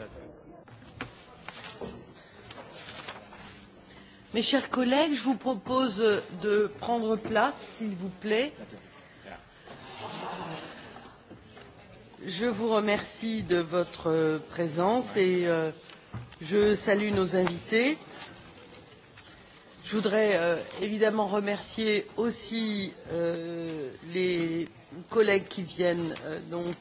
Grazie. Mes chers collègues, je vous propose de prendre place, s'il vous plaît. Je vous remercie de votre présence et euh, je salue nos invités. Je voudrais euh, évidemment remercier aussi euh, les collègues qui viennent euh, donc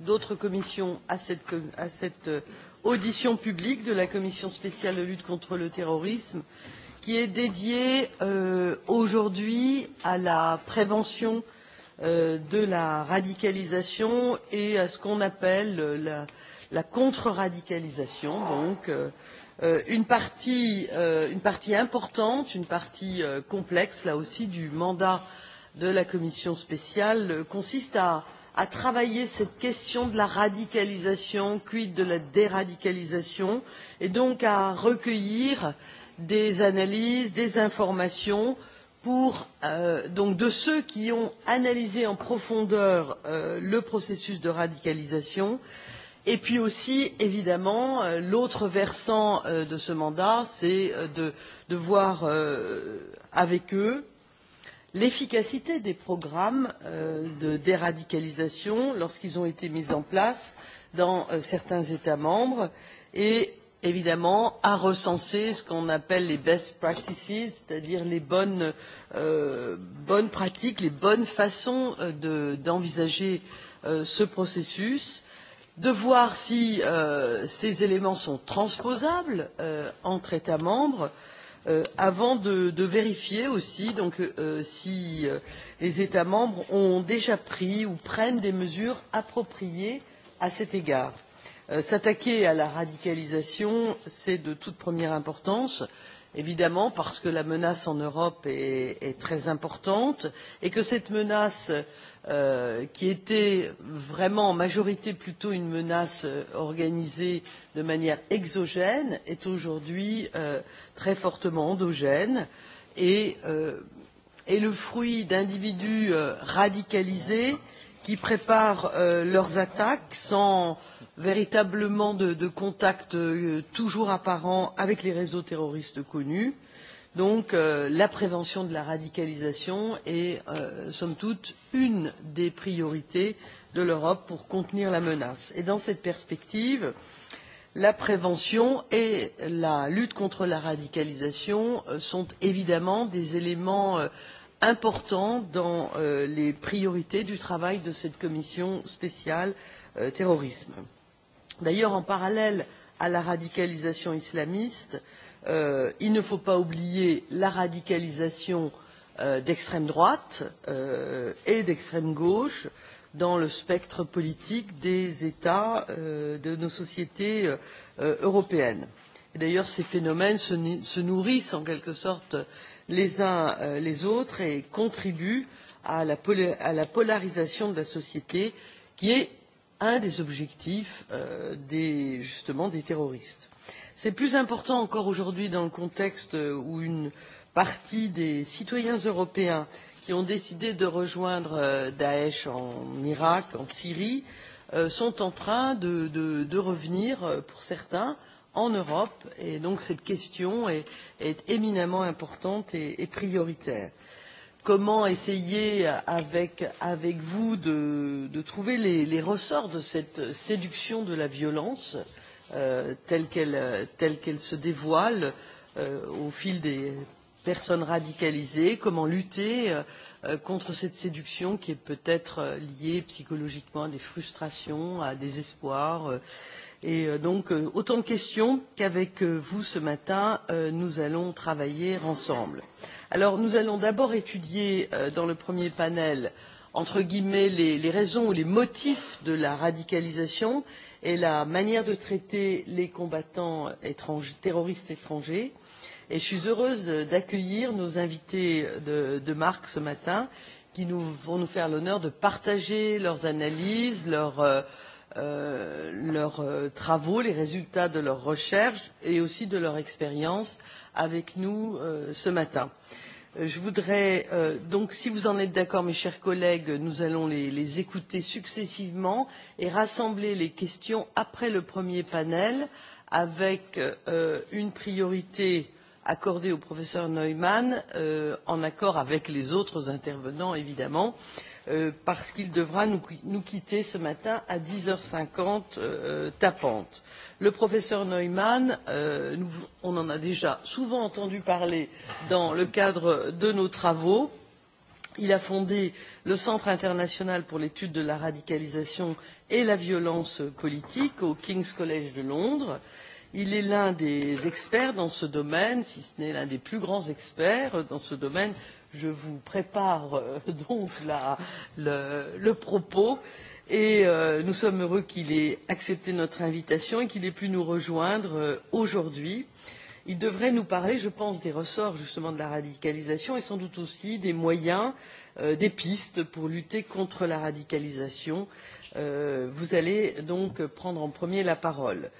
d'autres commissions à cette, à cette euh, audition publique de la commission spéciale de lutte contre le terrorisme qui est dédiée euh, aujourd'hui à la prévention euh, de la radicalisation et à ce qu'on appelle euh, la, la contre-radicalisation. Donc, euh, euh, une, partie, euh, une partie importante, une partie euh, complexe, là aussi, du mandat de la commission spéciale consiste à euh, à travailler cette question de la radicalisation, quid de la déradicalisation, et donc à recueillir des analyses, des informations pour, euh, donc de ceux qui ont analysé en profondeur euh, le processus de radicalisation. Et puis aussi, évidemment, euh, l'autre versant euh, de ce mandat, c'est euh, de, de voir euh, avec eux, l'efficacité des programmes euh, de déradicalisation lorsqu'ils ont été mis en place dans euh, certains États membres et évidemment à recenser ce qu'on appelle les best practices, c'est-à-dire les bonnes, euh, bonnes pratiques, les bonnes façons euh, d'envisager de, euh, ce processus, de voir si euh, ces éléments sont transposables euh, entre États membres, euh, euh, avant de, de vérifier aussi donc, euh, si euh, les États membres ont déjà pris ou prennent des mesures appropriées à cet égard. Euh, S'attaquer à la radicalisation, c'est de toute première importance, évidemment parce que la menace en Europe est, est très importante et que cette menace euh, Euh, qui était vraiment en majorité plutôt une menace euh, organisée de manière exogène est aujourd'hui euh, très fortement endogène et euh, est le fruit d'individus euh, radicalisés qui préparent euh, leurs attaques sans véritablement de, de contact euh, toujours apparent avec les réseaux terroristes connus Donc euh, la prévention de la radicalisation est, euh, somme toute, une des priorités de l'Europe pour contenir la menace. Et dans cette perspective, la prévention et la lutte contre la radicalisation euh, sont évidemment des éléments euh, importants dans euh, les priorités du travail de cette commission spéciale terrorisme. D'ailleurs, en parallèle à la radicalisation islamiste, euh, euh, il ne faut pas oublier la radicalisation euh, d'extrême droite euh, et d'extrême gauche dans le spectre politique des États euh, de nos sociétés euh, européennes. D'ailleurs, ces phénomènes se, se nourrissent en quelque sorte les uns euh, les autres et contribuent à la, à la polarisation de la société qui est un des objectifs euh, des, justement des terroristes C'est plus important encore aujourd'hui dans le contexte euh, où une partie des citoyens européens qui ont décidé de rejoindre euh, Daech en Irak, en Syrie, euh, sont en train de, de, de revenir, pour certains, en Europe. Et donc cette question est, est éminemment importante et, et prioritaire. Comment essayer avec, avec vous de, de trouver les, les ressorts de cette séduction de la violence euh, euh, telle qu'elle euh, telle se dévoile euh, au fil des personnes radicalisées, comment lutter euh, euh contre cette séduction qui est peut-être euh, liée psychologiquement à des frustrations, à des espoirs. Euh, et euh, donc euh, autant de questions qu'avec euh, vous ce matin, euh, nous allons travailler ensemble. Alors nous allons d'abord étudier euh, dans le premier panel entre guillemets les, les raisons ou les motifs de la radicalisation et la manière de traiter les combattants étrangers, terroristes étrangers et je suis heureuse d'accueillir nos invités de, de marque ce matin qui nous, vont nous faire l'honneur de partager leurs analyses, leurs, euh, euh leurs euh, travaux, les résultats de leurs recherches et aussi de leur expérience avec nous euh, ce matin. Euh, Euh, je voudrais euh, donc si vous en êtes d'accord mes chers collègues nous allons les, les écouter successivement et rassembler les questions après le premier panel avec euh, une priorité accordée au professeur Neumann euh, en accord avec les autres intervenants évidemment euh, parce qu'il devra nous, nous quitter ce matin à 10h50 euh, tapante. Euh, le professeur neumann euh, nous, on en a déjà souvent entendu parler dans le cadre de nos travaux il a fondé le centre international pour l'étude de la radicalisation et la violence politique au king's college de londres il est l'un des experts dans ce domaine si ce n'est l'un des plus grands experts dans ce domaine je vous prépare euh, donc la, le, le propos. Euh, et euh, nous sommes heureux qu'il ait accepté notre invitation et qu'il ait pu nous rejoindre euh, aujourd'hui. Il devrait nous parler, je pense, des ressorts justement de la radicalisation et sans doute aussi des moyens, euh, des pistes pour lutter contre la radicalisation. Euh, vous allez donc prendre en premier la parole.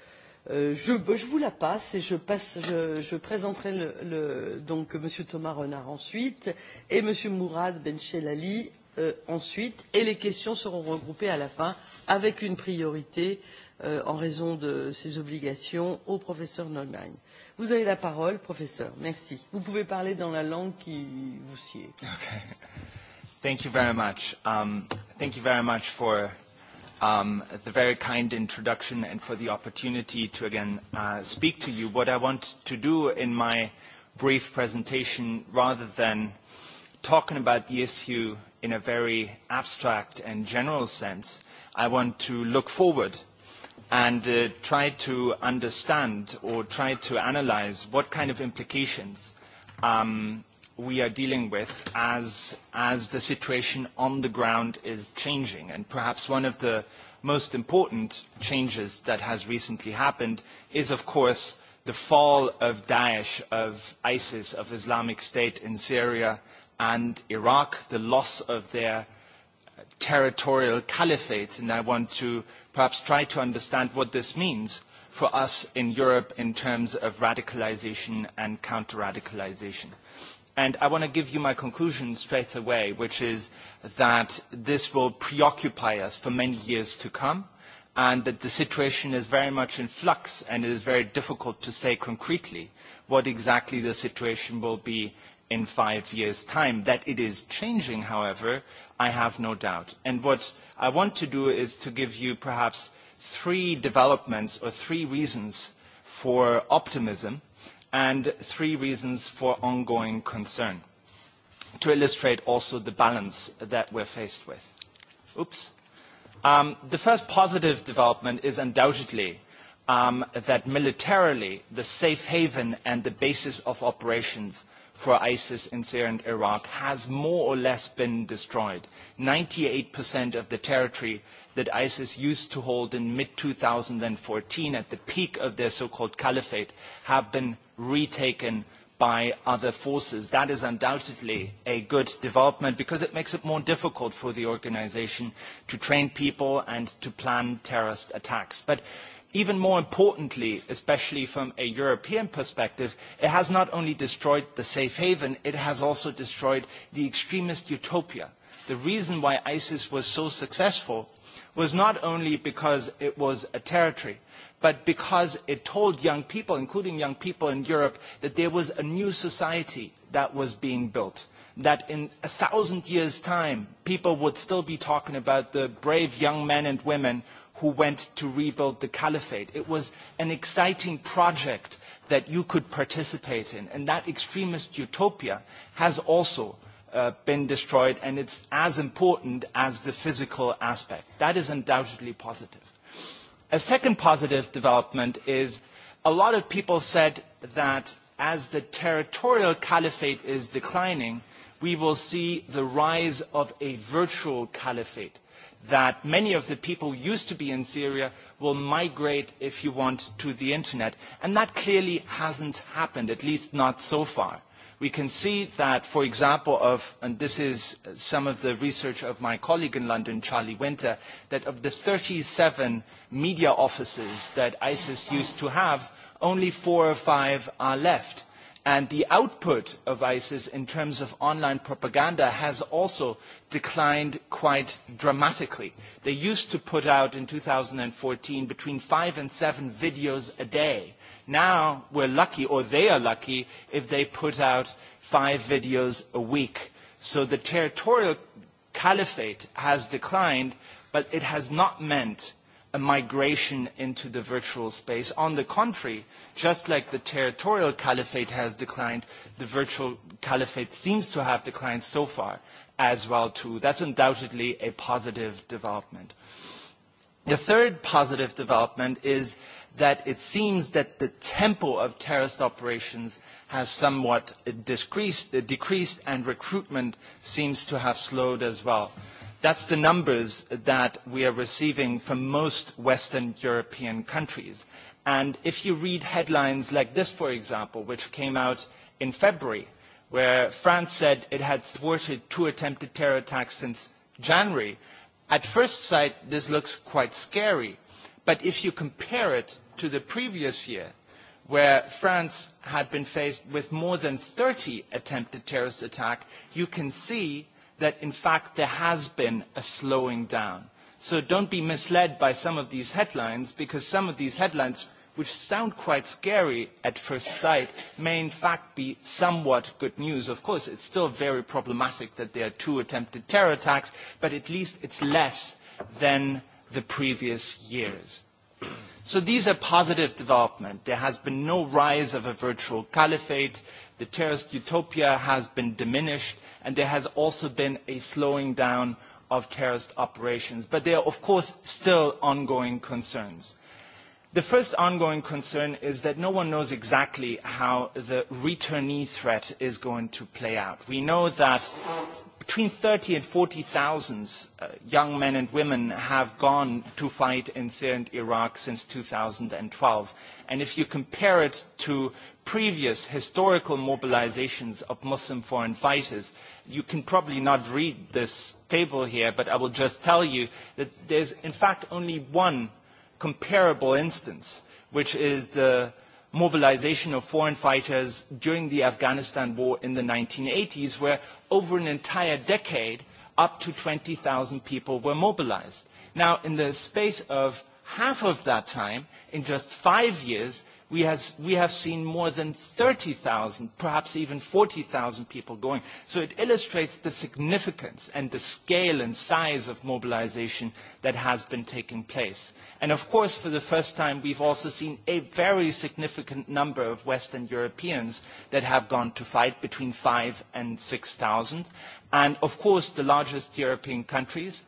Euh, je, je vous la passe et je, passe, je, je présenterai le, le, donc M. Thomas Renard ensuite et M. Mourad Benchelali euh, ensuite et les questions seront regroupées à la fin avec une priorité euh, en raison de ses obligations au professeur Neumann. Vous avez la parole, professeur. Merci. Vous pouvez parler dans la langue qui vous sied. Okay. Thank you very much. Um, thank you very much for um, the very kind introduction and for the opportunity to again uh, speak to you. What I want to do in my brief presentation, rather than talking about the issue in a very abstract and general sense, I want to look forward and uh, try to understand or try to analyze what kind of implications um, we are dealing with as, as the situation on the ground is changing. And perhaps one of the most important changes that has recently happened is, of course, the fall of Daesh, of ISIS, of Islamic State in Syria and Iraq, the loss of their territorial caliphates, and I want to perhaps try to understand what this means for us in Europe in terms of radicalisation and counter-radicalisation. And I want to give you my conclusion straight away, which is that this will preoccupy us for many years to come, and that the situation is very much in flux, and it is very difficult to say concretely what exactly the situation will be in five years' time. That it is changing, however, I have no doubt. And what I want to do is to give you perhaps three developments or three reasons for optimism and three reasons for ongoing concern to illustrate also the balance that we're faced with. Oops. Um, the first positive development is undoubtedly um, that militarily the safe haven and the basis of operations for ISIS in Syria and Iraq has more or less been destroyed. 98% of the territory that ISIS used to hold in mid-2014 at the peak of their so-called caliphate have been retaken by other forces. That is undoubtedly a good development because it makes it more difficult for the organisation to train people and to plan terrorist attacks. But even more importantly, especially from a European perspective, it has not only destroyed the safe haven, it has also destroyed the extremist utopia. The reason why ISIS was so successful was not only because it was a territory, but because it told young people, including young people in Europe, that there was a new society that was being built that in a thousand years' time, people would still be talking about the brave young men and women who went to rebuild the caliphate. It was an exciting project that you could participate in. And that extremist utopia has also uh, been destroyed, and it's as important as the physical aspect. That is undoubtedly positive. A second positive development is a lot of people said that as the territorial caliphate is declining, we will see the rise of a virtual caliphate that many of the people who used to be in Syria will migrate, if you want, to the internet. And that clearly hasn't happened, at least not so far. We can see that, for example, of, and this is some of the research of my colleague in London, Charlie Winter, that of the 37 media offices that ISIS used to have, only four or five are left And the output of ISIS in terms of online propaganda has also declined quite dramatically. They used to put out in 2014 between five and seven videos a day. Now we're lucky, or they are lucky, if they put out five videos a week. So the territorial caliphate has declined, but it has not meant a migration into the virtual space. On the contrary, just like the territorial caliphate has declined, the virtual caliphate seems to have declined so far as well too. That's undoubtedly a positive development. The third positive development is that it seems that the tempo of terrorist operations has somewhat decreased, decreased and recruitment seems to have slowed as well. That's the numbers that we are receiving from most Western European countries. And if you read headlines like this, for example, which came out in February, where France said it had thwarted two attempted terror attacks since January, at first sight, this looks quite scary. But if you compare it to the previous year, where France had been faced with more than 30 attempted terrorist attacks, you can see that in fact there has been a slowing down. So don't be misled by some of these headlines because some of these headlines which sound quite scary at first sight, may in fact be somewhat good news. Of course, it's still very problematic that there are two attempted terror attacks, but at least it's less than the previous years. so these are positive developments. There has been no rise of a virtual caliphate. The terrorist utopia has been diminished and there has also been a slowing down of terrorist operations. But there are, of course, still ongoing concerns. The first ongoing concern is that no one knows exactly how the returnee threat is going to play out. We know that between 30 and 40,000 uh, young men and women have gone to fight in Syria and Iraq since 2012. And if you compare it to previous historical mobilizations of Muslim foreign fighters, you can probably not read this table here, but I will just tell you that there's in fact only one comparable instance, which is the mobilization of foreign fighters during the Afghanistan war in the 1980s, where over an entire decade, up to 20,000 people were mobilized. Now, in the space of half of that time, in just five years, we, has, we have seen more than 30,000, perhaps even 40,000 people going. So it illustrates the significance and the scale and size of mobilization that has been taking place. And of course, for the first time, we've also seen a very significant number of Western Europeans that have gone to fight between 5 and 6,000. And of course, the largest European countries,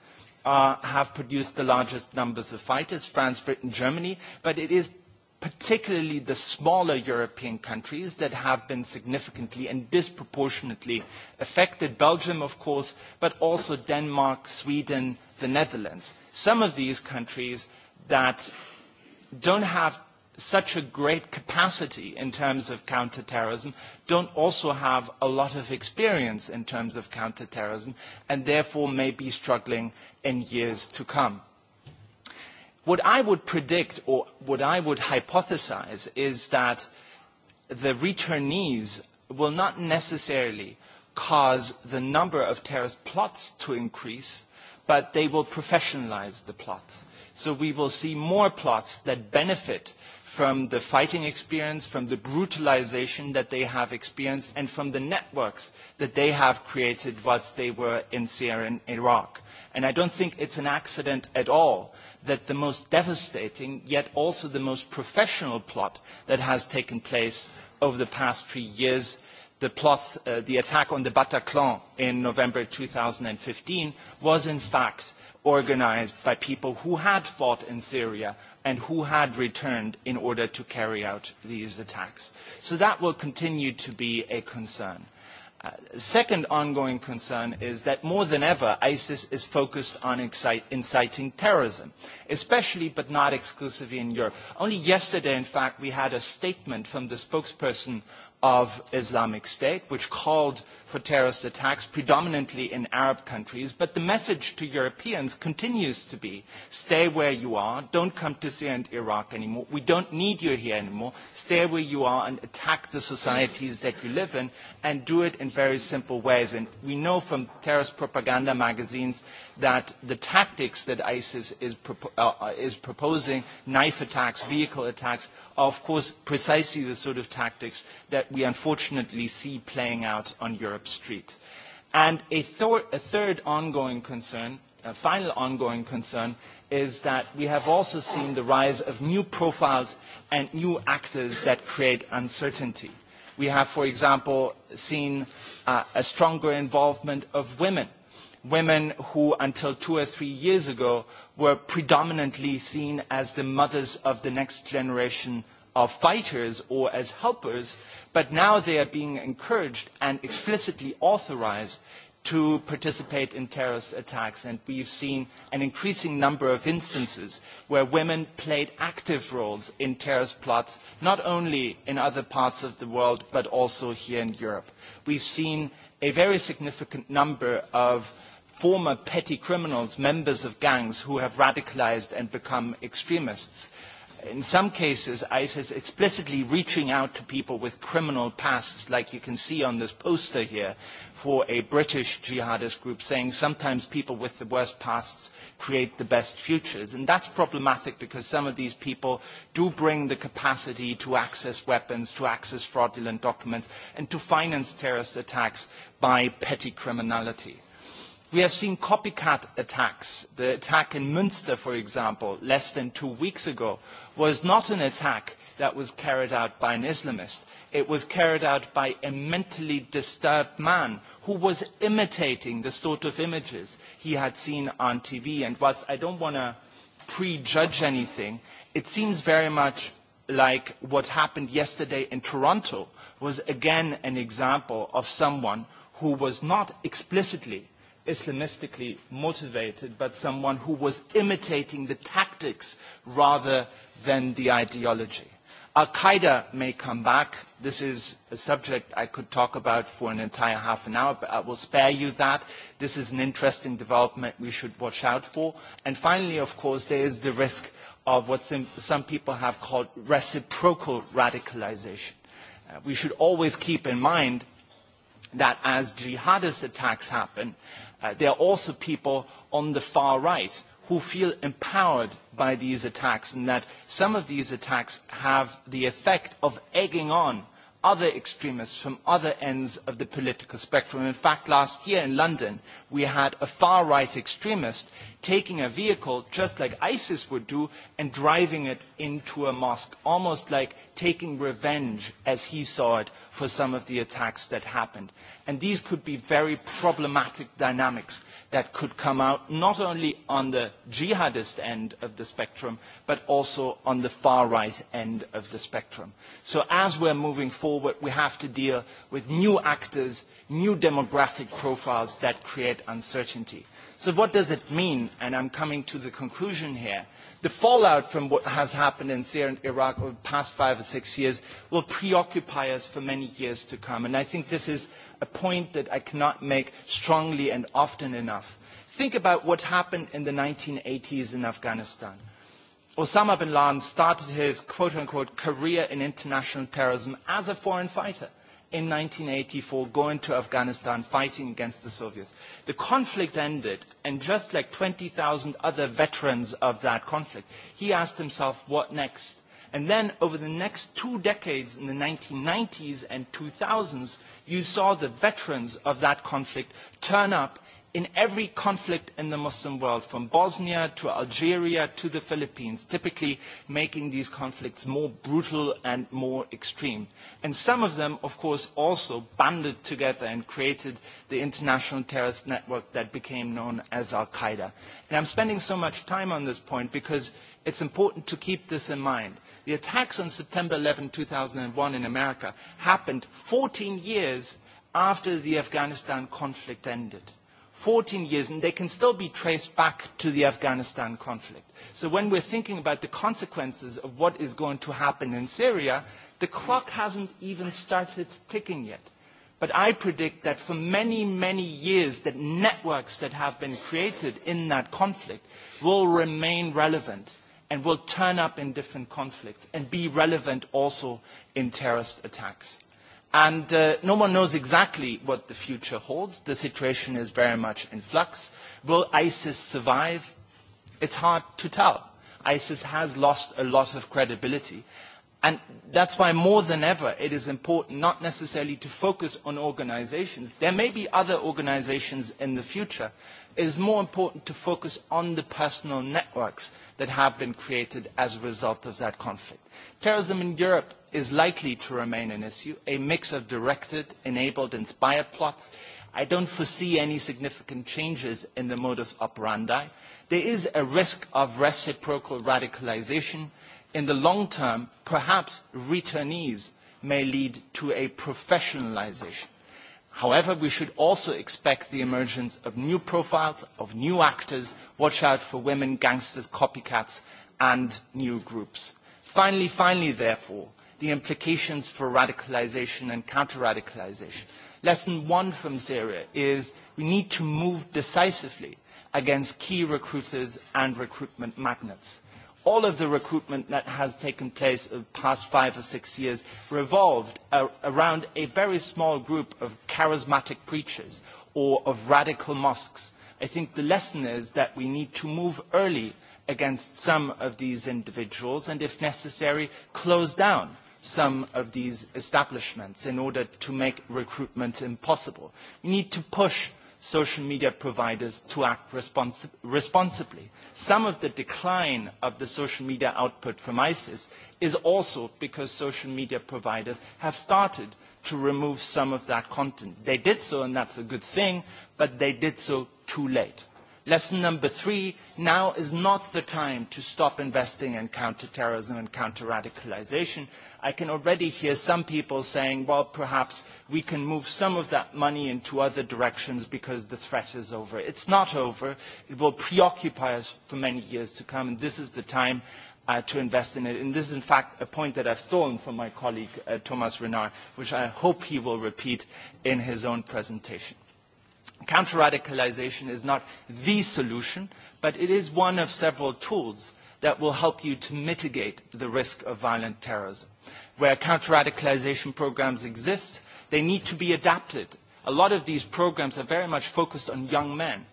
Uh, have produced the largest numbers of fighters, France, Britain, Germany, but it is particularly the smaller European countries that have been significantly and disproportionately affected. Belgium, of course, but also Denmark, Sweden, the Netherlands. Some of these countries that don't have such a great capacity in terms of counterterrorism don't also have a lot of experience in terms of counterterrorism and therefore may be struggling in years to come. What I would predict or what I would hypothesize is that the returnees will not necessarily cause the number of terrorist plots to increase, but they will professionalize the plots. So we will see more plots that benefit from the fighting experience, from the brutalization that they have experienced, and from the networks that they have created whilst they were in Syria and Iraq. And I don't think it's an accident at all that the most devastating, yet also the most professional plot that has taken place over the past three years, the plot, uh, the attack on the Bataclan in November 2015, was in fact organised by people who had fought in Syria and who had returned in order to carry out these attacks. So that will continue to be a concern. Uh, second ongoing concern is that more than ever, ISIS is focused on incite, inciting terrorism, especially but not exclusively in Europe. Only yesterday, in fact, we had a statement from the spokesperson of Islamic State, which called for terrorist attacks, predominantly in Arab countries. But the message to Europeans continues to be, stay where you are, don't come to Syria and Iraq anymore, we don't need you here anymore, stay where you are and attack the societies that you live in, and do it in very simple ways. And we know from terrorist propaganda magazines that the tactics that ISIS is, uh, is proposing, knife attacks, vehicle attacks, are of course precisely the sort of tactics that we unfortunately see playing out on Europe Europe Street. And a, a third ongoing concern, a final ongoing concern, is that we have also seen the rise of new profiles and new actors that create uncertainty. We have, for example, seen uh, a stronger involvement of women women who until two or three years ago were predominantly seen as the mothers of the next generation of fighters or as helpers but now they are being encouraged and explicitly authorized to participate in terrorist attacks. And we've seen an increasing number of instances where women played active roles in terrorist plots, not only in other parts of the world, but also here in Europe. We've seen a very significant number of former petty criminals, members of gangs, who have radicalized and become extremists in some cases, ISIS explicitly reaching out to people with criminal pasts, like you can see on this poster here, for a British jihadist group saying sometimes people with the worst pasts create the best futures. And that's problematic because some of these people do bring the capacity to access weapons, to access fraudulent documents, and to finance terrorist attacks by petty criminality. We have seen copycat attacks. The attack in Münster, for example, less than two weeks ago, was not an attack that was carried out by an Islamist. It was carried out by a mentally disturbed man who was imitating the sort of images he had seen on TV. And whilst I don't want to prejudge anything, it seems very much like what happened yesterday in Toronto was again an example of someone who was not explicitly Islamistically motivated, but someone who was imitating the tactics rather than the ideology. Al-Qaeda may come back. This is a subject I could talk about for an entire half an hour, but I will spare you that. This is an interesting development we should watch out for. And finally, of course, there is the risk of what some people have called reciprocal radicalization. Uh, we should always keep in mind that as jihadist attacks happen, Uh, there are also people on the far right who feel empowered by these attacks and that some of these attacks have the effect of egging on other extremists from other ends of the political spectrum. In fact, last year in London, we had a far-right extremist taking a vehicle just like ISIS would do and driving it into a mosque, almost like taking revenge as he saw it for some of the attacks that happened. And these could be very problematic dynamics that could come out not only on the jihadist end of the spectrum, but also on the far right end of the spectrum. So as we're moving forward, we have to deal with new actors, new demographic profiles that create uncertainty. So what does it mean? And I'm coming to the conclusion here. The fallout from what has happened in Syria and Iraq over the past five or six years will preoccupy us for many years to come. And I think this is a point that I cannot make strongly and often enough. Think about what happened in the 1980s in Afghanistan. Osama bin Laden started his quote-unquote career in international terrorism as a foreign fighter in 1980 for going to Afghanistan, fighting against the Soviets. The conflict ended, and just like 20,000 other veterans of that conflict, he asked himself, what next? And then over the next two decades in the 1990s and 2000s, you saw the veterans of that conflict turn up in every conflict in the Muslim world, from Bosnia to Algeria to the Philippines, typically making these conflicts more brutal and more extreme. And some of them, of course, also banded together and created the international terrorist network that became known as Al-Qaeda. And I'm spending so much time on this point because it's important to keep this in mind. The attacks on September 11, 2001 in America happened 14 years after the Afghanistan conflict ended. 14 years, and they can still be traced back to the Afghanistan conflict. So when we're thinking about the consequences of what is going to happen in Syria, the clock hasn't even started ticking yet. But I predict that for many, many years, that networks that have been created in that conflict will remain relevant and will turn up in different conflicts and be relevant also in terrorist attacks. And uh, no one knows exactly what the future holds. The situation is very much in flux. Will ISIS survive? It's hard to tell. ISIS has lost a lot of credibility. And that's why more than ever it is important not necessarily to focus on organizations. There may be other organizations in the future, it is more important to focus on the personal networks that have been created as a result of that conflict. Terrorism in Europe is likely to remain an issue, a mix of directed, enabled, inspired plots. I don't foresee any significant changes in the modus operandi. There is a risk of reciprocal radicalisation. In the long term, perhaps returnees may lead to a professionalisation However, we should also expect the emergence of new profiles, of new actors. Watch out for women, gangsters, copycats, and new groups. Finally, finally, therefore, the implications for radicalisation and counter-radicalisation. Lesson one from Syria is we need to move decisively against key recruiters and recruitment magnets all of the recruitment that has taken place the past five or six years revolved around a very small group of charismatic preachers or of radical mosques. I think the lesson is that we need to move early against some of these individuals and, if necessary, close down some of these establishments in order to make recruitment impossible. We need to push social media providers to act responsibly. Some of the decline of the social media output from ISIS is also because social media providers have started to remove some of that content. They did so, and that's a good thing, but they did so too late. Lesson number three, now is not the time to stop investing in counterterrorism and counter-radicalization. I can already hear some people saying, well, perhaps we can move some of that money into other directions because the threat is over. It's not over. It will preoccupy us for many years to come, and this is the time uh, to invest in it. And this is, in fact, a point that I've stolen from my colleague, uh, Thomas Renard, which I hope he will repeat in his own presentation. Counter-radicalization is not the solution, but it is one of several tools that will help you to mitigate the risk of violent terrorism. Where counter-radicalization programs exist, they need to be adapted. A lot of these programs are very much focused on young men.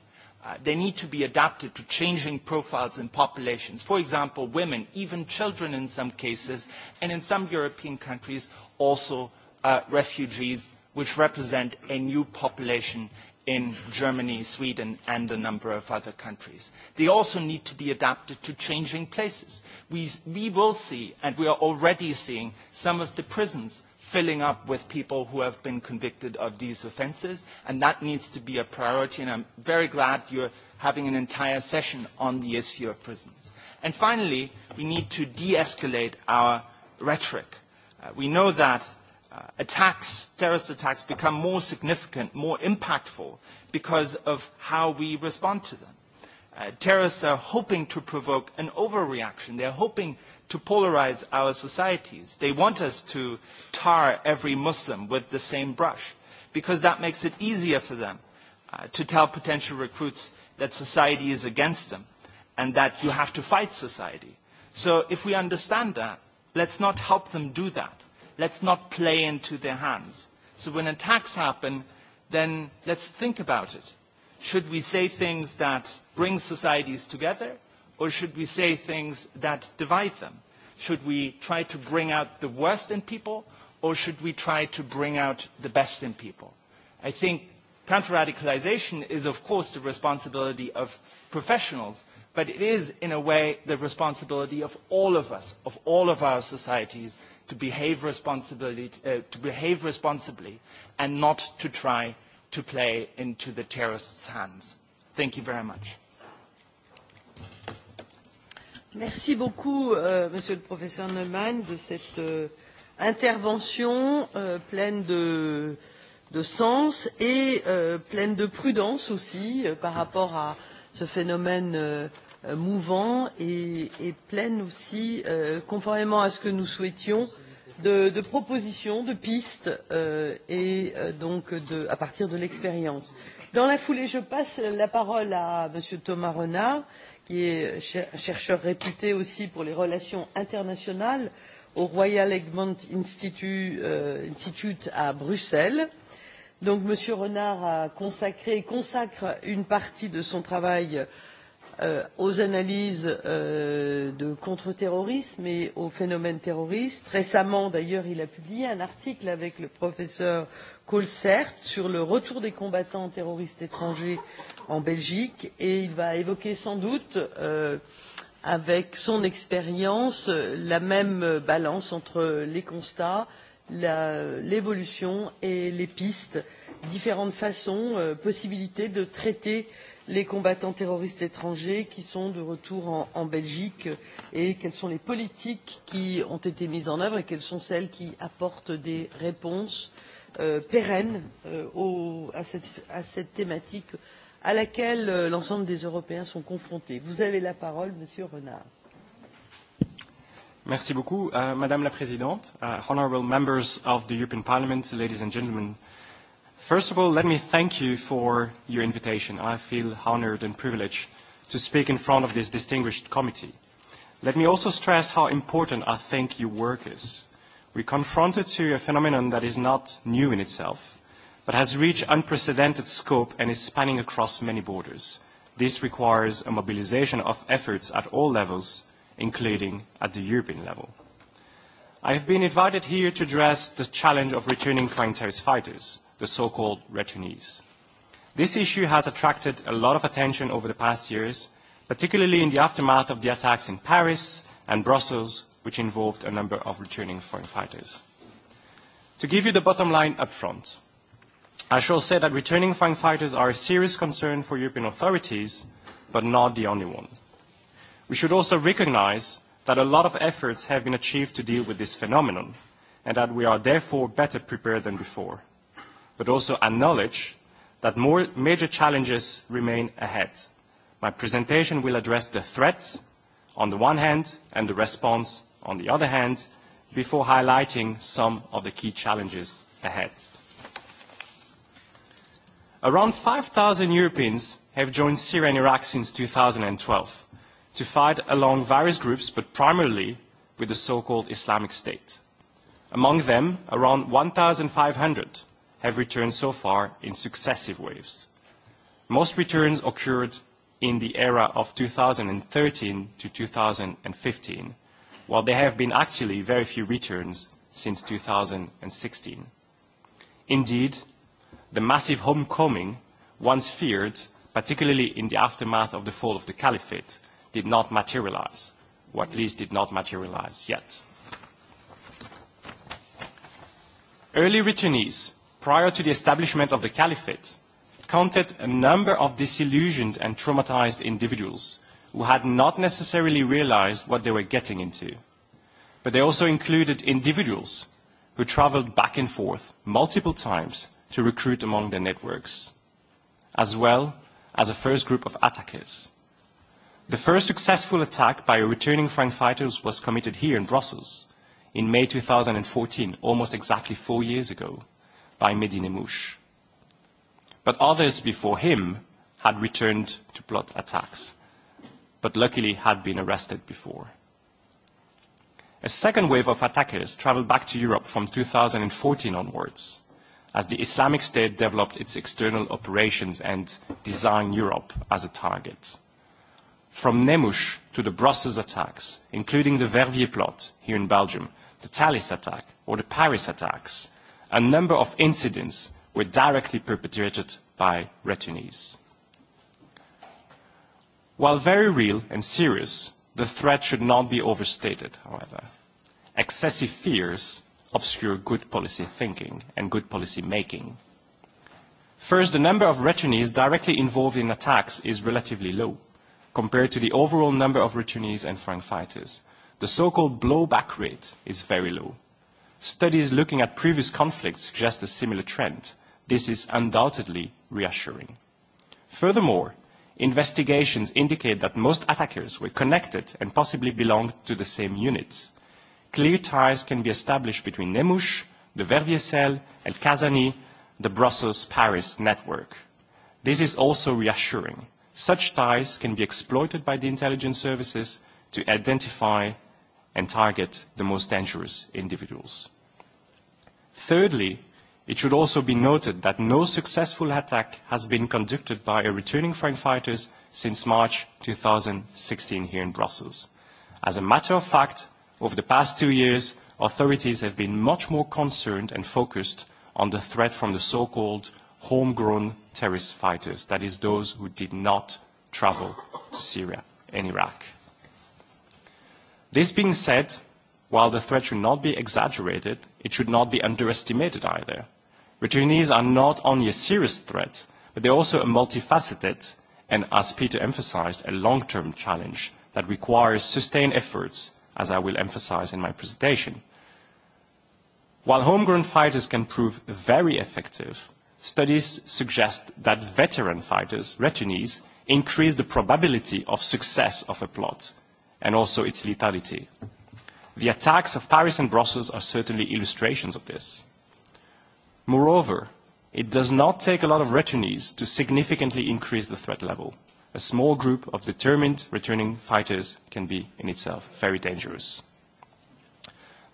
Uh, they need to be adapted to changing profiles in populations. For example, women, even children in some cases, and in some European countries, also uh, refugees, which represent a new population in Germany, Sweden, and a number of other countries. They also need to be adapted to changing places. We, we will see, and we are already seeing, some of the prisons filling up with people who have been convicted of these offences, and that needs to be a priority, and I'm very glad you're having an entire session on the issue of prisons. And finally, we need to de-escalate our rhetoric. Uh, we know that Uh, attacks, terrorist attacks, become more significant, more impactful because of how we respond to them. Uh, terrorists are hoping to provoke an overreaction. They're hoping to polarize our societies. They want us to tar every Muslim with the same brush because that makes it easier for them uh, to tell potential recruits that society is against them and that you have to fight society. So if we understand that, let's not help them do that let's not play into their hands. So when attacks happen, then let's think about it. Should we say things that bring societies together, or should we say things that divide them? Should we try to bring out the worst in people, or should we try to bring out the best in people? I think counter-radicalization is, of course, the responsibility of professionals, but it is, in a way, the responsibility of all of us, of all of our societies, to behave, responsibly, uh, to behave responsibly and not to try to play into the terrorists' hands. Thank you very much. Merci beaucoup, euh, Monsieur le Professeur Neumann, de cette euh, intervention euh, pleine de, de sens et euh, pleine de prudence aussi euh, par rapport à ce phénomène euh, Euh, mouvant et, et pleine aussi, euh, conformément à ce que nous souhaitions, de, de propositions, de pistes euh, et euh, donc de, à partir de l'expérience. Dans la foulée, je passe la parole à Monsieur Thomas Renard, qui est chercheur réputé aussi pour les relations internationales au Royal Egmont Institute, euh, Institute à Bruxelles. Donc Monsieur Renard a consacré et consacre une partie de son travail euh, euh, aux analyses euh, de contre-terrorisme et aux phénomènes terroristes. Récemment, d'ailleurs, il a publié un article avec le professeur Colcert sur le retour des combattants terroristes étrangers en Belgique et il va évoquer sans doute euh, avec son expérience la même balance entre les constats, l'évolution et les pistes, différentes façons, euh, possibilités de traiter euh, les combattants terroristes étrangers qui sont de retour en, en Belgique et quelles sont les politiques qui ont été mises en œuvre et quelles sont celles qui apportent des réponses euh, pérennes euh, au, à, cette, à cette thématique à laquelle euh, l'ensemble des Européens sont confrontés. Vous avez la parole, Monsieur Renard. Merci beaucoup, uh, Madame la Présidente, uh, honorable members of the European Parliament, ladies and gentlemen. First of all, let me thank you for your invitation. I feel honored and privileged to speak in front of this distinguished committee. Let me also stress how important I think your work is. We're confronted to a phenomenon that is not new in itself, but has reached unprecedented scope and is spanning across many borders. This requires a mobilization of efforts at all levels, including at the European level. I have been invited here to address the challenge of returning foreign terrorist fighters, the so-called returnees. This issue has attracted a lot of attention over the past years, particularly in the aftermath of the attacks in Paris and Brussels, which involved a number of returning foreign fighters. To give you the bottom line up front, I shall say that returning foreign fighters are a serious concern for European authorities, but not the only one. We should also recognize that a lot of efforts have been achieved to deal with this phenomenon, and that we are therefore better prepared than before, but also acknowledge that more major challenges remain ahead. My presentation will address the threats on the one hand and the response on the other hand, before highlighting some of the key challenges ahead. Around 5,000 Europeans have joined Syria and Iraq since 2012 to fight along various groups, but primarily with the so-called Islamic State. Among them, around 1,500 have returned so far in successive waves. Most returns occurred in the era of 2013 to 2015, while there have been actually very few returns since 2016. Indeed, the massive homecoming once feared, particularly in the aftermath of the fall of the caliphate, did not materialize, or at least did not materialize yet. Early returnees, prior to the establishment of the caliphate, counted a number of disillusioned and traumatized individuals who had not necessarily realized what they were getting into. But they also included individuals who traveled back and forth multiple times to recruit among their networks, as well as a first group of attackers. The first successful attack by returning Frank fighters was committed here in Brussels in May 2014, almost exactly four years ago, by Mehdi Nemouche. But others before him had returned to plot attacks, but luckily had been arrested before. A second wave of attackers traveled back to Europe from 2014 onwards, as the Islamic State developed its external operations and designed Europe as a target from Nemush to the Brussels attacks, including the Verviers plot here in Belgium, the Thalys attack, or the Paris attacks, a number of incidents were directly perpetrated by returnees. While very real and serious, the threat should not be overstated, however. Excessive fears obscure good policy thinking and good policy making. First, the number of returnees directly involved in attacks is relatively low compared to the overall number of returnees and foreign fighters. The so-called blowback rate is very low. Studies looking at previous conflicts suggest a similar trend. This is undoubtedly reassuring. Furthermore, investigations indicate that most attackers were connected and possibly belonged to the same units. Clear ties can be established between Nemush, the Verviers and Kazani, the Brussels-Paris network. This is also reassuring. Such ties can be exploited by the intelligence services to identify and target the most dangerous individuals. Thirdly, it should also be noted that no successful attack has been conducted by a returning foreign fighters since March 2016 here in Brussels. As a matter of fact, over the past two years, authorities have been much more concerned and focused on the threat from the so-called homegrown terrorist fighters, that is, those who did not travel to Syria and Iraq. This being said, while the threat should not be exaggerated, it should not be underestimated either. Returnees are not only a serious threat, but they're also a multifaceted and, as Peter emphasized, a long-term challenge that requires sustained efforts, as I will emphasize in my presentation. While homegrown fighters can prove very effective, studies suggest that veteran fighters, retinees, increase the probability of success of a plot and also its lethality. The attacks of Paris and Brussels are certainly illustrations of this. Moreover, it does not take a lot of retinees to significantly increase the threat level. A small group of determined returning fighters can be, in itself, very dangerous.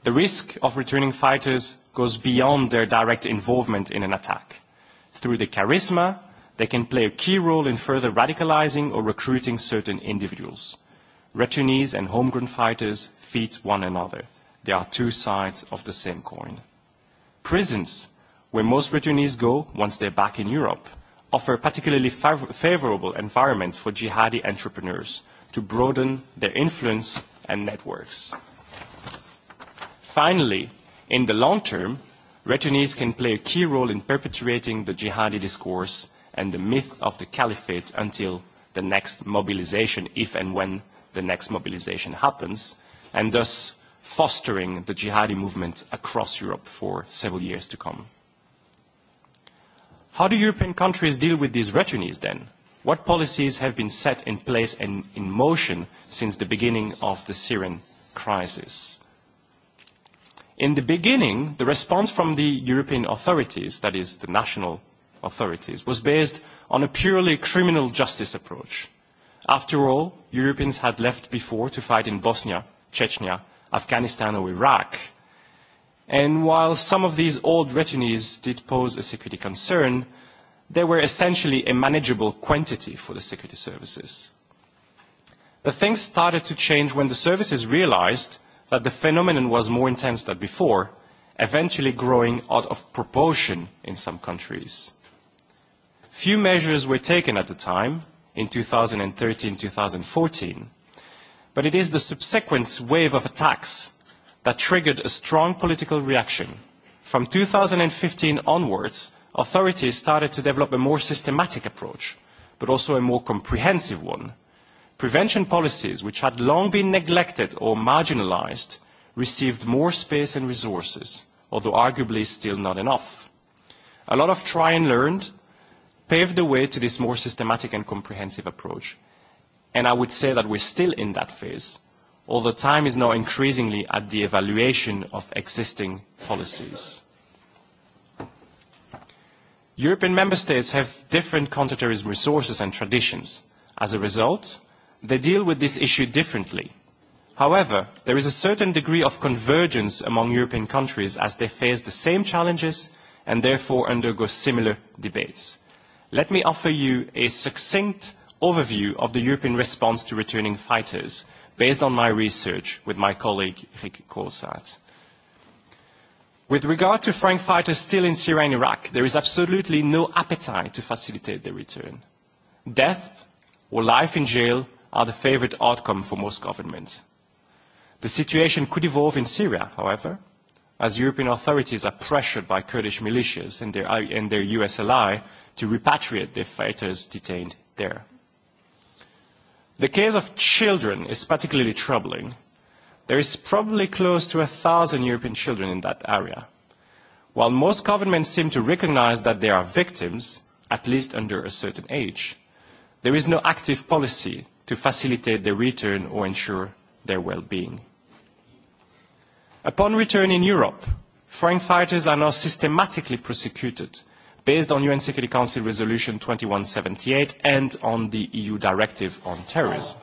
The risk of returning fighters goes beyond their direct involvement in an attack. Through the charisma, they can play a key role in further radicalizing or recruiting certain individuals. Returnees and homegrown fighters feed one another. They are two sides of the same coin. Prisons, where most returnees go once they're back in Europe, offer a particularly fav favorable for jihadi entrepreneurs to broaden their influence and networks. Finally, in the long term, Returnees can play a key role in perpetuating the jihadi discourse and the myth of the caliphate until the next mobilization, if and when the next mobilization happens, and thus fostering the jihadi movement across Europe for several years to come. How do European countries deal with these returnees then? What policies have been set in place and in motion since the beginning of the Syrian crisis? In the beginning, the response from the European authorities, that is, the national authorities, was based on a purely criminal justice approach. After all, Europeans had left before to fight in Bosnia, Chechnya, Afghanistan or Iraq. And while some of these old retinues did pose a security concern, they were essentially a manageable quantity for the security services. But things started to change when the services realized that the phenomenon was more intense than before, eventually growing out of proportion in some countries. Few measures were taken at the time, in 2013-2014, but it is the subsequent wave of attacks that triggered a strong political reaction. From 2015 onwards, authorities started to develop a more systematic approach, but also a more comprehensive one, Prevention policies, which had long been neglected or marginalized, received more space and resources, although arguably still not enough. A lot of try and learn paved the way to this more systematic and comprehensive approach. And I would say that we're still in that phase, although time is now increasingly at the evaluation of existing policies. European member states have different counterterrorism resources and traditions. As a result, they deal with this issue differently. However, there is a certain degree of convergence among European countries as they face the same challenges and therefore undergo similar debates. Let me offer you a succinct overview of the European response to returning fighters based on my research with my colleague Rick Korsat. With regard to Frank fighters still in Syria and Iraq, there is absolutely no appetite to facilitate their return. Death or life in jail are the favorite outcome for most governments. The situation could evolve in Syria, however, as European authorities are pressured by Kurdish militias and their, and their US ally to repatriate their fighters detained there. The case of children is particularly troubling. There is probably close to a thousand European children in that area. While most governments seem to recognize that they are victims, at least under a certain age, there is no active policy to facilitate their return or ensure their well-being. Upon return in Europe, foreign fighters are now systematically prosecuted based on UN Security Council Resolution 2178 and on the EU Directive on Terrorism.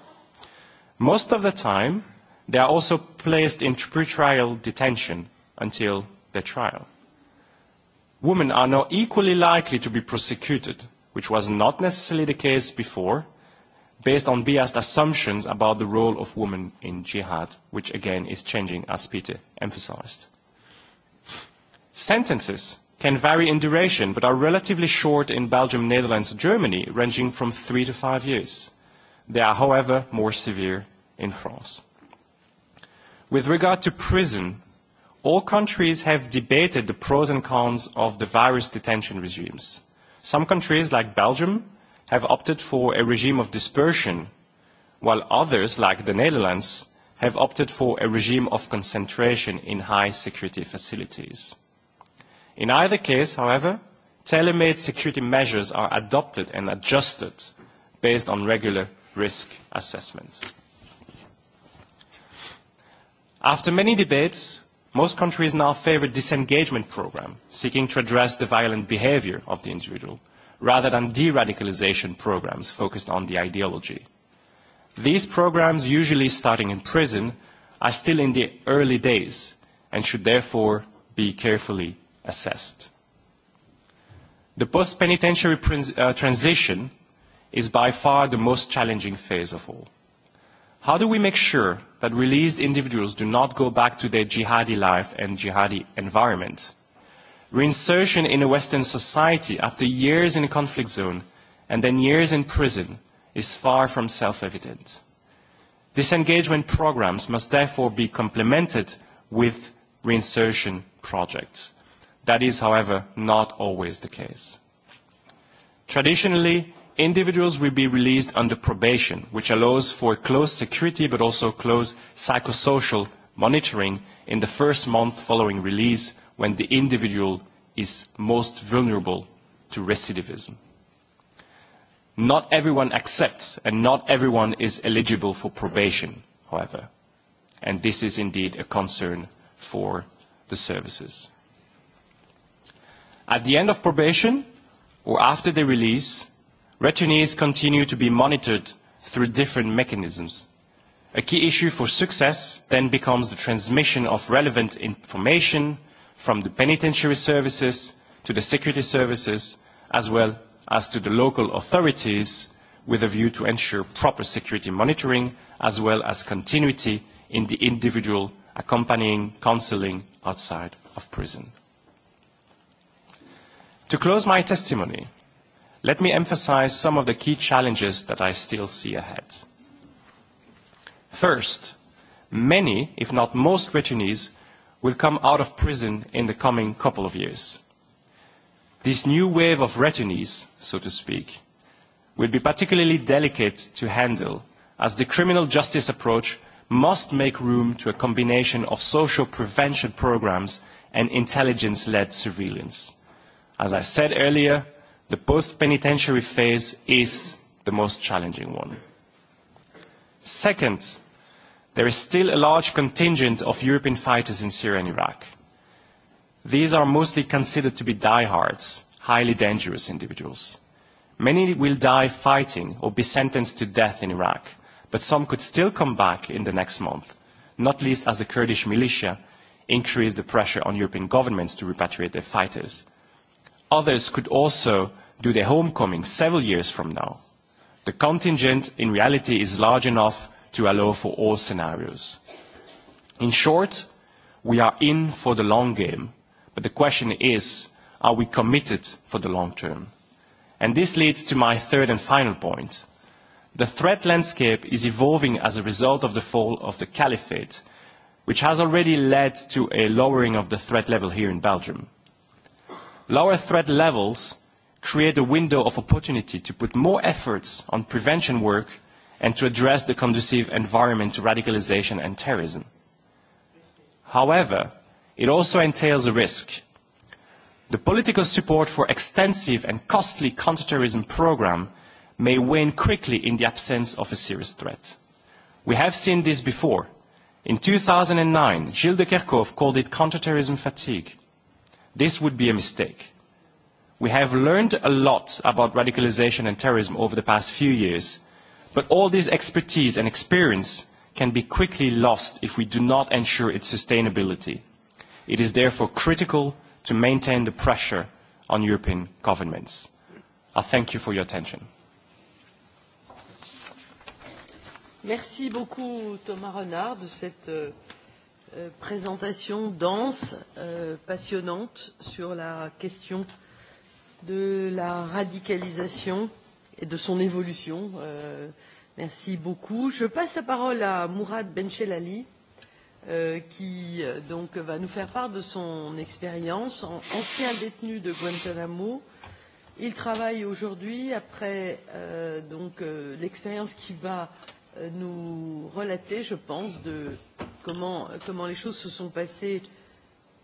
Most of the time, they are also placed in pretrial detention until their trial. Women are now equally likely to be prosecuted, which was not necessarily the case before, based on biased assumptions about the role of women in jihad, which again is changing, as Peter emphasized. Sentences can vary in duration, but are relatively short in Belgium, Netherlands, Germany, ranging from three to five years. They are, however, more severe in France. With regard to prison, all countries have debated the pros and cons of the various detention regimes. Some countries, like Belgium, have opted for a regime of dispersion, while others, like the Netherlands, have opted for a regime of concentration in high security facilities. In either case, however, tailor-made security measures are adopted and adjusted based on regular risk assessment. After many debates, most countries now favor disengagement program, seeking to address the violent behavior of the individual, rather than de-radicalization programs focused on the ideology. These programs, usually starting in prison, are still in the early days and should therefore be carefully assessed. The post-penitentiary uh, transition is by far the most challenging phase of all. How do we make sure that released individuals do not go back to their jihadi life and jihadi environment? reinsertion in a Western society after years in a conflict zone and then years in prison is far from self-evident. Disengagement programs must therefore be complemented with reinsertion projects. That is, however, not always the case. Traditionally, individuals will be released under probation, which allows for close security but also close psychosocial monitoring in the first month following release when the individual is most vulnerable to recidivism. Not everyone accepts and not everyone is eligible for probation, however, and this is indeed a concern for the services. At the end of probation or after the release, returnees continue to be monitored through different mechanisms. A key issue for success then becomes the transmission of relevant information from the penitentiary services to the security services, as well as to the local authorities, with a view to ensure proper security monitoring, as well as continuity in the individual accompanying counselling outside of prison. To close my testimony, let me emphasize some of the key challenges that I still see ahead. First, many, if not most returnees, will come out of prison in the coming couple of years. This new wave of retinees, so to speak, will be particularly delicate to handle as the criminal justice approach must make room to a combination of social prevention programs and intelligence-led surveillance. As I said earlier, the post-penitentiary phase is the most challenging one. Second, There is still a large contingent of European fighters in Syria and Iraq. These are mostly considered to be diehards, highly dangerous individuals. Many will die fighting or be sentenced to death in Iraq, but some could still come back in the next month, not least as the Kurdish militia increase the pressure on European governments to repatriate their fighters. Others could also do their homecoming several years from now. The contingent in reality is large enough to allow for all scenarios. In short, we are in for the long game, but the question is, are we committed for the long term? And this leads to my third and final point. The threat landscape is evolving as a result of the fall of the caliphate, which has already led to a lowering of the threat level here in Belgium. Lower threat levels create a window of opportunity to put more efforts on prevention work and to address the conducive environment to radicalization and terrorism. However, it also entails a risk. The political support for extensive and costly counterterrorism program may wane quickly in the absence of a serious threat. We have seen this before. In 2009, Gilles de Kerkhoff called it counterterrorism fatigue. This would be a mistake. We have learned a lot about radicalization and terrorism over the past few years, But all this expertise and experience can be quickly lost if we do not ensure its sustainability. It is therefore critical to maintain the pressure on European governments. I thank you for your attention. Merci beaucoup Thomas Renard de cette euh, euh présentation dense, euh, passionnante sur la question de la radicalisation et de son évolution. Euh, merci beaucoup. Je passe la parole à Mourad Benchelali, euh, qui euh, donc va nous faire part de son expérience. en Ancien détenu de Guantanamo, il travaille aujourd'hui après euh, euh, l'expérience qui va euh, nous relater, je pense, de comment, euh, comment les choses se sont passées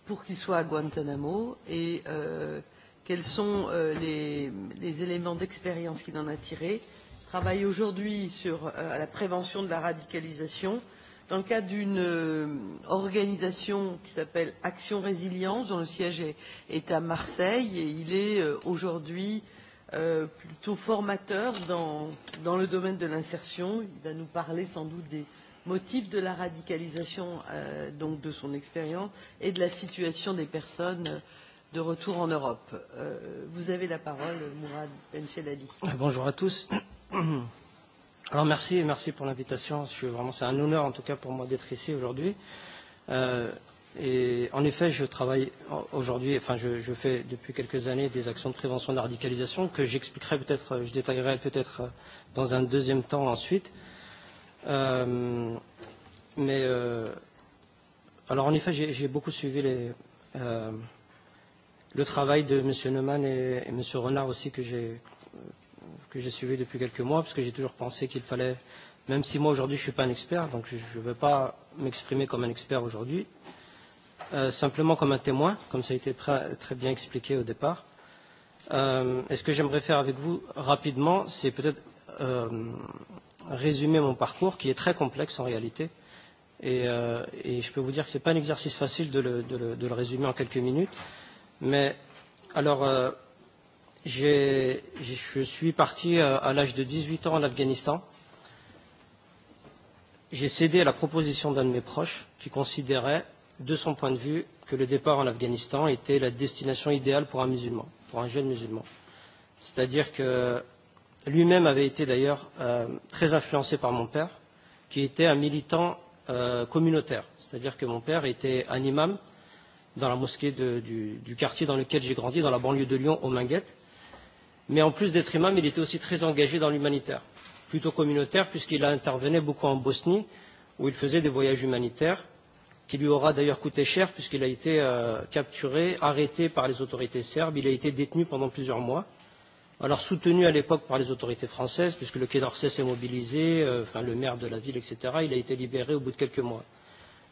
pour qu'il soit à Guantanamo et euh, quels sont euh, les, les éléments d'expérience qu'il en a tirés, Il travaille aujourd'hui sur euh, la prévention de la radicalisation dans le cadre d'une euh, organisation qui s'appelle Action Résilience, dont le siège est, est à Marseille, et il est euh, aujourd'hui euh, plutôt formateur dans, dans le domaine de l'insertion. Il va nous parler sans doute des motifs de la radicalisation, euh, donc de son expérience, et de la situation des personnes euh, de retour en Europe. Euh, vous avez la parole, Mourad Benchedali. Ah, bonjour à tous. Alors merci, merci pour l'invitation. c'est un honneur en tout cas pour moi d'être ici aujourd'hui. Euh, et en effet, je travaille aujourd'hui, enfin je, je fais depuis quelques années des actions de prévention de la radicalisation que j'expliquerai peut-être, je détaillerai peut-être dans un deuxième temps ensuite. Euh, mais euh, alors en effet, j'ai beaucoup suivi les, euh, le travail de M. Neumann et, et M. Renard aussi que j'ai euh, que j'ai suivi depuis quelques mois, parce que j'ai toujours pensé qu'il fallait, même si moi aujourd'hui je ne suis pas un expert, donc je ne veux pas m'exprimer comme un expert aujourd'hui, euh, simplement comme un témoin, comme ça a été très, très bien expliqué au départ. Euh, et ce que j'aimerais faire avec vous rapidement, c'est peut-être euh, résumer mon parcours, qui est très complexe en réalité. Et, euh, et je peux vous dire que ce n'est pas un exercice facile de le, de, le, de le résumer en quelques minutes. Euh, Mais alors, euh, je suis parti euh, à l'âge de 18 ans en Afghanistan. J'ai cédé à la proposition d'un de mes proches qui considérait, de son point de vue, que le départ en Afghanistan était la destination idéale pour un musulman, pour un jeune musulman. C'est-à-dire que lui-même avait été d'ailleurs euh, très influencé par mon père, qui était un militant euh, communautaire. C'est-à-dire que mon père était un imam euh, dans la mosquée de, du, du quartier dans lequel j'ai grandi, dans la banlieue de Lyon, aux Minguettes. Mais en plus d'être imam, il était aussi très engagé dans l'humanitaire, plutôt communautaire, puisqu'il intervenait beaucoup en Bosnie, où il faisait des voyages humanitaires, qui lui aura d'ailleurs coûté cher, puisqu'il a été euh, capturé, arrêté par les autorités serbes, il a été détenu pendant plusieurs mois. Alors soutenu à l'époque par les autorités françaises, puisque le Quai d'Orsay s'est mobilisé, euh, enfin, le maire de la ville, etc., il a été libéré au bout de quelques mois.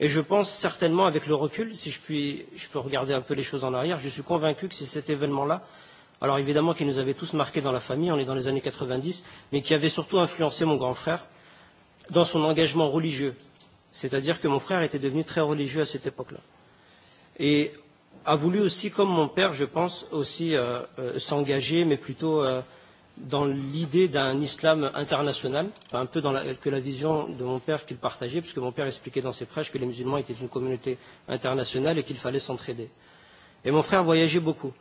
Et je pense certainement, avec le recul, si je, puis, je peux regarder un peu les choses en arrière, je suis convaincu que c'est cet événement-là, alors évidemment qui nous avait tous marqués dans la famille, on est dans les années 90, mais qui avait surtout influencé mon grand frère dans son engagement religieux. C'est-à-dire que mon frère était devenu très religieux à cette époque-là. Et a voulu aussi, comme mon père, je pense, aussi euh, euh, s'engager, mais plutôt euh, dans l'idée d'un islam international, un peu dans la, que la vision de mon père qu'il partageait, puisque mon père expliquait dans ses prêches que les musulmans étaient une communauté internationale et qu'il fallait s'entraider. Et mon frère voyageait beaucoup.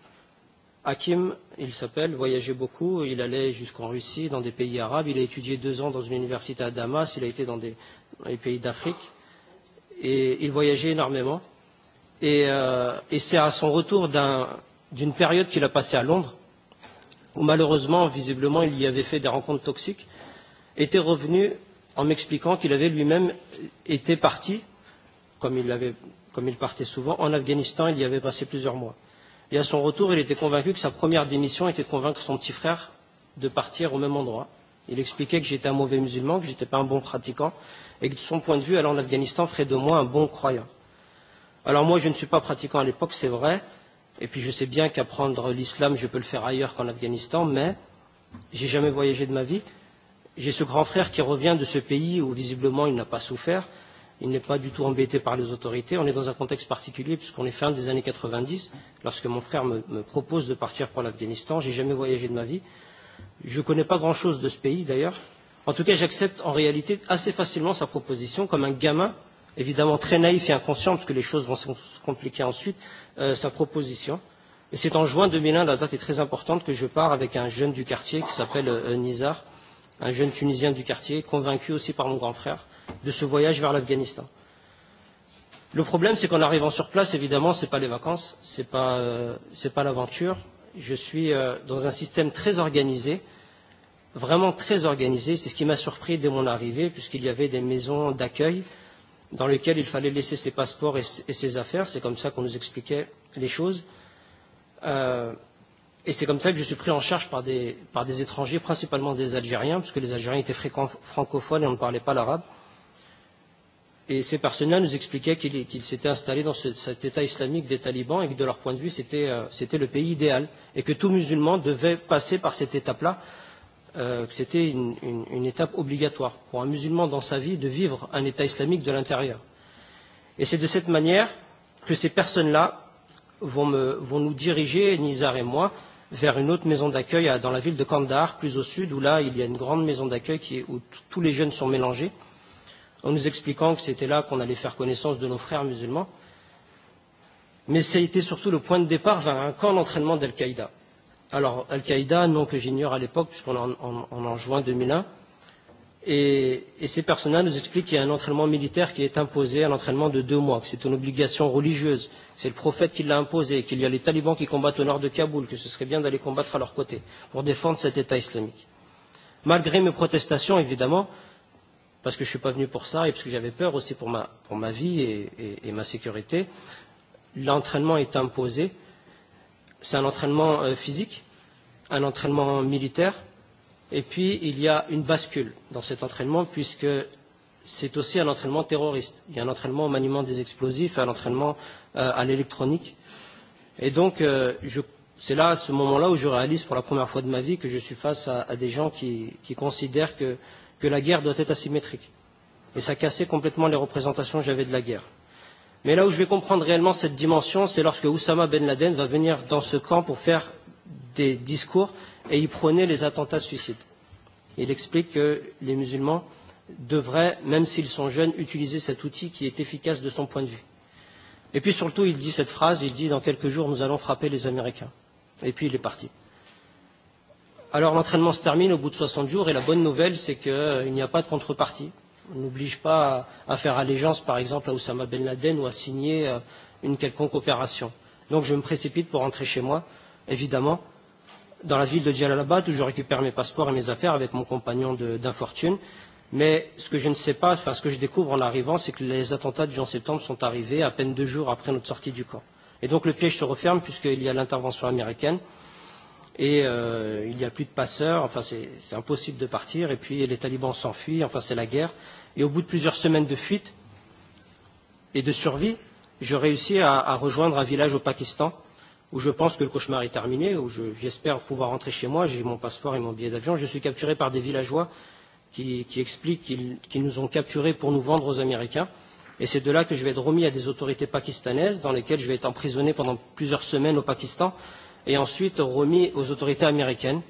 Hakim, il s'appelle, voyageait beaucoup. Il allait jusqu'en Russie, dans des pays arabes. Il a étudié deux ans dans une université à Damas. Il a été dans, des, dans les pays d'Afrique. Et il voyageait énormément. Et, euh, et c'est à son retour d'une un, période qu'il a passée à Londres où malheureusement, visiblement, il y avait fait des rencontres toxiques, était revenu en m'expliquant qu'il avait lui-même été parti, comme il, avait, comme il partait souvent, en Afghanistan, il y avait passé plusieurs mois. Et à son retour, il était convaincu que sa première démission était de convaincre son petit frère de partir au même endroit. Il expliquait que j'étais un mauvais musulman, que je n'étais pas un bon pratiquant, et que de son point de vue, aller en Afghanistan ferait de moi un bon croyant. Alors moi, je ne suis pas pratiquant à l'époque, c'est vrai, Et puis je sais bien qu'apprendre l'islam, je peux le faire ailleurs qu'en Afghanistan, mais j'ai jamais voyagé de ma vie. J'ai ce grand frère qui revient de ce pays où visiblement il n'a pas souffert, il n'est pas du tout embêté par les autorités. On est dans un contexte particulier puisqu'on est fin des années 90. Lorsque mon frère me, me propose de partir pour l'Afghanistan, j'ai jamais voyagé de ma vie. Je ne connais pas grand-chose de ce pays d'ailleurs. En tout cas, j'accepte en réalité assez facilement sa proposition comme un gamin évidemment très naïf et inconscient, parce que les choses vont se compliquer ensuite, euh, sa proposition. Et c'est en juin 2001, la date est très importante, que je pars avec un jeune du quartier qui s'appelle euh, Nizar, un jeune Tunisien du quartier, convaincu aussi par mon grand frère, de ce voyage vers l'Afghanistan. Le problème, c'est qu'en arrivant sur place, évidemment, ce n'est pas les vacances, ce n'est pas, euh, pas l'aventure. Je suis euh, dans un système très organisé, vraiment très organisé. C'est ce qui m'a surpris dès mon arrivée, puisqu'il y avait des maisons d'accueil euh, dans lequel il fallait laisser ses passeports et, et ses affaires. C'est comme ça qu'on nous expliquait les choses. Euh, et c'est comme ça que je suis pris en charge par des, par des étrangers, principalement des Algériens, puisque les Algériens étaient fréquents, francophones et on ne parlait pas l'arabe. Et ces personnes-là nous expliquaient qu'ils qu s'étaient installés dans ce, cet État islamique des talibans et que de leur point de vue, c'était euh, le pays idéal et que tout musulman devait passer par cette étape-là euh, que c'était une, une, une étape obligatoire pour un musulman dans sa vie de vivre un État islamique de l'intérieur. Et c'est de cette manière que ces personnes-là vont, vont nous diriger, Nizar et moi, vers une autre maison d'accueil dans la ville de Kandahar, plus au sud, où là, il y a une grande maison d'accueil où tous les jeunes sont mélangés, en nous expliquant que c'était là qu'on allait faire connaissance de nos frères musulmans. Mais ça a été surtout le point de départ vers un camp d'entraînement d'Al-Qaïda. Alors, Al-Qaïda, nom que j'ignore à l'époque, puisqu'on est en, en, en, en juin 2001. Et, et ces personnes nous expliquent qu'il y a un entraînement militaire qui est imposé, un entraînement de deux mois, que c'est une obligation religieuse, c'est le prophète qui l'a imposé, qu'il y a les talibans qui combattent au nord de Kaboul, que ce serait bien d'aller combattre à leur côté pour défendre cet État islamique. Malgré mes protestations, évidemment, parce que je ne suis pas venu pour ça et parce que j'avais peur aussi pour ma, pour ma vie et, et, et ma sécurité, l'entraînement est imposé c'est un entraînement euh, physique, un entraînement militaire, et puis il y a une bascule dans cet entraînement puisque c'est aussi un entraînement terroriste. Il y a un entraînement au maniement des explosifs, un entraînement euh, à l'électronique. Et donc, euh, c'est là, à ce moment-là, où je réalise pour la première fois de ma vie que je suis face à, à des gens qui, qui considèrent que, que la guerre doit être asymétrique. Et ça cassait complètement les représentations que j'avais de la guerre. Mais là où je vais comprendre réellement cette dimension, c'est lorsque Oussama Ben Laden va venir dans ce camp pour faire des discours et y prôner les attentats de suicide. Il explique que les musulmans devraient, même s'ils sont jeunes, utiliser cet outil qui est efficace de son point de vue. Et puis surtout, il dit cette phrase, il dit dans quelques jours, nous allons frapper les Américains. Et puis il est parti. Alors l'entraînement se termine au bout de 60 jours et la bonne nouvelle, c'est qu'il n'y a pas de contrepartie. On n'oblige pas à, faire allégeance, par exemple, à Oussama Ben Laden ou à signer euh, une quelconque opération. Donc je me précipite pour rentrer chez moi, évidemment, dans la ville de Jalalabad où je récupère mes passeports et mes affaires avec mon compagnon d'infortune. Mais ce que je ne sais pas, enfin ce que je découvre en arrivant, c'est que les attentats du 11 septembre sont arrivés à peine deux jours après notre sortie du camp. Et donc le piège se referme puisqu'il y a l'intervention américaine et euh, il n'y a plus de passeurs, enfin c'est impossible de partir et puis les talibans s'enfuient, enfin c'est la guerre. Et au bout de plusieurs semaines de fuite et de survie, je réussis à, à rejoindre un village au Pakistan où je pense que le cauchemar est terminé, où j'espère je, pouvoir rentrer chez moi, j'ai mon passeport et mon billet d'avion. Je suis capturé par des villageois qui, qui expliquent qu'ils qu nous ont capturés pour nous vendre aux Américains. Et c'est de là que je vais être remis à des autorités pakistanaises, dans lesquelles je vais être emprisonné pendant plusieurs semaines au Pakistan, et ensuite remis aux autorités américaines.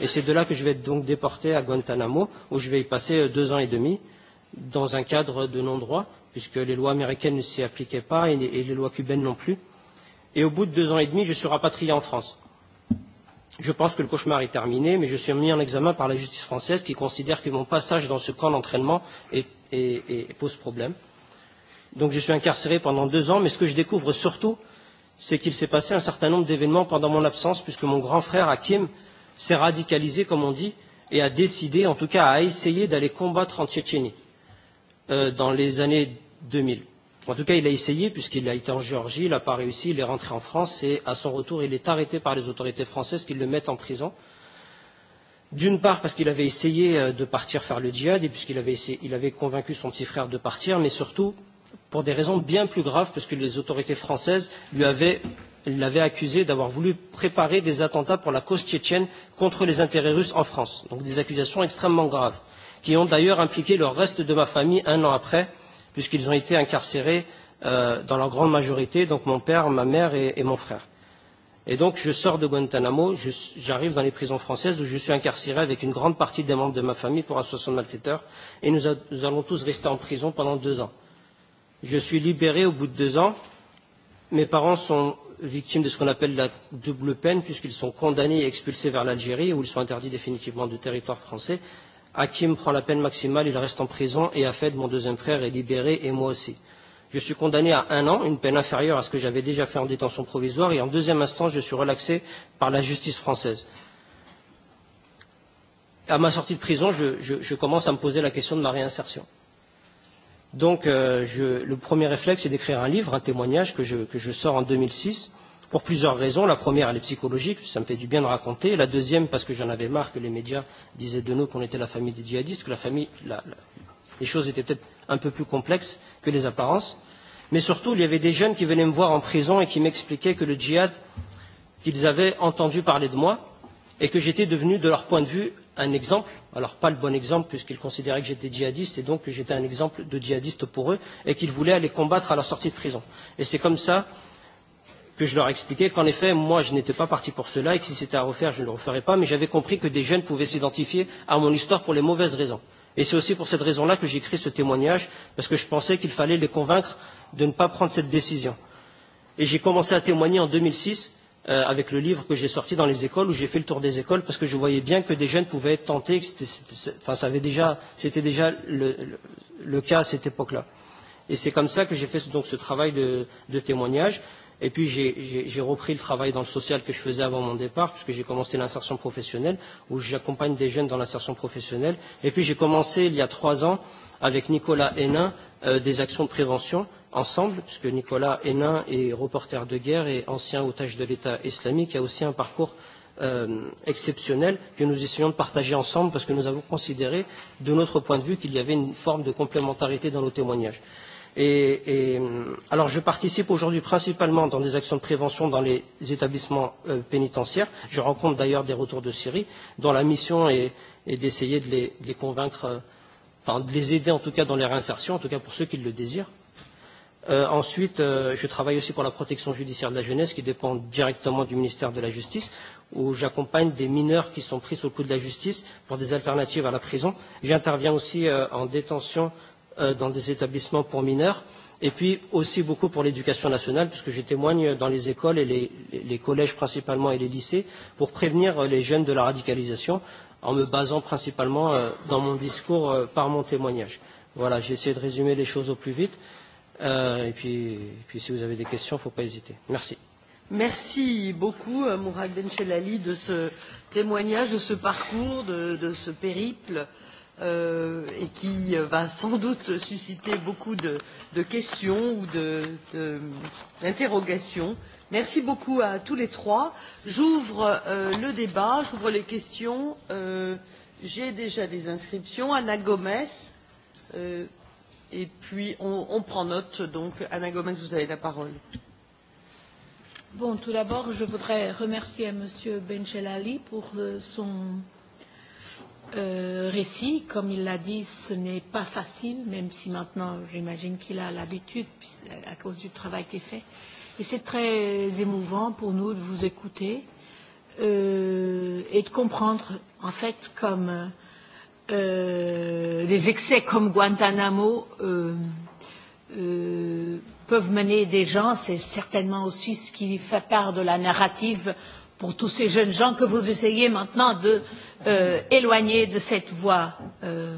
Et c'est de là que je vais être donc déporté à Guantanamo, où je vais y passer euh, deux ans et demi dans un cadre de non-droit, puisque les lois américaines ne s'y appliquaient pas et les, et les lois cubaines non plus. Et au bout de deux ans et demi, je suis rapatrié en France. Je pense que le cauchemar est terminé, mais je suis mis en examen par la justice française qui considère que mon passage dans ce camp d'entraînement pose problème. Donc je suis incarcéré pendant deux ans, mais ce que je découvre surtout, c'est qu'il s'est passé un certain nombre d'événements pendant mon absence, puisque mon grand frère Hakim s'est radicalisé, comme on dit, et a décidé, en tout cas, à essayer d'aller combattre en Tchétchénie euh, dans les années 2000. En tout cas, il a essayé, puisqu'il a été en Géorgie, il n'a pas réussi, il est rentré en France et à son retour, il est arrêté par les autorités françaises qui le mettent en prison. D'une part, parce qu'il avait essayé euh, de partir faire le djihad et puisqu'il avait, essayé, il avait convaincu son petit frère de partir, mais surtout pour des raisons bien plus graves, parce que les autorités françaises lui avaient l'avait accusé d'avoir voulu préparer des attentats pour la cause tchétchène contre les intérêts russes en France. Donc des accusations extrêmement graves qui ont d'ailleurs impliqué le reste de ma famille un an après, puisqu'ils ont été incarcérés euh, dans leur grande majorité, donc mon père, ma mère et, et mon frère. Et donc je sors de Guantanamo, j'arrive dans les prisons françaises où je suis incarcéré avec une grande partie des membres de ma famille pour association de malfaiteurs, et nous, a, nous allons tous rester en prison pendant deux ans. Je suis libéré au bout de deux ans. Mes parents sont victimes de ce qu'on appelle la double peine, puisqu'ils sont condamnés et expulsés vers l'Algérie, où ils sont interdits définitivement du territoire français, Hakim prend la peine maximale, il reste en prison et Afed, mon deuxième frère, est libéré et moi aussi. Je suis condamné à un an, une peine inférieure à ce que j'avais déjà fait en détention provisoire et en deuxième instance, je suis relaxé par la justice française. À ma sortie de prison, je, je, je commence à me poser la question de ma réinsertion. Donc, euh, je, le premier réflexe, c'est d'écrire un livre, un témoignage que je, que je sors en 2006 pour plusieurs raisons. La première, elle est psychologique, ça me fait du bien de raconter. La deuxième, parce que j'en avais marre que les médias disaient de nous qu'on était la famille des djihadistes, que la famille, la, la, les choses étaient peut-être un peu plus complexes que les apparences. Mais surtout, il y avait des jeunes qui venaient me voir en prison et qui m'expliquaient que le djihad, qu'ils avaient entendu parler de moi, et que j'étais devenu, de leur point de vue, un exemple, alors pas le bon exemple puisqu'ils considéraient que j'étais djihadiste et donc que j'étais un exemple de djihadiste pour eux et qu'ils voulaient aller combattre à la sortie de prison. Et c'est comme ça que je leur expliquais qu'en effet, moi, je n'étais pas parti pour cela et que si c'était à refaire, je ne le referais pas, mais j'avais compris que des jeunes pouvaient s'identifier à mon histoire pour les mauvaises raisons. Et c'est aussi pour cette raison-là que j'ai écrit ce témoignage, parce que je pensais qu'il fallait les convaincre de ne pas prendre cette décision. Et j'ai commencé à témoigner en 2006 euh, avec le livre que j'ai sorti dans les écoles, où j'ai fait le tour des écoles, parce que je voyais bien que des jeunes pouvaient être tentés, que c'était, enfin, ça avait déjà, c'était déjà le, le, le cas à cette époque-là. Et c'est comme ça que j'ai fait donc ce travail de, de témoignage. Et puis j'ai repris le travail dans le social que je faisais avant mon départ, puisque j'ai commencé l'insertion professionnelle, où j'accompagne des jeunes dans l'insertion professionnelle. Et puis j'ai commencé il y a trois ans avec Nicolas Hénin euh, des actions de prévention ensemble, puisque Nicolas Hénin est reporter de guerre et ancien otage de l'État islamique, a aussi un parcours euh, exceptionnel que nous essayons de partager ensemble parce que nous avons considéré, de notre point de vue, qu'il y avait une forme de complémentarité dans nos témoignages. Et, et, alors je participe aujourd'hui principalement dans des actions de prévention dans les établissements euh, pénitentiaires. Je rencontre d'ailleurs des retours de Syrie dont la mission est, est d'essayer de les, de les convaincre, euh, enfin de les aider en tout cas dans leur insertion, en tout cas pour ceux qui le désirent. Euh, ensuite, euh, je travaille aussi pour la protection judiciaire de la jeunesse qui dépend directement du ministère de la Justice où j'accompagne des mineurs qui sont pris sous le coup de la justice pour des alternatives à la prison. J'interviens aussi euh, en détention Euh, dans des établissements pour mineurs et puis aussi beaucoup pour l'éducation nationale, puisque je témoigne dans les écoles et les, les collèges principalement et les lycées, pour prévenir euh, les jeunes de la radicalisation, en me basant principalement euh, dans mon discours par mon témoignage. Voilà, j'ai essayé de résumer les choses au plus vite. Euh, et, puis, et puis, si vous avez des questions, il ne faut pas hésiter. Merci. Merci beaucoup, Mourad Benchelali, de ce témoignage, de ce parcours, de, de ce périple. Euh, euh, et qui euh, va sans doute susciter beaucoup de, de questions ou d'interrogations. Merci beaucoup à tous les trois. J'ouvre euh, le débat, j'ouvre les questions. Euh, J'ai déjà des inscriptions. Anna Gomez, euh, et puis on, on prend note. Donc, Anna Gomez, vous avez la parole. Bon, tout d'abord, je voudrais remercier M. Benchelali pour euh, son euh, récit. Comme il l'a dit, ce n'est pas facile, même si maintenant j'imagine qu'il a l'habitude à cause du travail qui est fait. Et c'est très émouvant pour nous de vous écouter euh, et de comprendre, en fait, comme euh, des excès comme Guantanamo euh, euh, peuvent mener des gens, c'est certainement aussi ce qui fait part de la narrative pour tous ces jeunes gens que vous essayez maintenant de euh, éloigner de cette voie euh,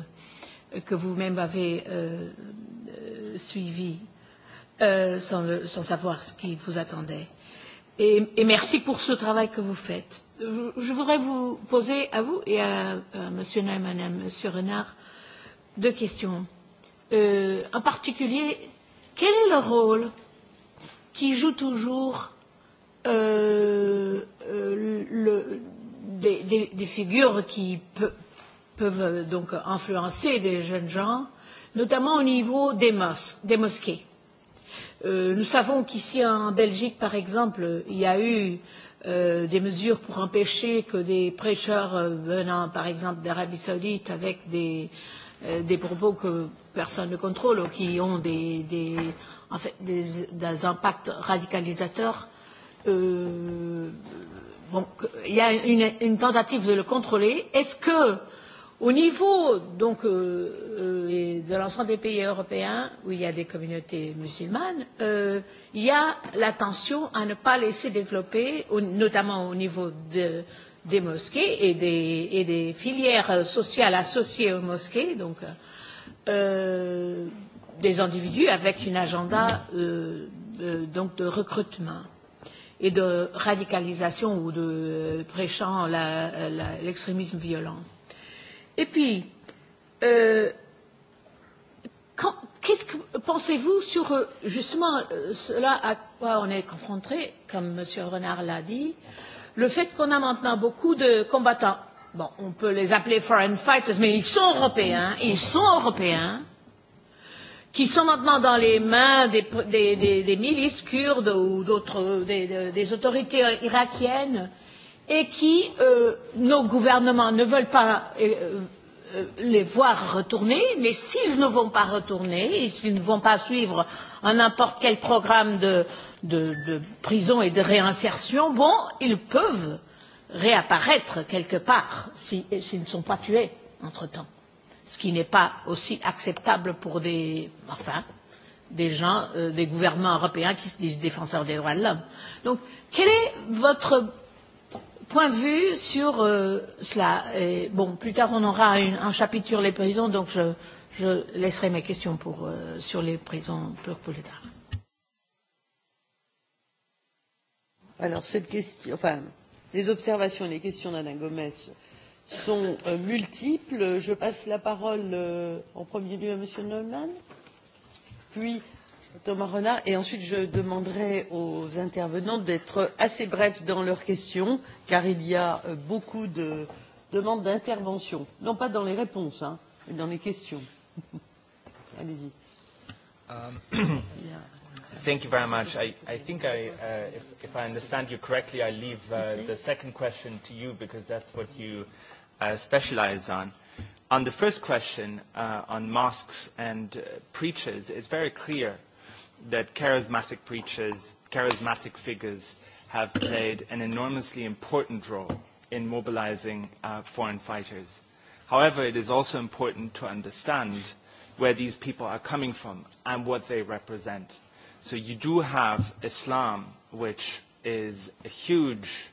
que vous-même avez euh, euh suivie euh, sans, sans savoir ce qui vous attendait. Et, et merci pour ce travail que vous faites. Je, je voudrais vous poser à vous et à, à Monsieur Neumann et à M. Renard deux questions. Euh, en particulier, quel est le rôle qui joue toujours euh, euh, le, des, des, des figures qui pe peuvent euh, donc influencer des jeunes gens, notamment au niveau des, mos des mosquées. Euh, nous savons qu'ici en Belgique, par exemple, il y a eu euh, des mesures pour empêcher que des prêcheurs euh, venant, par exemple, d'Arabie saoudite avec des, euh, des propos que personne ne contrôle ou qui ont des, des, en fait, des, des impacts radicalisateurs euh, il y a une, une tentative de le contrôler. Est-ce que, au niveau donc, euh, euh, de l'ensemble des pays européens où il y a des communautés musulmanes, euh, il y a l'attention à ne pas laisser développer, au, notamment au niveau de, des mosquées et des, et des filières sociales associées aux mosquées, donc euh, des individus avec une agenda euh, euh, donc de recrutement et de radicalisation ou de prêchant l'extrémisme violent. Et puis, euh, qu'est-ce qu que pensez-vous sur euh, justement euh, cela à quoi on est confronté, comme M. Renard l'a dit, le fait qu'on a maintenant beaucoup de combattants, bon, on peut les appeler foreign fighters, mais ils sont européens, ils sont européens, euh, qui sont maintenant dans les mains des, des, des, des milices kurdes ou d'autres des, des autorités irakiennes et qui euh, nos gouvernements ne veulent pas euh, euh, les voir retourner, mais s'ils ne vont pas retourner s'ils ne vont pas suivre un n'importe quel programme de, de, de prison et de réinsertion, bon, ils peuvent réapparaître quelque part s'ils si, ne sont pas tués entre temps ce qui n'est pas aussi acceptable pour des, enfin, des gens, euh, des gouvernements européens qui se disent défenseurs des droits de l'homme. Donc, quel est votre point de vue sur euh, cela Et, Bon, plus tard, on aura une, un chapitre sur les prisons, donc je, je laisserai mes questions pour, euh, sur les prisons pour plus tard. Alors, cette question, enfin, les observations les questions d'Anna Gomez euh, sont euh, multiples. Je passe la parole euh, en premier lieu à M. Neumann, puis Thomas Renard, et ensuite je demanderai aux intervenants d'être assez brefs dans leurs questions, car il y a euh, beaucoup de demandes d'intervention, non pas dans les réponses, hein, mais dans les questions. Allez-y. Um, Thank you very much. I, I think I, uh, if, if I understand you correctly, I leave uh, the second question to you because that's what you uh, Uh, specialize on. On the first question uh, on mosques and uh, preachers, it's very clear that charismatic preachers, charismatic figures have played an enormously important role in mobilizing uh, foreign fighters. However, it is also important to understand where these people are coming from and what they represent. So you do have Islam, which is a huge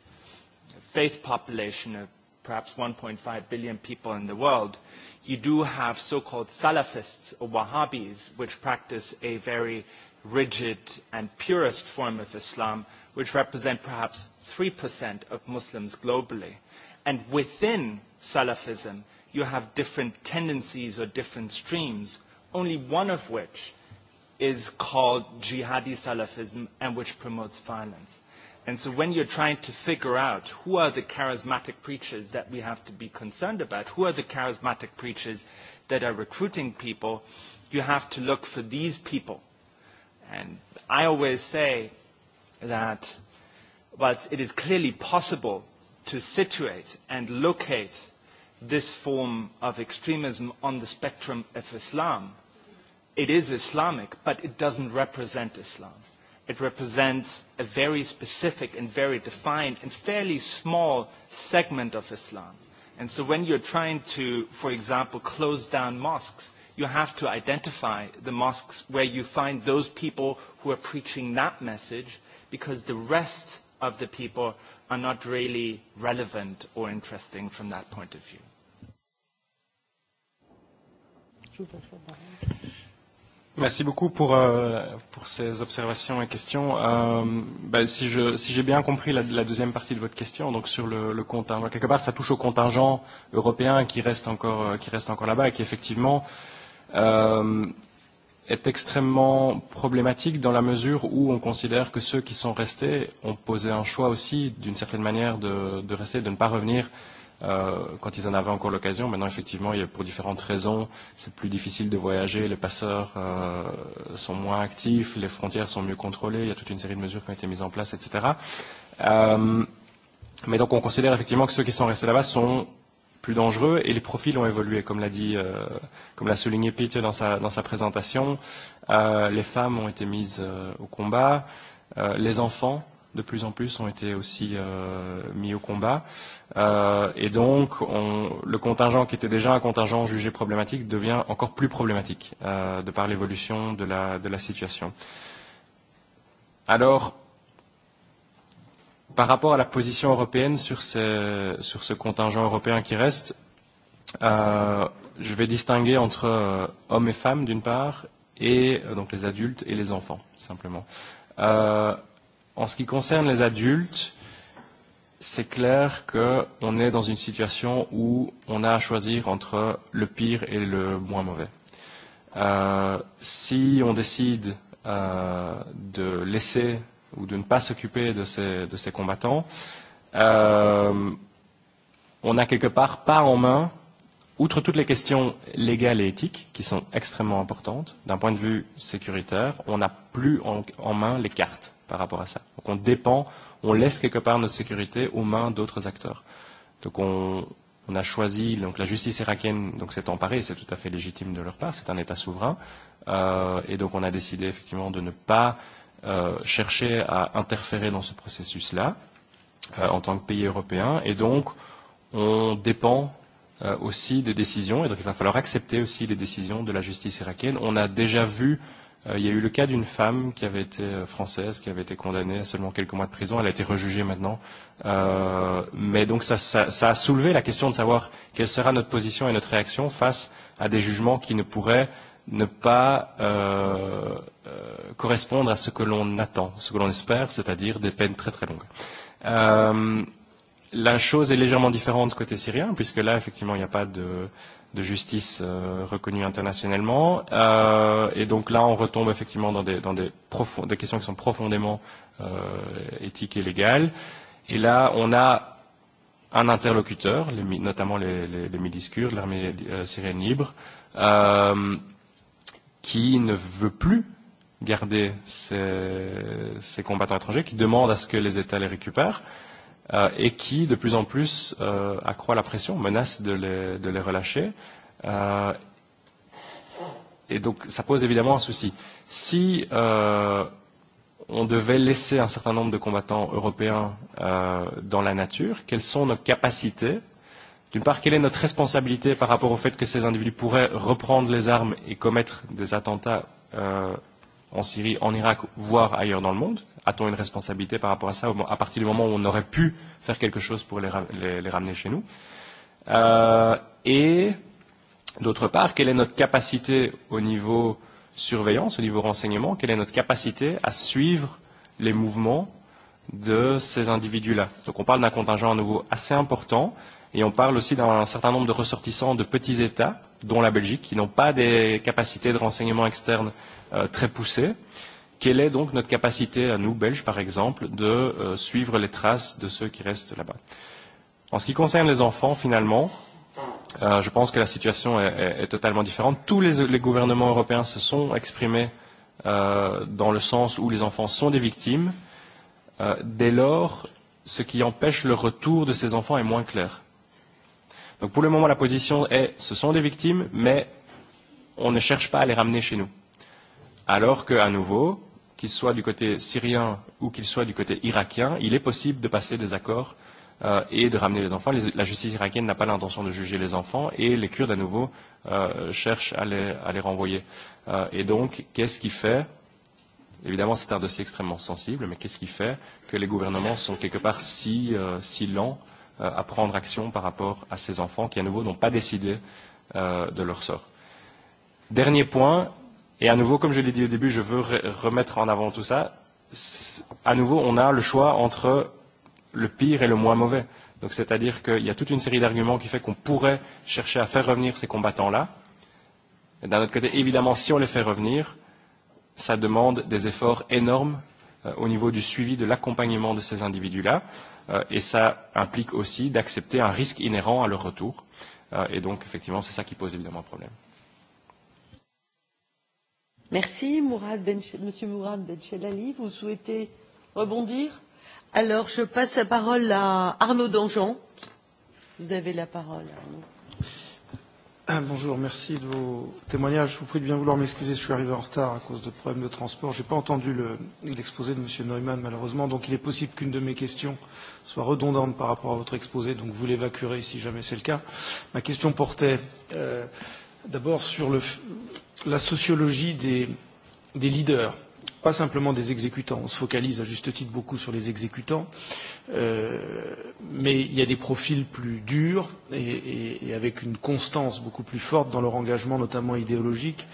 faith population a perhaps 1.5 billion people in the world, you do have so-called Salafists or Wahhabis, which practice a very rigid and purist form of Islam, which represent perhaps 3% of Muslims globally. And within Salafism, you have different tendencies or different streams, only one of which is called jihadi Salafism and which promotes violence. And so when you're trying to figure out who are the charismatic preachers that we have to be concerned about, who are the charismatic preachers that are recruiting people, you have to look for these people. And I always say that whilst it is clearly possible to situate and locate this form of extremism on the spectrum of Islam, it is Islamic, but it doesn't represent Islam it represents a very specific and very defined and fairly small segment of Islam. And so when you're trying to, for example, close down mosques, you have to identify the mosques where you find those people who are preaching that message because the rest of the people are not really relevant or interesting from that point of view. Merci beaucoup pour, euh, pour ces observations et questions. Euh, ben, si j'ai si bien compris la, la deuxième partie de votre question, donc sur le, le contingent, quelque part ça touche au contingent européen qui reste encore, euh, qui reste encore là-bas et qui effectivement euh, est extrêmement problématique dans la mesure où on considère que ceux qui sont restés ont posé un choix aussi d'une certaine manière de, de rester, de ne pas revenir euh, euh, quand ils en avaient encore l'occasion. Maintenant, effectivement, il y a, pour différentes raisons, c'est plus difficile de voyager, les passeurs euh, sont moins actifs, les frontières sont mieux contrôlées, il y a toute une série de mesures qui ont été mises en place, etc. Euh, mais donc, on considère effectivement que ceux qui sont restés là-bas sont plus dangereux et les profils ont évolué, comme l'a dit, euh, comme l'a souligné Peter dans sa, dans sa présentation. Euh, les femmes ont été mises euh, au combat, euh, les enfants de plus en plus ont été aussi euh, mis au combat. Euh, et donc, on, le contingent qui était déjà un contingent jugé problématique devient encore plus problématique euh, de par l'évolution de la, de la situation. Alors, par rapport à la position européenne sur, ces, sur ce contingent européen qui reste, euh, je vais distinguer entre euh, hommes et femmes d'une part, et euh, donc les adultes et les enfants, simplement. Euh, En ce qui concerne les adultes, c'est clair qu'on est dans une situation où on a à choisir entre le pire et le moins mauvais. Euh, si on décide euh, de laisser ou de ne pas s'occuper de ces, de ces combattants, euh, on a quelque part pas en main euh, Outre toutes les questions légales et éthiques, qui sont extrêmement importantes, d'un point de vue sécuritaire, on n'a plus en, en main les cartes par rapport à ça. Donc on dépend, on laisse quelque part notre sécurité aux mains d'autres acteurs. Donc on, on a choisi, donc la justice irakienne s'est emparée, c'est tout à fait légitime de leur part, c'est un État souverain, euh, et donc on a décidé effectivement de ne pas euh, chercher à interférer dans ce processus-là euh, en tant que pays européen, et donc on dépend euh, aussi des décisions, et donc il va falloir accepter aussi les décisions de la justice irakienne. On a déjà vu, euh, il y a eu le cas d'une femme qui avait été euh, française, qui avait été condamnée à seulement quelques mois de prison, elle a été rejugée maintenant, euh, mais donc ça, ça, ça a soulevé la question de savoir quelle sera notre position et notre réaction face à des jugements qui ne pourraient ne pas euh, euh, correspondre à ce que l'on attend, ce que l'on espère, c'est-à-dire des peines très très longues. Euh, la chose est légèrement différente côté syrien, puisque là, effectivement, il n'y a pas de, de justice euh, reconnue internationalement. Euh, et donc là, on retombe effectivement dans des, dans des, profond, des questions qui sont profondément euh, éthiques et légales. Et là, on a un interlocuteur, les, notamment les, les, les milices kurdes, l'armée euh, syrienne libre, euh, qui ne veut plus garder ces, ces combattants étrangers, qui demande à ce que les États les récupèrent. Euh, euh, et qui, de plus en plus, euh, accroît la pression, menace de les, de les relâcher. Euh, et donc, ça pose évidemment un souci. Si euh, on devait laisser un certain nombre de combattants européens euh, dans la nature, quelles sont nos capacités D'une part, quelle est notre responsabilité par rapport au fait que ces individus pourraient reprendre les armes et commettre des attentats euh, en Syrie, en Irak, voire ailleurs dans le monde a-t-on une responsabilité par rapport à ça à partir du moment où on aurait pu faire quelque chose pour les, les, les ramener chez nous euh, Et d'autre part, quelle est notre capacité au niveau surveillance, au niveau renseignement, quelle est notre capacité à suivre les mouvements de ces individus-là. Donc on parle d'un contingent à nouveau assez important et on parle aussi d'un certain nombre de ressortissants de petits États, dont la Belgique, qui n'ont pas des capacités de renseignement externe euh, très poussées. Quelle est donc notre capacité à nous, Belges par exemple, de euh, suivre les traces de ceux qui restent là-bas En ce qui concerne les enfants, finalement, euh, je pense que la situation est, est, est totalement différente. Tous les, les gouvernements européens se sont exprimés euh, dans le sens où les enfants sont des victimes. Euh, dès lors, ce qui empêche le retour de ces enfants est moins clair. Donc pour le moment, la position est ce sont des victimes, mais on ne cherche pas à les ramener chez nous alors qu'à nouveau, qu'il soit du côté syrien ou qu'il soit du côté irakien, il est possible de passer des accords euh, et de ramener les enfants. Les, la justice irakienne n'a pas l'intention de juger les enfants et les Kurdes à nouveau euh, cherchent à les, à les renvoyer. Euh, et donc, qu'est-ce qui fait Évidemment, c'est un dossier extrêmement sensible, mais qu'est-ce qui fait que les gouvernements sont quelque part si, euh, si lents euh, à prendre action par rapport à ces enfants qui, à nouveau, n'ont pas décidé euh, de leur sort Dernier point, Et à nouveau, comme je l'ai dit au début, je veux remettre en avant tout ça. À nouveau, on a le choix entre le pire et le moins mauvais. Donc c'est-à-dire qu'il y a toute une série d'arguments qui fait qu'on pourrait chercher à faire revenir ces combattants-là. Et d'un autre côté, évidemment, si on les fait revenir, ça demande des efforts énormes euh, au niveau du suivi, de l'accompagnement de ces individus-là. Euh, et ça implique aussi d'accepter un risque inhérent à leur retour. Euh, et donc, effectivement, c'est ça qui pose évidemment un problème. Merci. Mourad ben, Monsieur Mourad Benchelali, vous souhaitez rebondir Alors, je passe la parole à Arnaud Dangean. Vous avez la parole, Arnaud. Ah, bonjour, merci de vos témoignages. Je vous prie de bien vouloir m'excuser, je suis arrivé en retard à cause de problèmes de transport. Je n'ai pas entendu l'exposé le, de M. Neumann, malheureusement, donc il est possible qu'une de mes questions soit redondante par rapport à votre exposé, donc vous l'évacuerez si jamais c'est le cas. Ma question portait euh, d'abord sur le la sociologie des, des leaders, pas simplement des exécutants. On se focalise à juste titre beaucoup sur les exécutants, euh, mais il y a des profils plus durs et, et, et avec une constance beaucoup plus forte dans leur engagement, notamment idéologique.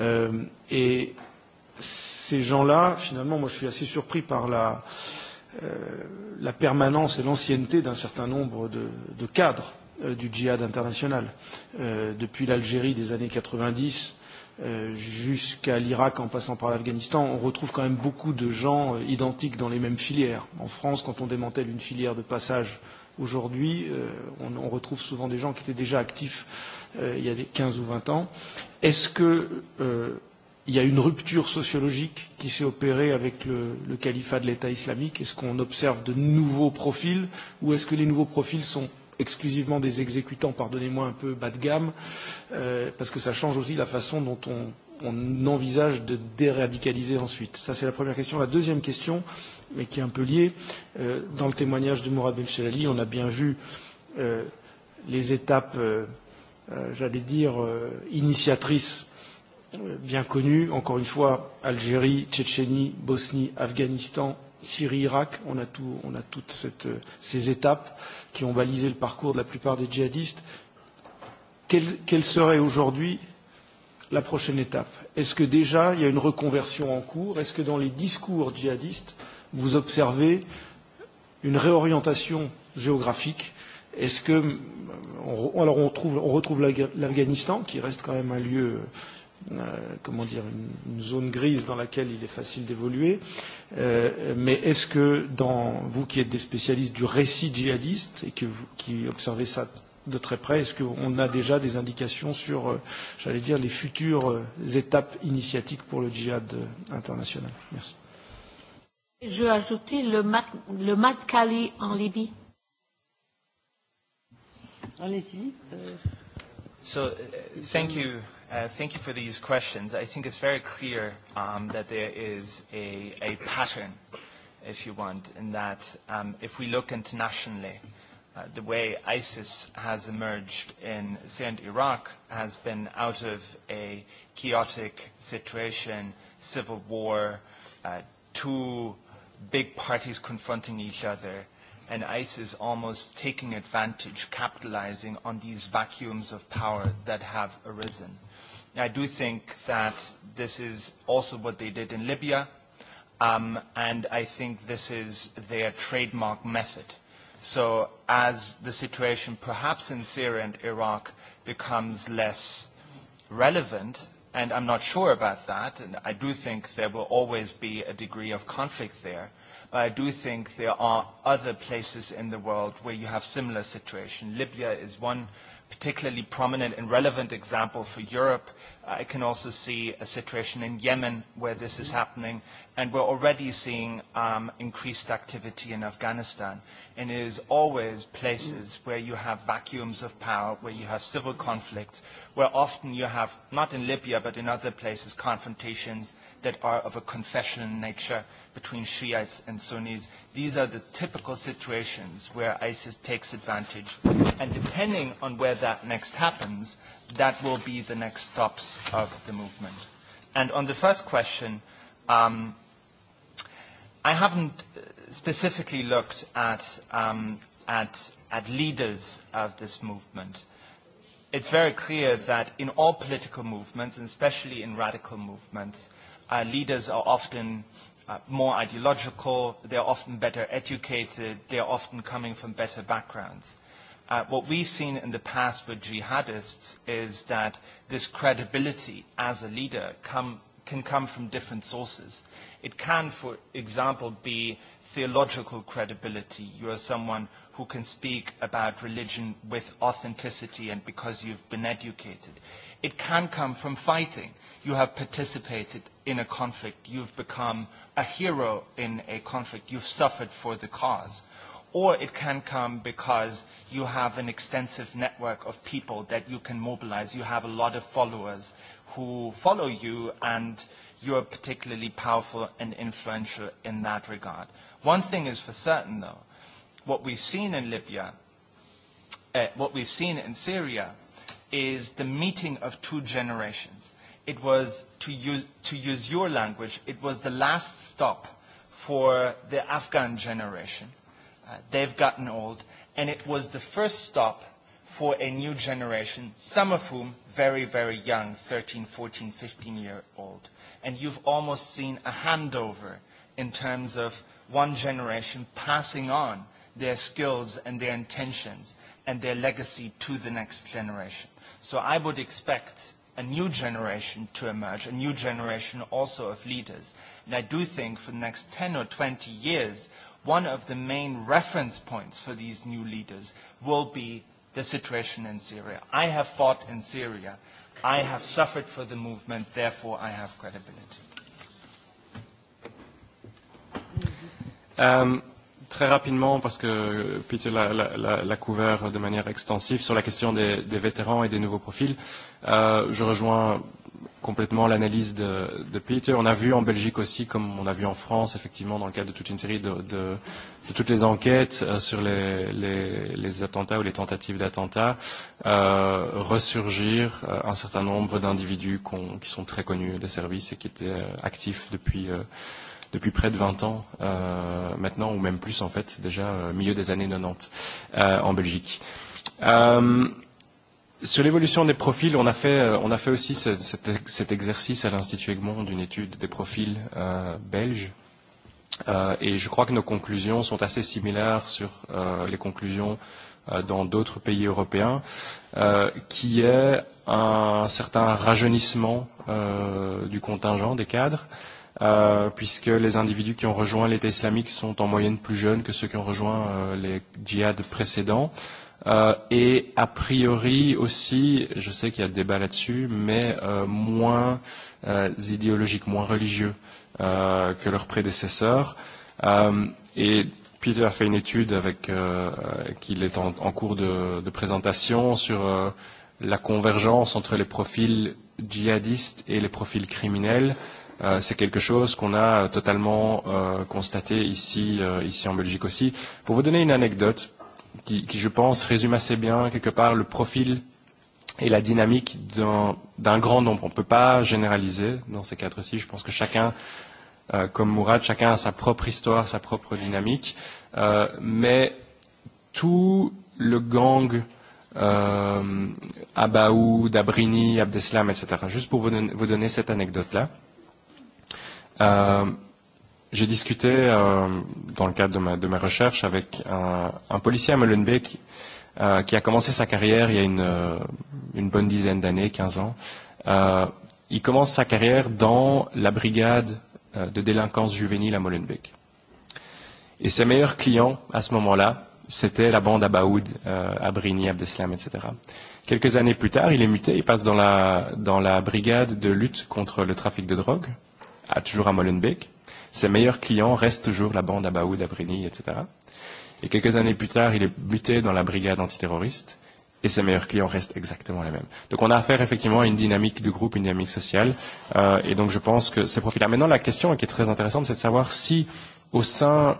Euh, et ces gens-là, finalement, moi je suis assez surpris par la, euh, la permanence et l'ancienneté d'un certain nombre de, de cadres euh, du djihad international. Euh, depuis l'Algérie des années 90, euh, Euh, jusqu'à l'Irak en passant par l'Afghanistan, on retrouve quand même beaucoup de gens euh, identiques dans les mêmes filières. En France, quand on démantèle une filière de passage aujourd'hui, euh, on, on retrouve souvent des gens qui étaient déjà actifs euh, il y a 15 ou 20 ans. Est-ce qu'il euh, y a une rupture sociologique qui s'est opérée avec le, le califat de l'État islamique Est-ce qu'on observe de nouveaux profils ou est-ce que les nouveaux profils sont exclusivement des exécutants, pardonnez-moi un peu bas de gamme, euh, parce que ça change aussi la façon dont on, on envisage de déradicaliser ensuite. Ça, c'est la première question. La deuxième question, mais qui est un peu liée, euh, dans le témoignage de Mourad Benchelali, on a bien vu euh, les étapes, euh, euh, j'allais dire, euh, initiatrices euh, bien connues, encore une fois, Algérie, Tchétchénie, Bosnie, Afghanistan, Syrie-Irak, on a, tout, on a toutes cette, euh, ces étapes qui ont balisé le parcours de la plupart des djihadistes. Quelle, quelle serait aujourd'hui la prochaine étape Est-ce que déjà il y a une reconversion en cours Est-ce que dans les discours djihadistes, vous observez une réorientation géographique Est-ce que On, alors on, trouve, on retrouve l'Afghanistan qui reste quand même un lieu euh, Euh, comment dire, une, une zone grise dans laquelle il est facile d'évoluer. Euh, mais est-ce que dans vous qui êtes des spécialistes du récit djihadiste et que vous, qui observez ça de très près, est-ce qu'on a déjà des indications sur, euh, j'allais dire, les futures euh, étapes initiatiques pour le djihad international Merci. Je vais ajouter le, mat, le Mat en Libye. Allez-y. So, uh, thank you. Uh, thank you for these questions. I think it's very clear um, that there is a, a pattern, if you want, in that um, if we look internationally, uh, the way ISIS has emerged in say, Iraq has been out of a chaotic situation, civil war, uh, two big parties confronting each other, and ISIS almost taking advantage, capitalizing on these vacuums of power that have arisen. I do think that this is also what they did in Libya, um, and I think this is their trademark method. So as the situation perhaps in Syria and Iraq becomes less relevant, and I'm not sure about that, and I do think there will always be a degree of conflict there, but I do think there are other places in the world where you have similar situation. Libya is one particularly prominent and relevant example for Europe. I can also see a situation in Yemen where this is happening, and we're already seeing um, increased activity in Afghanistan. And it is always places where you have vacuums of power, where you have civil conflicts, where often you have, not in Libya, but in other places, confrontations that are of a confessional nature, between Shiites and Sunnis. These are the typical situations where ISIS takes advantage. And depending on where that next happens, that will be the next stops of the movement. And on the first question, um, I haven't uh, specifically looked at, um, at, at leaders of this movement it's very clear that in all political movements, and especially in radical movements, uh, leaders are often Uh, more ideological, they're often better educated, they're often coming from better backgrounds. Uh, what we've seen in the past with jihadists is that this credibility as a leader come, can come from different sources. It can, for example, be theological credibility. You are someone who can speak about religion with authenticity and because you've been educated. It can come from fighting. You have participated in a conflict. You've become a hero in a conflict. You've suffered for the cause. Or it can come because you have an extensive network of people that you can mobilize. You have a lot of followers who follow you and you're particularly powerful and influential in that regard. One thing is for certain, though. What we've seen in Libya, uh, what we've seen in Syria, is the meeting of two generations it was, to use, to use your language, it was the last stop for the Afghan generation. Uh, they've gotten old, and it was the first stop for a new generation, some of whom very, very young, 13, 14, 15 year old. And you've almost seen a handover in terms of one generation passing on their skills and their intentions and their legacy to the next generation. So I would expect a new generation to emerge, a new generation also of leaders. And I do think for the next 10 or 20 years, one of the main reference points for these new leaders will be the situation in Syria. I have fought in Syria. I have suffered for the movement, therefore I have credibility. Um, très rapidement, parce que Peter l'a couvert de manière extensive sur la question des, des vétérans et des nouveaux profils. Euh, je rejoins complètement l'analyse de, de Peter. On a vu en Belgique aussi, comme on a vu en France, effectivement, dans le cadre de toute une série de, de, de toutes les enquêtes euh, sur les, les, les attentats ou les tentatives d'attentats, euh, ressurgir euh, un certain nombre d'individus qu qui sont très connus des services et qui étaient euh, actifs depuis, euh, depuis près de 20 ans euh, maintenant, ou même plus en fait, déjà euh, milieu des années 90 euh, en Belgique. Euh, Sur l'évolution des profils, on a fait, euh, on a fait aussi cet, cet exercice à l'Institut Egmont d'une étude des profils euh, belges. Euh, et je crois que nos conclusions sont assez similaires sur euh, les conclusions euh, dans d'autres pays européens, euh, qui est un certain rajeunissement euh, du contingent des cadres, euh, puisque les individus qui ont rejoint l'État islamique sont en moyenne plus jeunes que ceux qui ont rejoint euh, les djihad précédents. Euh, Euh, et a priori aussi, je sais qu'il y a débat là-dessus, mais euh, moins euh, idéologiques, moins religieux euh, que leurs prédécesseurs. Euh, et Peter a fait une étude avec euh, qu'il est en, en cours de, de présentation sur euh, la convergence entre les profils djihadistes et les profils criminels. Euh, c'est quelque chose qu'on a totalement euh, constaté ici, euh, ici en Belgique aussi. Pour vous donner une anecdote, qui, qui, je pense, résume assez bien, quelque part, le profil et la dynamique d'un grand nombre. On ne peut pas généraliser dans ces cadres-ci. Je pense que chacun, euh, comme Mourad, chacun a sa propre histoire, sa propre dynamique. Euh, mais tout le gang euh, Abaoud, Abrini, Abdeslam, etc., juste pour vous, don vous donner cette anecdote-là, euh, j'ai discuté euh, dans le cadre de, ma, de mes recherches avec un, un policier à Molenbeek euh, qui a commencé sa carrière il y a une, euh, une bonne dizaine d'années, 15 ans. Euh, il commence sa carrière dans la brigade euh, de délinquance juvénile à Molenbeek. Et ses meilleurs clients à ce moment-là, c'était la bande à Baoud, euh, à Brini, à Abdeslam, etc. Quelques années plus tard, il est muté, il passe dans la, dans la brigade de lutte contre le trafic de drogue, à, toujours à Molenbeek. Euh, ses meilleurs clients restent toujours la bande Abaoud, Abrini, etc. Et quelques années plus tard, il est buté dans la brigade antiterroriste et ses meilleurs clients restent exactement les mêmes. Donc on a affaire effectivement à une dynamique de groupe, une dynamique sociale. Euh, et donc je pense que ces profils-là. Maintenant, la question qui est très intéressante, c'est de savoir si au sein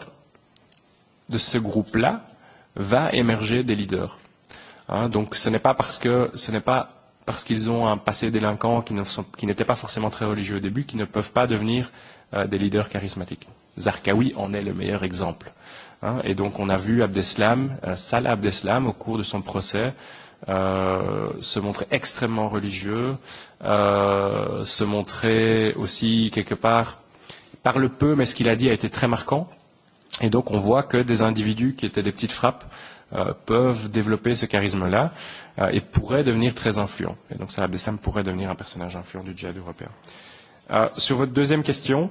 de ce groupe-là va émerger des leaders. Hein, donc ce n'est pas parce que ce n'est pas parce qu'ils ont un passé délinquant qui n'était pas forcément très religieux au début, qui ne peuvent pas devenir euh, des leaders charismatiques. Zarqawi en est le meilleur exemple. Hein. Et donc on a vu Abdeslam, euh, Salah Abdeslam, au cours de son procès, euh, se montrer extrêmement religieux, euh, se montrer aussi quelque part, par le peu, mais ce qu'il a dit a été très marquant. Et donc on voit que des individus qui étaient des petites frappes euh, peuvent développer ce charisme-là euh, et pourraient devenir très influents. Et donc Salah Abdeslam pourrait devenir un personnage influent du djihad européen. Euh, Euh, sur votre deuxième question,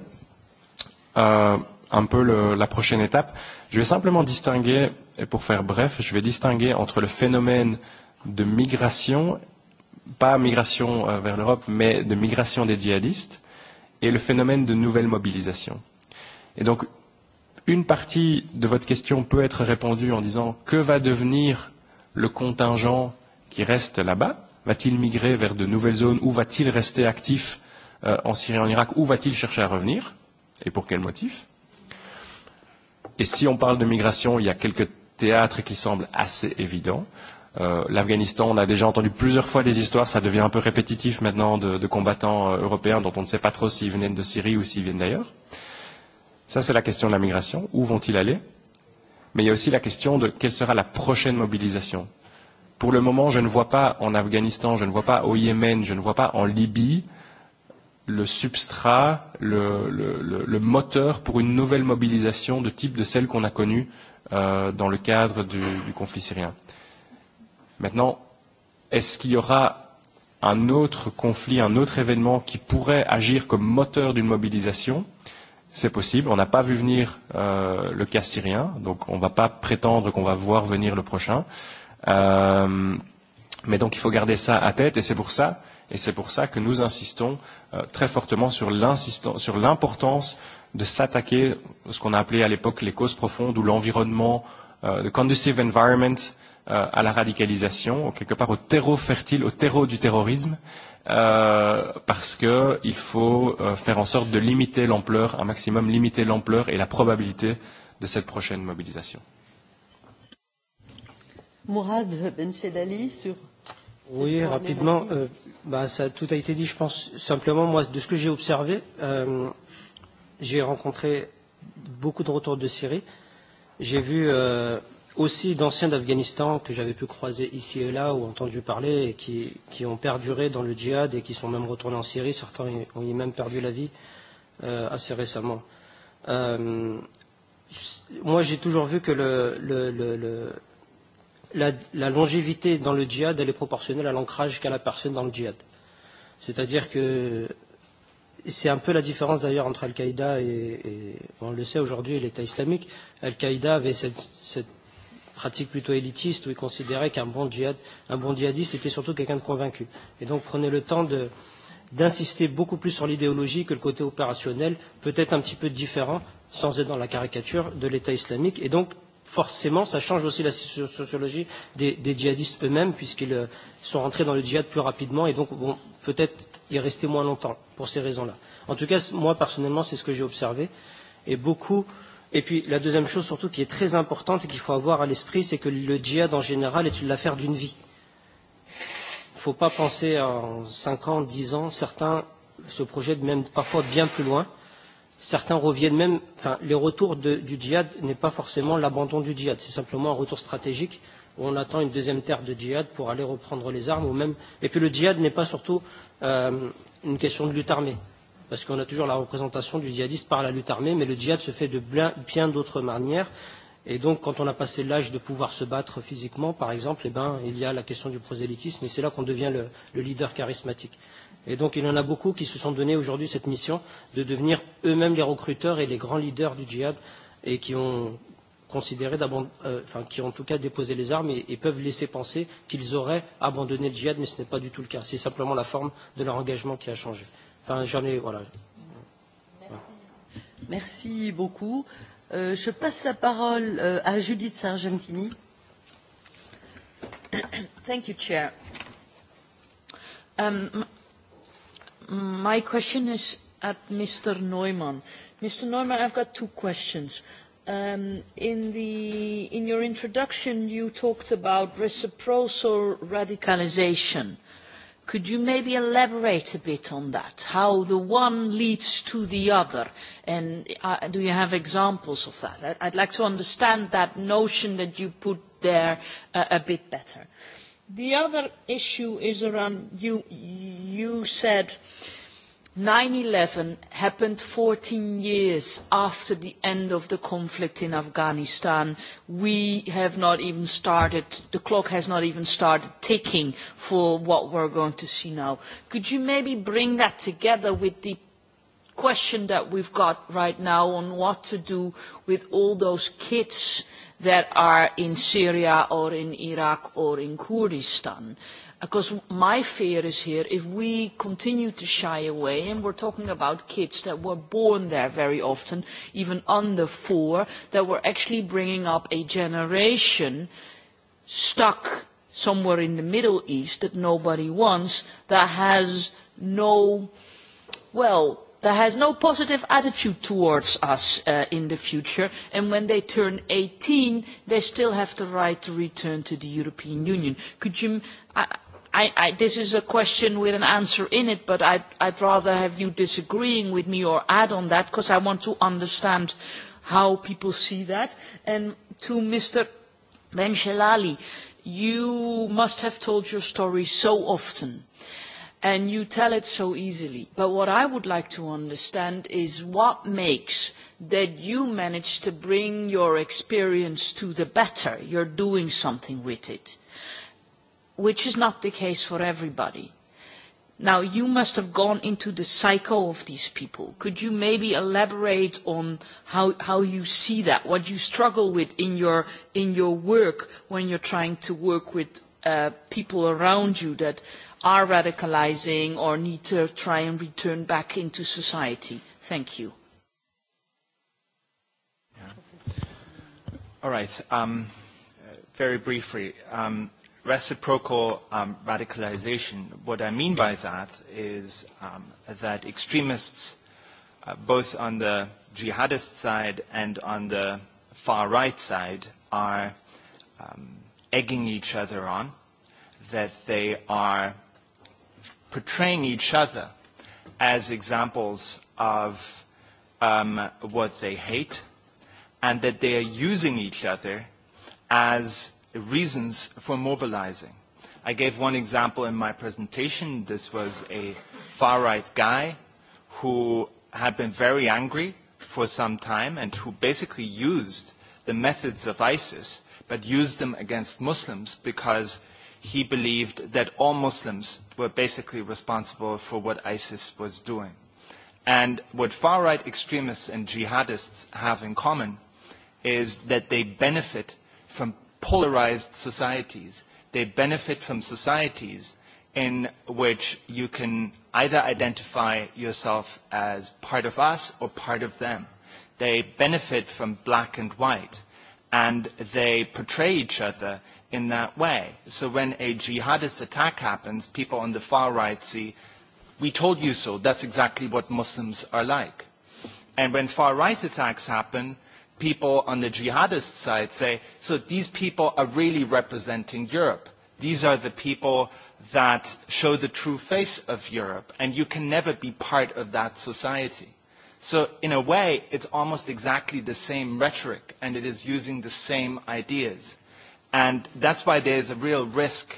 euh, un peu le, la prochaine étape, je vais simplement distinguer, et pour faire bref, je vais distinguer entre le phénomène de migration, pas migration euh, vers l'Europe, mais de migration des djihadistes, et le phénomène de nouvelle mobilisation. Et donc, une partie de votre question peut être répondue en disant que va devenir le contingent qui reste là-bas Va-t-il migrer vers de nouvelles zones ou va-t-il rester actif euh, euh, en Syrie et en Irak, où va-t-il chercher à revenir et pour quel motif Et si on parle de migration, il y a quelques théâtres qui semblent assez évidents. Euh, L'Afghanistan, on a déjà entendu plusieurs fois des histoires, ça devient un peu répétitif maintenant de, de combattants euh, européens dont on ne sait pas trop s'ils viennent de Syrie ou s'ils viennent d'ailleurs. Ça, c'est la question de la migration. Où vont-ils aller Mais il y a aussi la question de quelle sera la prochaine mobilisation. Pour le moment, je ne vois pas en Afghanistan, je ne vois pas au Yémen, je ne vois pas en Libye euh, le substrat, le, le, le, le moteur pour une nouvelle mobilisation de type de celle qu'on a connue euh, dans le cadre du, du conflit syrien. Maintenant, est-ce qu'il y aura un autre conflit, un autre événement qui pourrait agir comme moteur d'une mobilisation C'est possible. On n'a pas vu venir euh, le cas syrien, donc on ne va pas prétendre qu'on va voir venir le prochain. Euh, mais donc il faut garder ça à tête et c'est pour ça euh, Et c'est pour ça que nous insistons euh, très fortement sur l'importance de s'attaquer à ce qu'on a appelé à l'époque les causes profondes ou l'environnement, euh, the conducive environment euh, à la radicalisation, ou quelque part au terreau fertile, au terreau du terrorisme, euh, parce qu'il faut euh, faire en sorte de limiter l'ampleur, un maximum limiter l'ampleur et la probabilité de cette prochaine mobilisation. Mourad Benchedali sur Oui, rapidement, euh, bah, ça tout a été dit, je pense. Simplement, moi, de ce que j'ai observé, euh, j'ai rencontré beaucoup de retours de Syrie. J'ai vu euh, aussi d'anciens d'Afghanistan que j'avais pu croiser ici et là ou entendu parler et qui, qui ont perduré dans le djihad et qui sont même retournés en Syrie. Certains ont y même perdu la vie euh, assez récemment. Euh, moi, j'ai toujours vu que le, le, le, le la, la longévité dans le djihad, elle est proportionnelle à l'ancrage qu'a la personne dans le djihad. C'est-à-dire que c'est un peu la différence d'ailleurs entre Al-Qaïda et, et on le sait aujourd'hui l'État islamique. Al-Qaïda avait cette, cette pratique plutôt élitiste où il considérait qu'un bon djihad, un bon djihadiste était surtout quelqu'un de convaincu. Et donc prenez le temps de d'insister beaucoup plus sur l'idéologie que le côté opérationnel, peut-être un petit peu différent, sans être dans la caricature, de l'État islamique. Et donc forcément, ça change aussi la sociologie des, des djihadistes eux-mêmes, puisqu'ils euh, sont rentrés dans le djihad plus rapidement et donc vont peut-être y rester moins longtemps pour ces raisons-là. En tout cas, moi, personnellement, c'est ce que j'ai observé. Et beaucoup. Et puis, la deuxième chose, surtout, qui est très importante et qu'il faut avoir à l'esprit, c'est que le djihad, en général, est une affaire d'une vie. Il ne faut pas penser en 5 ans, 10 ans. Certains se projettent même parfois bien plus loin. Certains reviennent même, enfin, le retour de, du djihad n'est pas forcément l'abandon du djihad, c'est simplement un retour stratégique où on attend une deuxième terre de djihad pour aller reprendre les armes ou même. Et puis le djihad n'est pas surtout euh, une question de lutte armée, parce qu'on a toujours la représentation du djihadiste par la lutte armée, mais le djihad se fait de bien, bien d'autres manières. Et donc, quand on a passé l'âge de pouvoir se battre physiquement, par exemple, eh ben, il y a la question du prosélytisme, et c'est là qu'on devient le, le leader charismatique. Et donc, il y en a beaucoup qui se sont donné aujourd'hui cette mission de devenir eux-mêmes les recruteurs et les grands leaders du djihad et qui ont considéré, euh, enfin, qui ont en tout cas déposé les armes et, et peuvent laisser penser qu'ils auraient abandonné le djihad, mais ce n'est pas du tout le cas. C'est simplement la forme de leur engagement qui a changé. Enfin, j'en ai, voilà. Merci, Merci beaucoup. Euh, je passe la parole euh, à Judith Sargentini. Thank you, Chair. Um, My question is at Mr. Neumann. Mr. Neumann, I've got two questions. Um, in, the, in your introduction, you talked about reciprocal radicalization. Could you maybe elaborate a bit on that, how the one leads to the other? And uh, do you have examples of that? I, I'd like to understand that notion that you put there uh, a bit better. The other issue is around, you, you said 9-11 happened 14 years after the end of the conflict in Afghanistan. We have not even started, the clock has not even started ticking for what we're going to see now. Could you maybe bring that together with the question that we've got right now on what to do with all those kids uh, that are in Syria or in Iraq or in Kurdistan. Because my fear is here, if we continue to shy away, and we're talking about kids that were born there very often, even under four, that we're actually bringing up a generation stuck somewhere in the Middle East that nobody wants, that has no, well, has no positive attitude towards us uh, in the future and when they turn 18 they still have the right to return to the European Union. Could you, I, I, I, this is a question with an answer in it but I'd, I'd rather have you disagreeing with me or add on that because I want to understand how people see that. And to Mr. Ben you must have told your story so often and you tell it so easily. But what I would like to understand is what makes that you manage to bring your experience to the better, you're doing something with it, which is not the case for everybody. Now, you must have gone into the psycho of these people. Could you maybe elaborate on how, how you see that, what you struggle with in your, in your work when you're trying to work with uh, people around you that are radicalising or need to try and return back into society? Thank you. Yeah. All right. Um, uh, very briefly, um, reciprocal um, radicalization. What I mean by that is um, that extremists, uh, both on the jihadist side and on the far right side, are um, egging each other on, that they are portraying each other as examples of um, what they hate and that they are using each other as reasons for mobilizing. I gave one example in my presentation. This was a far-right guy who had been very angry for some time and who basically used the methods of ISIS but used them against Muslims because he believed that all Muslims were basically responsible for what ISIS was doing. And what far-right extremists and jihadists have in common is that they benefit from polarized societies. They benefit from societies in which you can either identify yourself as part of us or part of them. They benefit from black and white, and they portray each other in that way. So when a jihadist attack happens, people on the far right see, we told you so, that's exactly what Muslims are like. And when far right attacks happen, people on the jihadist side say, so these people are really representing Europe. These are the people that show the true face of Europe, and you can never be part of that society. So in a way, it's almost exactly the same rhetoric, and it is using the same ideas. And that's why there is a real risk,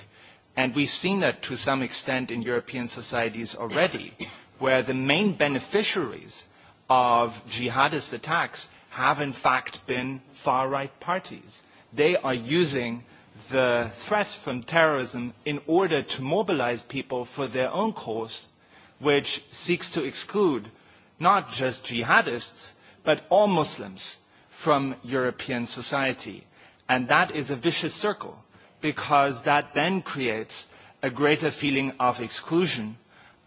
and we've seen that to some extent in European societies already, where the main beneficiaries of jihadist attacks have in fact been far-right parties. They are using the threat from terrorism in order to mobilize people for their own cause, which seeks to exclude not just jihadists, but all Muslims from European society. And that is a vicious circle because that then creates a greater feeling of exclusion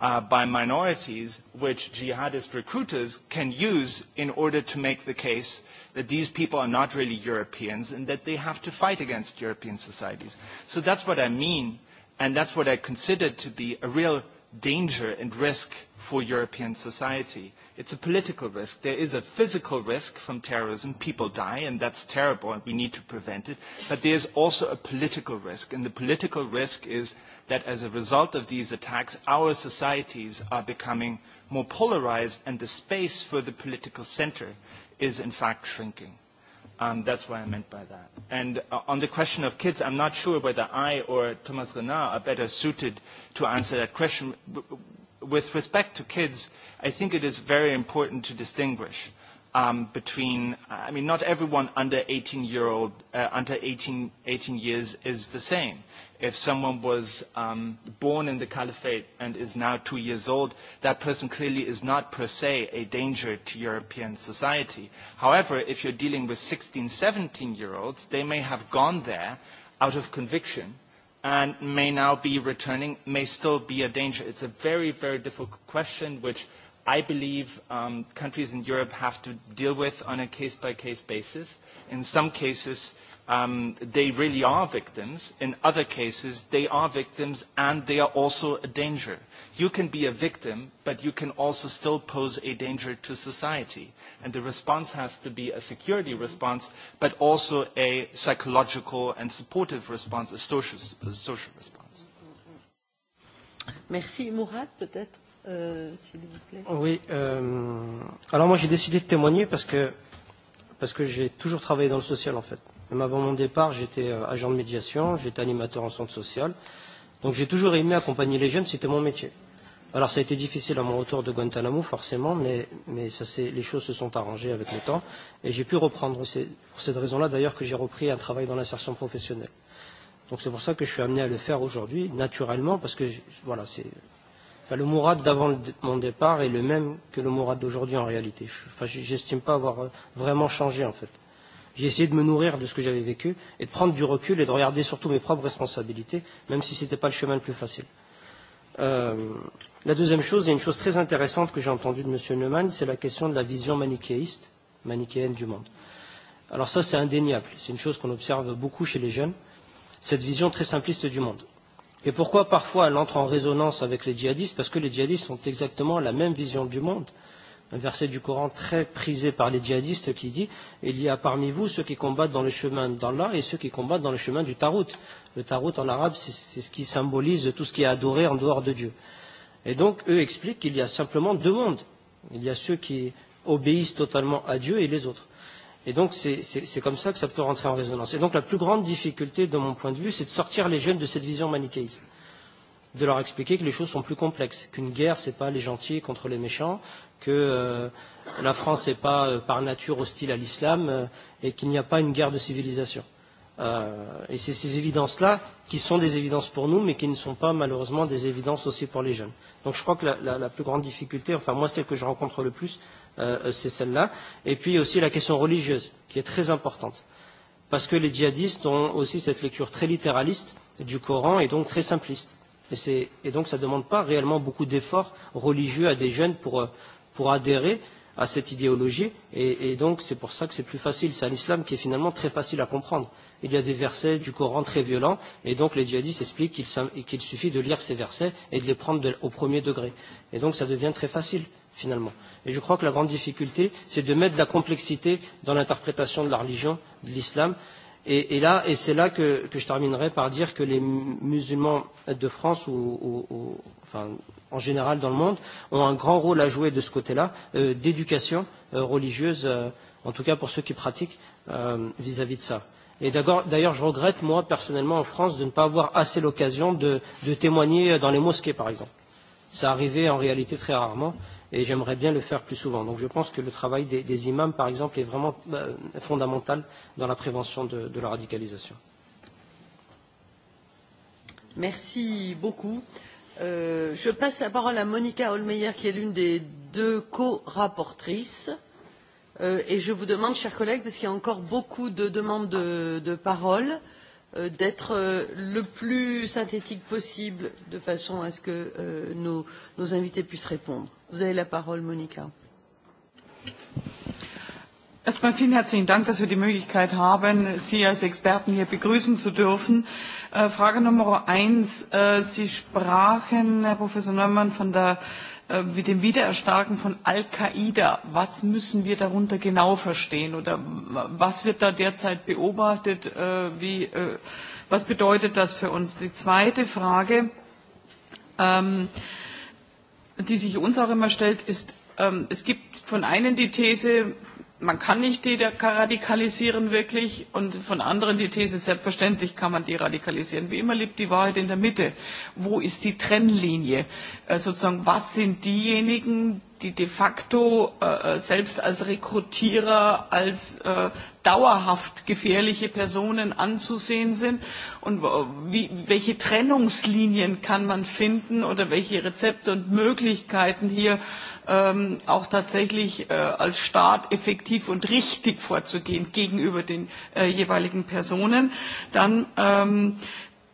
uh, by minorities, which jihadist recruiters can use in order to make the case that these people are not really Europeans and that they have to fight against European societies. So that's what I mean, and that's what I consider to be a real danger and risk for European society. It's a political risk. There is a physical risk from terrorism. People die, and that's terrible, and we need to prevent it. But there's also a political risk, and the political risk is that as a result of these attacks, our societies are becoming more polarized, and the space for the political center is, in fact, shrinking. Um, that's what I meant by that. And uh, on the question of kids, I'm not sure whether I or Thomas Renard are better suited to answer that question. With respect to kids, I think it is very important to distinguish um, between, I mean, not everyone under 18 year old, uh, under 18, 18 years is the same. If someone was um, born in the caliphate and is now two years old, that person clearly is not per se a danger to European society. However, if you're dealing with 16, 17 year olds, they may have gone there out of conviction and may now be returning, may still be a danger. It's a very, very difficult question which – I believe um, countries in Europe have to deal with on a case-by-case -case basis. In some cases, um, they really are victims. In other cases, they are victims and they are also a danger. You can be a victim, but you can also still pose a danger to society. And the response has to be a security mm-hmm. response, but also a psychological and supportive response, a social, a social response. Mm-hmm. Merci. Mourad, peut-être euh, s'il vous plaît. Oui. Euh, alors moi, j'ai décidé de témoigner parce que, parce que j'ai toujours travaillé dans le social, en fait. Même avant mon départ, j'étais euh, agent de médiation, j'étais animateur en centre social. Donc j'ai toujours aimé accompagner les jeunes, c'était mon métier. Alors ça a été difficile à mon retour de Guantanamo, forcément, mais, mais ça, les choses se sont arrangées avec le temps. Et j'ai pu reprendre, c'est pour cette raison-là d'ailleurs que j'ai repris un travail dans l'insertion professionnelle. Donc c'est pour ça que je suis amené à le faire aujourd'hui, naturellement, parce que voilà, Enfin, le Mourad d'avant mon départ est le même que le Mourad d'aujourd'hui en réalité. Enfin, j'estime pas avoir euh, vraiment changé en fait. J'ai essayé de me nourrir de ce que j'avais vécu et de prendre du recul et de regarder surtout mes propres responsabilités, même si ce n'était pas le chemin le plus facile. Euh, la deuxième chose, et une chose très intéressante que j'ai entendue de M. Neumann, c'est la question de la vision manichéiste, manichéenne du monde. Alors ça, c'est indéniable. C'est une chose qu'on observe beaucoup chez les jeunes, cette vision très simpliste du monde. Et pourquoi parfois elle entre en résonance avec les djihadistes Parce que les djihadistes ont exactement la même vision du monde. Un verset du Coran très prisé par les djihadistes qui dit Il y a parmi vous ceux qui combattent dans le chemin d'Allah et ceux qui combattent dans le chemin du Tarout. Le Tarout en arabe, c'est ce qui symbolise tout ce qui est adoré en dehors de Dieu. Et donc, eux expliquent qu'il y a simplement deux mondes. Il y a ceux qui obéissent totalement à Dieu et les autres. Et donc, c'est comme ça que ça peut rentrer en résonance. Et donc, la plus grande difficulté, de mon point de vue, c'est de sortir les jeunes de cette vision manichéiste de leur expliquer que les choses sont plus complexes, qu'une guerre, ce n'est pas les gentils contre les méchants, que euh, la France n'est pas euh, par nature hostile à l'islam euh, et qu'il n'y a pas une guerre de civilisation. Euh, et c'est ces évidences-là qui sont des évidences pour nous, mais qui ne sont pas malheureusement des évidences aussi pour les jeunes. Donc je crois que la, la, la plus grande difficulté, enfin moi celle que je rencontre le plus, Euh, euh, c'est celle-là. Et puis aussi la question religieuse, qui est très importante, parce que les djihadistes ont aussi cette lecture très littéraliste du Coran et donc très simpliste. Et, et donc ça ne demande pas réellement beaucoup d'efforts religieux à des jeunes pour, euh, pour adhérer à cette idéologie. Et, et donc c'est pour ça que c'est plus facile. C'est un islam qui est finalement très facile à comprendre. Il y a des versets du Coran très violents, et donc les djihadistes expliquent qu'il qu suffit de lire ces versets et de les prendre de, au premier degré. Et donc ça devient très facile finalement. Et je crois que la grande difficulté, c'est de mettre de la complexité dans l'interprétation de la religion, de l'islam. Et, et et c'est là que, que je terminerai par dire que les musulmans de France ou, ou, ou enfin, en général dans le monde ont un grand rôle à jouer de ce côté-là, euh, d'éducation euh, religieuse, euh, en tout cas pour ceux qui pratiquent euh, vis-à-vis euh, -vis de ça. Et d'ailleurs, je regrette, moi, personnellement, en France, de ne pas avoir assez l'occasion de, de témoigner euh, dans les mosquées, par exemple. Ça arrivait en réalité très rarement et j'aimerais bien le faire plus souvent. Donc je pense que le travail des, des imams, par exemple, est vraiment euh, fondamental dans la prévention de, de la radicalisation. Merci beaucoup. Euh, je passe la parole à Monica Holmeyer, qui est l'une des deux co-rapportrices. Euh, et je vous demande, chers collègues, parce qu'il y a encore beaucoup de demandes de, de parole, euh, d'être euh, le plus synthétique possible, de façon à ce que euh, nos, nos invités puissent répondre erst avez vielen herzlichen Dank, dass wir die Möglichkeit haben, Sie als Experten hier begrüßen zu dürfen. Äh, Frage Nummer eins. Äh, Sie sprachen, Herr Professor Neumann, von äh, dem Wiedererstarken von Al-Qaida. Was müssen wir darunter genau verstehen? Oder was wird da derzeit beobachtet? was bedeutet das für uns? Die zweite Frage. Ähm, die sich uns auch immer stellt, ist, ähm, es gibt von einen die These, man kann nicht die da radikalisieren wirklich und von anderen die These, selbstverständlich kann man die radikalisieren. Wie immer liegt die Wahrheit in der Mitte. Wo ist die Trennlinie? Äh, sozusagen, was sind diejenigen, die de facto äh, äh selbst als Rekrutierer, als äh, dauerhaft gefährliche Personen anzusehen sind und äh, wie, welche Trennungslinien kann man finden oder welche Rezepte und Möglichkeiten hier Ähm, auch tatsächlich äh, als Staat effektiv und richtig vorzugehen gegenüber den äh, jeweiligen Personen. Dann ähm,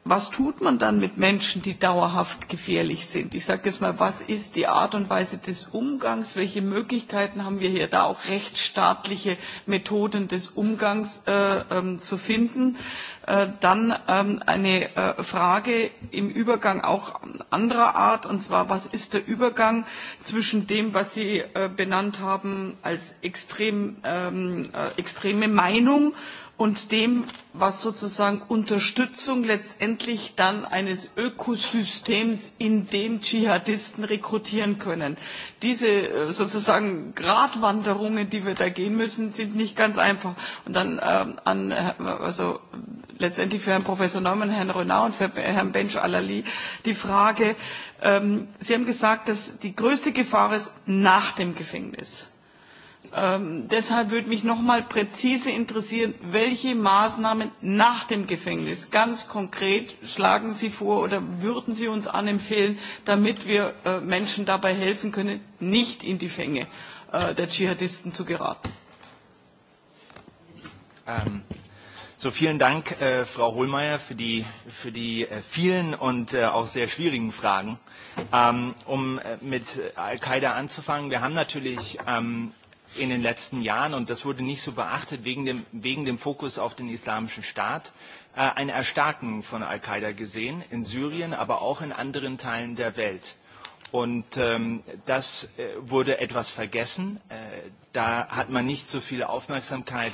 was tut man dann mit Menschen, die dauerhaft gefährlich sind? Ich sage jetzt mal, was ist die Art und Weise des Umgangs? Welche Möglichkeiten haben wir hier, da auch rechtsstaatliche Methoden des Umgangs äh, ähm, zu finden? Äh, Äh, dann ähm, eine äh, Frage im Übergang auch anderer Art, und zwar, was ist der Übergang zwischen dem, was Sie äh, benannt haben als extrem, ähm, äh, extreme Meinung und dem, was sozusagen Unterstützung letztendlich dann eines Ökosystems, in dem Dschihadisten rekrutieren können. Diese äh, sozusagen Gratwanderungen, die wir da gehen müssen, sind nicht ganz einfach. Und dann ähm, äh, letztendlich für Herrn Professor Neumann, Herrn Renard und für Herrn Bench Alali die Frage, ähm, Sie haben gesagt, dass die größte Gefahr ist nach dem Gefängnis Ähm, deshalb würde mich noch einmal präzise interessieren, welche Maßnahmen nach dem Gefängnis ganz konkret schlagen Sie vor oder würden Sie uns anempfehlen, damit wir äh, Menschen dabei helfen können, nicht in die Fänge äh, der Dschihadisten zu geraten? Ähm, so, vielen Dank, äh, Frau Hohlmeier, für die, für die äh, vielen und äh, auch sehr schwierigen Fragen. Ähm, um äh, mit Al-Qaida anzufangen, wir haben natürlich ähm, in den letzten Jahren, und das wurde nicht so beachtet wegen dem, wegen dem Fokus auf den Islamischen Staat, äh, ein Erstarken von Al-Qaida gesehen, in Syrien, aber auch in anderen Teilen der Welt. Und ähm, das äh, wurde etwas vergessen. Äh, da hat man nicht so viel Aufmerksamkeit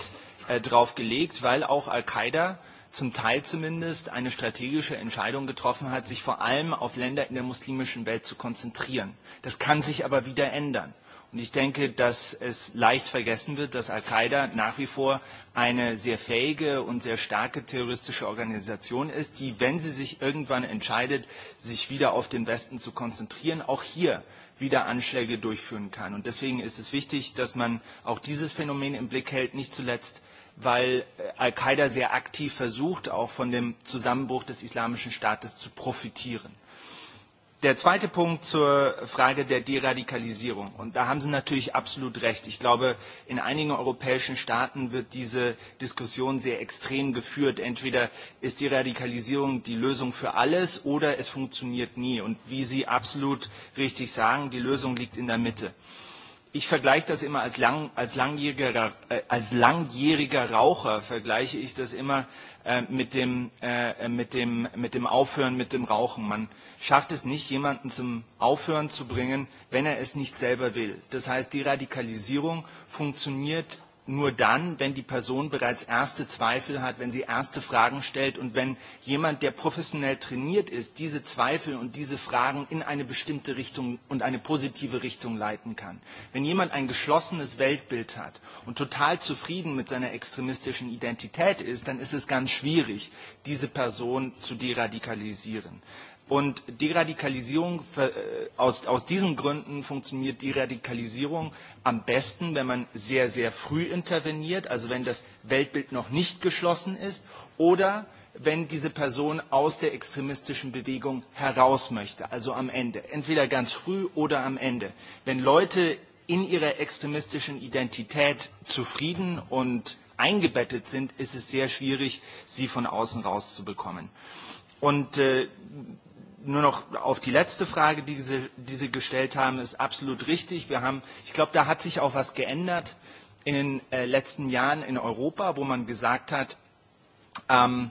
äh, drauf gelegt, weil auch Al-Qaida zum Teil zumindest eine strategische Entscheidung getroffen hat, sich vor allem auf Länder in der muslimischen Welt zu konzentrieren. Das kann sich aber wieder ändern. Und ich denke, dass es leicht vergessen wird, dass Al-Qaida nach wie vor eine sehr fähige und sehr starke terroristische Organisation ist, die, wenn sie sich irgendwann entscheidet, sich wieder auf den Westen zu konzentrieren, auch hier wieder Anschläge durchführen kann. Und deswegen ist es wichtig, dass man auch dieses Phänomen im Blick hält, nicht zuletzt, weil äh, Al-Qaida sehr aktiv versucht, auch von dem Zusammenbruch des Islamischen Staates zu profitieren. Der zweite Punkt zur Frage der Deradikalisierung. Und da haben Sie natürlich absolut recht. Ich glaube, in einigen europäischen Staaten wird diese Diskussion sehr extrem geführt. Entweder ist die Radikalisierung die Lösung für alles oder es funktioniert nie. Und wie Sie absolut richtig sagen, die Lösung liegt in der Mitte. Ich vergleiche das immer als, lang, als, langjähriger, äh, als langjähriger Raucher, vergleiche ich das immer äh, mit, dem, äh, mit, dem, mit dem Aufhören, mit dem Rauchen. Man schafft es nicht, jemanden zum Aufhören zu bringen, wenn er es nicht selber will. Das heißt, die Radikalisierung funktioniert nur dann, wenn die Person bereits erste Zweifel hat, wenn sie erste Fragen stellt und wenn jemand, der professionell trainiert ist, diese Zweifel und diese Fragen in eine bestimmte Richtung und eine positive Richtung leiten kann. Wenn jemand ein geschlossenes Weltbild hat und total zufrieden mit seiner extremistischen Identität ist, dann ist es ganz schwierig, diese Person zu deradikalisieren. Und Deradikalisierung, äh, aus, aus diesen Gründen funktioniert Deradikalisierung am besten, wenn man sehr, sehr früh interveniert, also wenn das Weltbild noch nicht geschlossen ist oder wenn diese Person aus der extremistischen Bewegung heraus möchte, also am Ende, entweder ganz früh oder am Ende. Wenn Leute in ihrer extremistischen Identität zufrieden und eingebettet sind, ist es sehr schwierig, sie von außen rauszubekommen. Und äh, nur noch auf die letzte Frage, die Sie, die Sie gestellt haben, ist absolut richtig. Wir haben, ich glaube, da hat sich auch was geändert in den äh, letzten Jahren in Europa, wo man gesagt hat, ähm,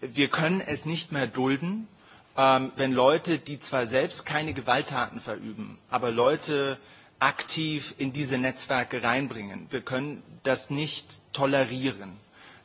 wir können es nicht mehr dulden, ähm, wenn Leute, die zwar selbst keine Gewalttaten verüben, aber Leute aktiv in diese Netzwerke reinbringen. Wir können das nicht tolerieren.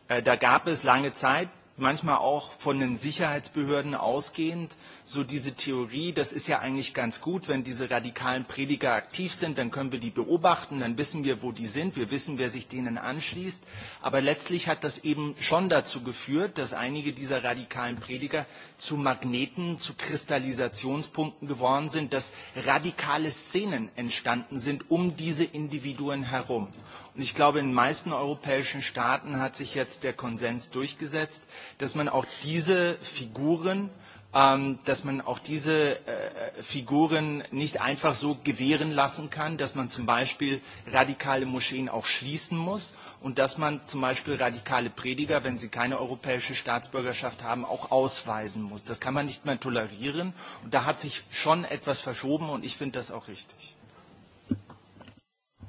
Äh, da gab es lange Zeit, manchmal auch von den Sicherheitsbehörden ausgehend, äh, so diese Theorie, das ist ja eigentlich ganz gut, wenn diese radikalen Prediger aktiv sind, dann können wir die beobachten, dann wissen wir, wo die sind, wir wissen, wer sich denen anschließt. Aber letztlich hat das eben schon dazu geführt, dass einige dieser radikalen Prediger zu Magneten, zu Kristallisationspunkten geworden sind, dass radikale Szenen entstanden sind um diese Individuen herum. Und ich glaube, in den meisten europäischen Staaten hat sich jetzt der Konsens durchgesetzt, dass man auch diese Figuren Ähm, dass man auch diese äh, Figuren nicht einfach so gewähren lassen kann, dass man zum Beispiel radikale Moscheen auch schließen muss und dass man zum Beispiel radikale Prediger, wenn sie keine europäische Staatsbürgerschaft haben, auch ausweisen muss. Das kann man nicht mehr tolerieren. Und da hat sich schon etwas verschoben und ich finde das auch richtig.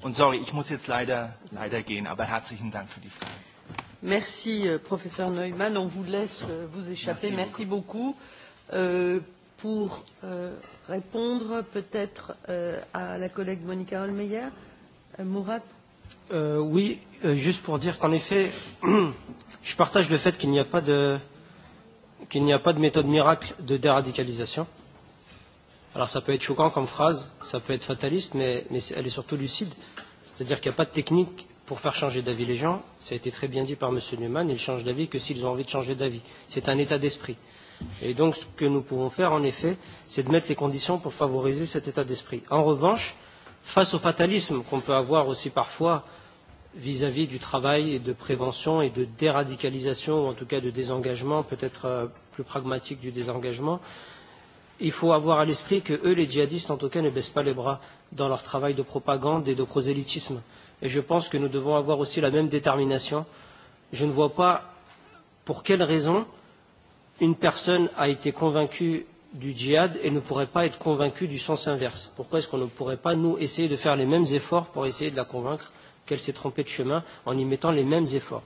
Und sorry, ich muss jetzt leider, leider gehen, aber herzlichen Dank für die Frage. Merci, euh, Professeur Neumann. On vous laisse euh, vous échapper. Merci, Merci beaucoup. beaucoup Euh, pour euh, répondre peut-être euh, à la collègue Monica Holmeyer, euh, Mourad euh, Oui, euh, juste pour dire qu'en effet, je partage le fait qu'il n'y a pas de qu'il n'y a pas de méthode miracle de déradicalisation. Alors ça peut être choquant comme phrase, ça peut être fataliste, mais, mais elle est surtout lucide. C'est-à-dire qu'il n'y a pas de technique pour faire changer d'avis les gens. Ça a été très bien dit par M. Newman, ils changent d'avis que s'ils ont envie de changer d'avis. C'est un état d'esprit. Euh, Et donc, ce que nous pouvons faire, en effet, c'est de mettre les conditions pour favoriser cet état d'esprit. En revanche, face au fatalisme qu'on peut avoir aussi parfois vis-à-vis -vis du travail et de prévention et de déradicalisation, ou en tout cas de désengagement, peut-être euh, plus pragmatique du désengagement, il faut avoir à l'esprit que eux, les djihadistes, en tout cas, ne baissent pas les bras dans leur travail de propagande et de prosélytisme. Et je pense que nous devons avoir aussi la même détermination. Je ne vois pas pour quelles raisons une personne a été convaincue du djihad et ne pourrait pas être convaincue du sens inverse. Pourquoi est-ce qu'on ne pourrait pas, nous, essayer de faire les mêmes efforts pour essayer de la convaincre qu'elle s'est trompée de chemin en y mettant les mêmes efforts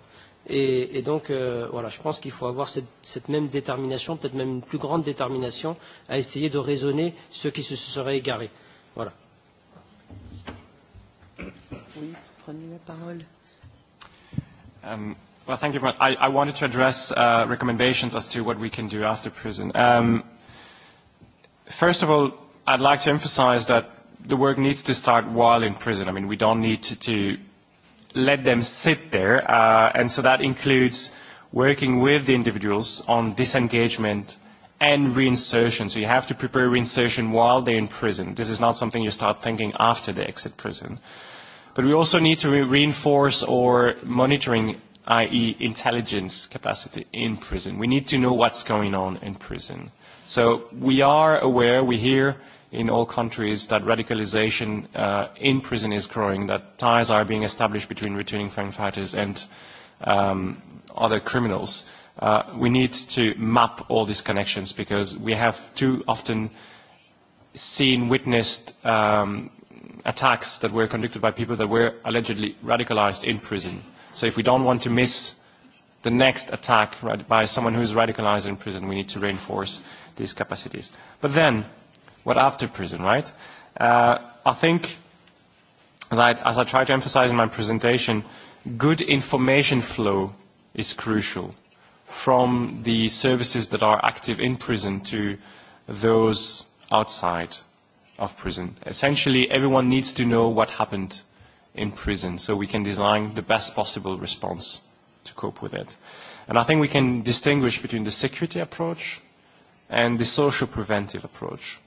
Et, et donc, euh, voilà, je pense qu'il faut avoir cette, cette même détermination, peut-être même une plus grande détermination, à essayer de raisonner ceux qui se seraient égarés. Voilà. Oui, prenez la parole. Um, Well, thank you very I, I wanted to address uh, recommendations as to what we can do after prison. Um, first of all, I'd like to emphasize that the work needs to start while in prison. I mean, we don't need to, to let them sit there, uh, and so that includes working with the individuals on disengagement and reinsertion. So you have to prepare reinsertion while they're in prison. This is not something you start thinking after they exit prison. But we also need to re reinforce or monitoring i.e. intelligence capacity in prison. We need to know what's going on in prison. So we are aware, we hear in all countries that radicalization uh, in prison is growing, that ties are being established between returning foreign fighters and um, other criminals. Uh, we need to map all these connections because we have too often seen, witnessed um, attacks that were conducted by people that were allegedly radicalized in prison So if we don't want to miss the next attack right, by someone who is radicalized in prison, we need to reinforce these capacities. But then, what after prison, right? Uh, I think, as I, as I try to emphasize in my presentation, good information flow is crucial from the services that are active in prison to those outside of prison. Essentially, everyone needs to know what happened in prison so we can design the best possible response to cope with it. And I think we can distinguish between the security approach and the social preventive approach.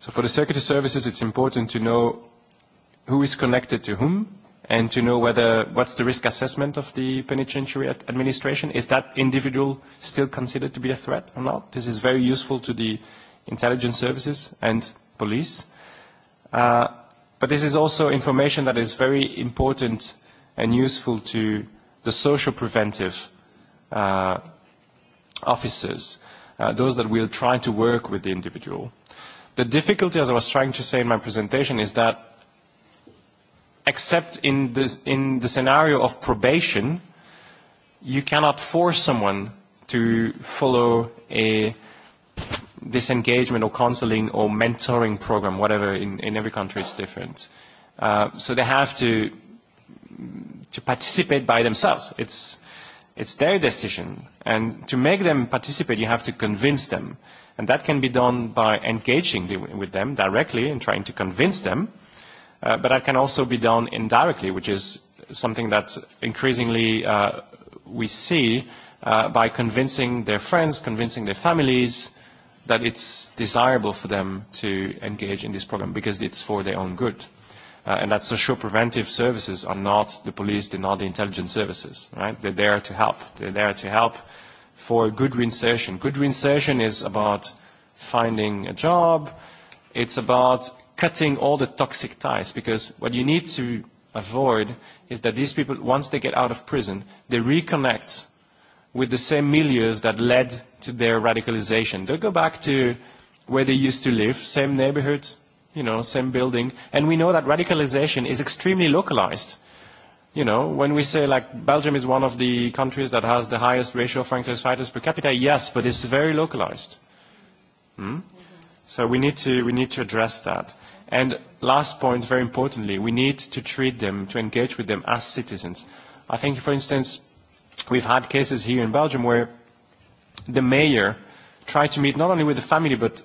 So for the security services, it's important to know who is connected to whom and to know whether what's the risk assessment of the penitentiary administration. Is that individual still considered to be a threat or not? This is very useful to the intelligence services and police. Uh, But this is also information that is very important and useful to the social preventive uh, officers, uh, those that will try to work with the individual. The difficulty, as I was trying to say in my presentation, is that except in, this, in the scenario of probation, you cannot force someone to follow a this engagement or counseling or mentoring program, whatever, in, in every country is different. Uh, so they have to, to participate by themselves. It's, it's their decision. And to make them participate, you have to convince them. And that can be done by engaging the, with them directly and trying to convince them. Uh, but that can also be done indirectly, which is something that increasingly uh, we see uh, by convincing their friends, convincing their families, that it's desirable for them to engage in this program because it's for their own good. Uh, and that social preventive services are not the police, they're not the intelligence services, right? They're there to help. They're there to help for good reinsertion. Good reinsertion is about finding a job. It's about cutting all the toxic ties because what you need to avoid is that these people, once they get out of prison, they reconnect with the same milieus that led to their radicalization. They go back to where they used to live, same neighborhoods, you know, same building. And we know that radicalization is extremely localized. You know, when we say like Belgium is one of the countries that has the highest ratio of Franklist fighters per capita, yes, but it's very localized. Hmm? So we need to we need to address that. And last point, very importantly, we need to treat them, to engage with them as citizens. I think, for instance, we've had cases here in Belgium where the mayor try to meet not only with the family, but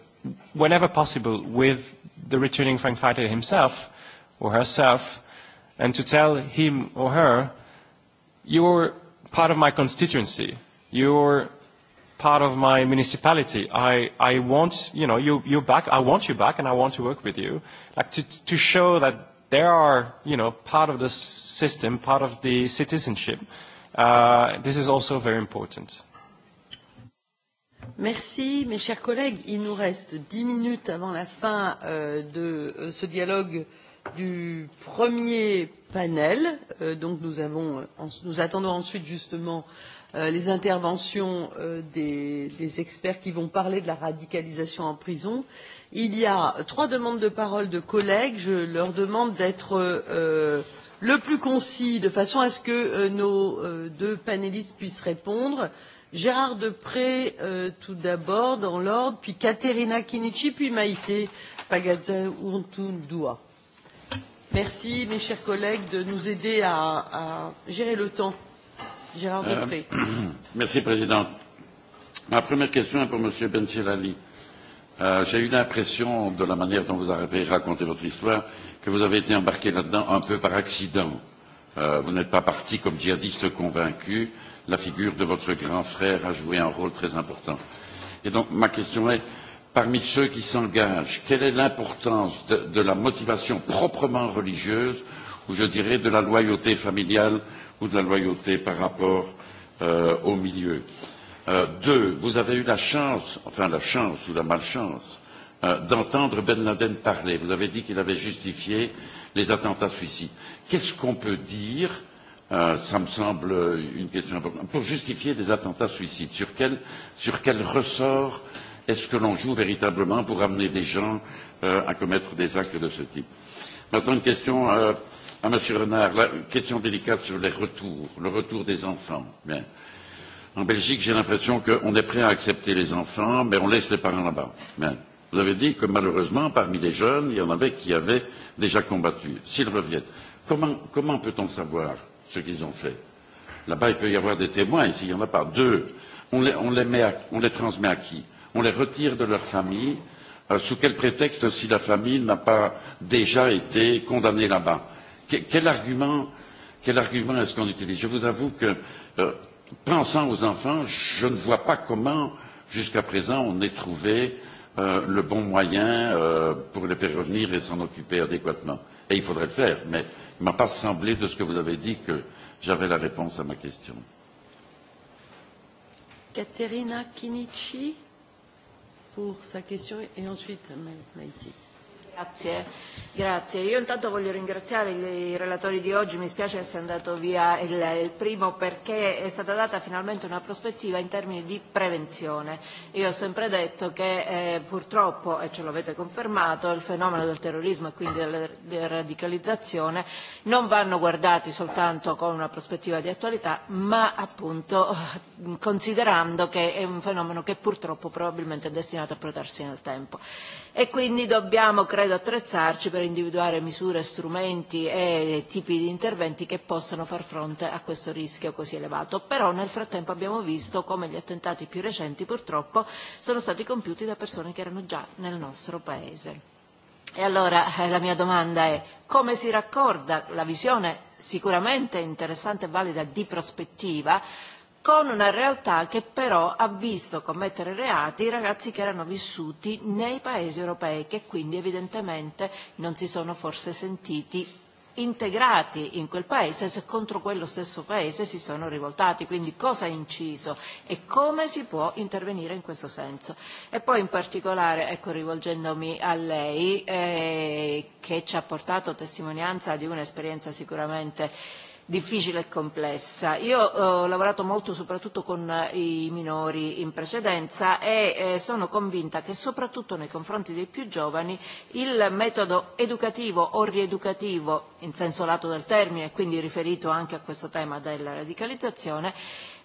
whenever possible, with the returning Frank fighter himself or herself, and to tell him or her, you're part of my constituency, you're part of my municipality. I, I want, you know, you, you're back, I want you back, and I want to work with you. Like to, to show that they are, you know, part of the system, part of the citizenship. Uh, this is also very important. Merci, mes chers collègues. Il nous reste dix minutes avant la fin euh, de euh, ce dialogue du premier panel. Euh, donc nous, avons, euh, en, nous attendons ensuite justement euh, les interventions euh, des, des experts qui vont parler de la radicalisation en prison. Il y a trois demandes de parole de collègues. Je leur demande d'être euh, le plus concis de façon à ce que euh, nos euh, deux panélistes puissent répondre. Gérard Depré euh, tout d'abord dans l'ordre, puis Katerina Kinichi, puis Maïté pagazin Pagazaurtundua. Merci mes chers collègues de nous aider à, à gérer le temps. Gérard euh, Depré. Merci Présidente. Ma première question est pour M. Benchirali. Euh, J'ai eu l'impression, de la manière dont vous avez raconté votre histoire, que vous avez été embarqué là-dedans un peu par accident. Euh, vous n'êtes pas parti comme djihadiste convaincu, euh, la figure de votre grand frère a joué un rôle très important. Et donc, ma question est, parmi ceux qui s'engagent, quelle est l'importance de, de la motivation proprement religieuse, ou je dirais de la loyauté familiale, ou de la loyauté par rapport euh, au milieu euh, Deux, vous avez eu la chance, enfin la chance ou la malchance, euh, d'entendre Ben Laden parler. Vous avez dit qu'il avait justifié les attentats suicides. Qu'est-ce qu'on peut dire euh, euh, ça me semble une question importante. Pour justifier des attentats suicides, sur quel, sur quel ressort est-ce que l'on joue véritablement pour amener des gens euh, à commettre des actes de ce type Maintenant, une question euh, à M. Renard. La question délicate sur les retours, le retour des enfants. Bien. En Belgique, j'ai l'impression qu'on est prêt à accepter les enfants, mais on laisse les parents là-bas. Bien. Vous avez dit que malheureusement, parmi les jeunes, il y en avait qui avaient déjà combattu. S'ils reviennent, comment, comment peut-on savoir ce qu'ils ont fait. Là-bas, il peut y avoir des témoins, ici, il n'y en a pas. Deux, on les, on les, met à, on les transmet à qui On les retire de leur famille. Euh, sous quel prétexte si la famille n'a pas déjà été condamnée là-bas que, Quel argument, quel argument est-ce qu'on utilise Je vous avoue que, euh, pensant aux enfants, je ne vois pas comment, jusqu'à présent, on ait trouvé euh, le bon moyen euh, pour les faire revenir et s'en occuper adéquatement. Et il faudrait le faire, mais ne m'a pas semblé, de ce que vous avez dit, que j'avais la réponse à ma question. Caterina Kinichi pour sa question et ensuite Maïti. Ma Grazie. Grazie. Io intanto voglio ringraziare i relatori di oggi, mi spiace essere andato via il, il primo perché è stata data finalmente una prospettiva in termini di prevenzione. Io ho sempre detto che eh, purtroppo, e ce l'avete confermato, il fenomeno del terrorismo e quindi della radicalizzazione non vanno guardati soltanto con una prospettiva di attualità, ma appunto considerando che è un fenomeno che purtroppo probabilmente è destinato a protrarsi nel tempo e quindi dobbiamo, credo, attrezzarci per individuare misure, strumenti e tipi di interventi che possano far fronte a questo rischio così elevato. Però nel frattempo abbiamo visto come gli attentati più recenti purtroppo sono stati compiuti da persone che erano già nel nostro Paese. E allora eh, la mia domanda è come si raccorda la visione sicuramente interessante e valida di prospettiva con una realtà che però ha visto commettere reati i ragazzi che erano vissuti nei paesi europei, che quindi evidentemente non si sono forse sentiti integrati in quel paese se contro quello stesso paese si sono rivoltati. Quindi cosa ha inciso e come si può intervenire in questo senso? E poi in particolare, ecco, rivolgendomi a lei, eh, che ci ha portato testimonianza di un'esperienza sicuramente difficile e complessa. Io eh, ho lavorato molto soprattutto con eh, i minori in precedenza e eh, sono convinta che soprattutto nei confronti dei più giovani il metodo educativo o rieducativo in senso lato del termine, quindi riferito anche a questo tema della radicalizzazione,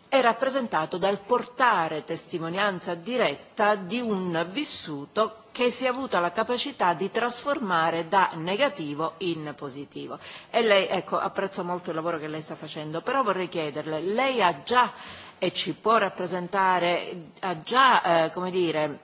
è rappresentato dal portare testimonianza diretta di un vissuto che si è avuto la capacità di trasformare da negativo in positivo. E lei, ecco, apprezzo molto il lavoro che lei sta facendo, però vorrei chiederle, lei ha già e ci può rappresentare, ha già, eh, come dire,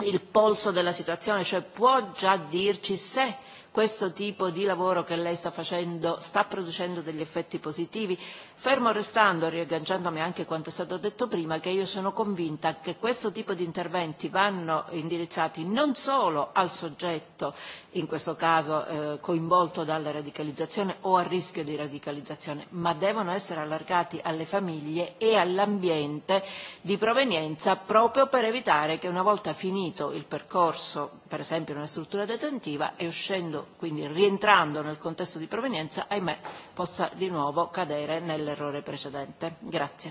il polso della situazione, cioè può già dirci se questo tipo di lavoro che lei sta facendo sta producendo degli effetti positivi, fermo restando, riagganciandomi anche a quanto è stato detto prima, che io sono convinta che questo tipo di interventi vanno indirizzati non solo al soggetto, in questo caso eh, coinvolto dalla radicalizzazione o a rischio di radicalizzazione, ma devono essere allargati alle famiglie e all'ambiente di provenienza proprio per evitare che una volta finito il percorso, per esempio in una struttura detentiva, e uscendo, quindi rientrando nel contesto di provenienza, ahimè, possa di nuovo cadere nel dell'errore precedente. Grazie.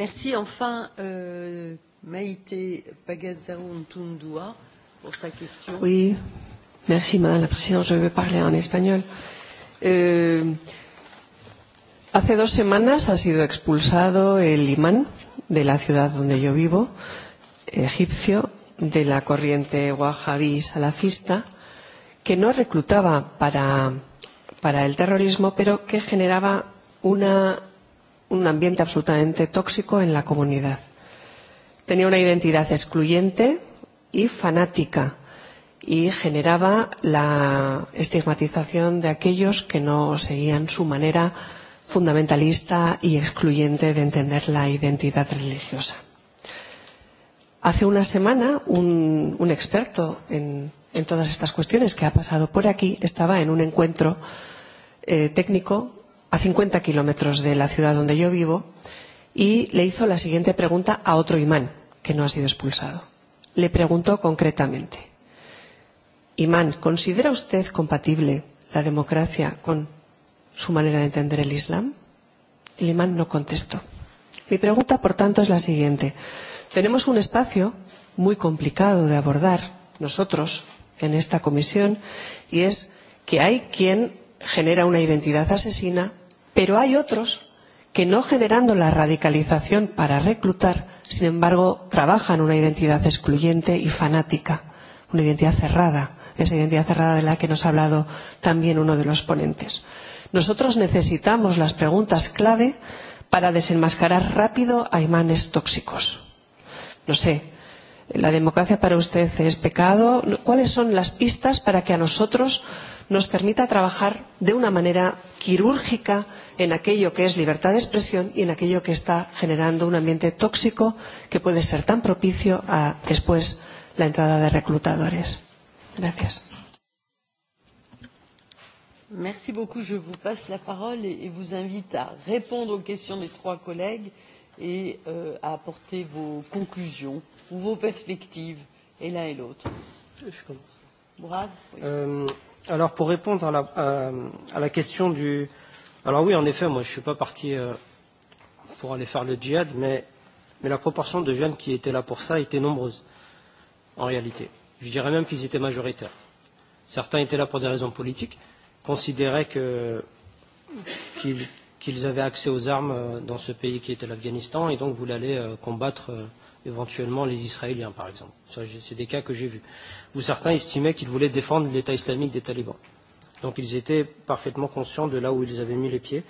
Merci. Enfin, euh, Maïté Pagazaoun Tundua pour sa question. Oui, merci Madame la Présidente. Je vais parler en espagnol. Eh, hace dos semanas ha sido expulsado el imán de la ciudad donde yo vivo, egipcio, de la corriente wahhabí salafista, que no reclutaba para para el terrorismo, pero que generaba una, un ambiente absolutamente tóxico en la comunidad. Tenía una identidad excluyente y fanática y generaba la estigmatización de aquellos que no seguían su manera fundamentalista y excluyente de entender la identidad religiosa. Hace una semana, un, un experto en, en todas estas cuestiones que ha pasado por aquí estaba en un encuentro eh, técnico a 50 kilómetros de la ciudad donde yo vivo y le hizo la siguiente pregunta a otro imán que no ha sido expulsado. Le preguntó concretamente, imán, ¿considera usted compatible la democracia con su manera de entender el Islam? El imán no contestó. Mi pregunta, por tanto, es la siguiente. Tenemos un espacio muy complicado de abordar nosotros en esta comisión y es que hay quien genera una identidad asesina, pero hay otros que no generando la radicalización para reclutar, sin embargo, trabajan una identidad excluyente y fanática, una identidad cerrada, esa identidad cerrada de la que nos ha hablado también uno de los ponentes. Nosotros necesitamos las preguntas clave para desenmascarar rápido a imanes tóxicos. No sé, ¿la democracia para usted es pecado? ¿Cuáles son las pistas para que a nosotros nos permita trabajar de una manera quirúrgica en aquello que es libertad de expresión y en aquello que está generando un ambiente tóxico que puede ser tan propicio a después la entrada de reclutadores. Gracias. Merci beaucoup. Je vous passe la parole et vous invite à répondre aux questions des trois collègues et euh, à apporter vos conclusions ou vos perspectives, et l'un et l'autre. Je commence. Mourad oui. euh, Alors pour répondre à la, à, à la question du... Alors oui, en effet, moi je ne suis pas parti euh, pour aller faire le djihad, mais, mais la proportion de jeunes qui étaient là pour ça était nombreuse, en réalité. Je dirais même qu'ils étaient majoritaires. Certains étaient là pour des raisons politiques, considéraient que, qu'ils, qu'ils avaient accès aux armes euh, dans ce pays qui était l'Afghanistan et donc voulaient aller euh, combattre... Euh, éventuellement les Israéliens, par exemple. C'est des cas que j'ai vus, où certains estimaient qu'ils voulaient défendre l'État islamique des talibans. Donc ils étaient parfaitement conscients de là où ils avaient mis les pieds.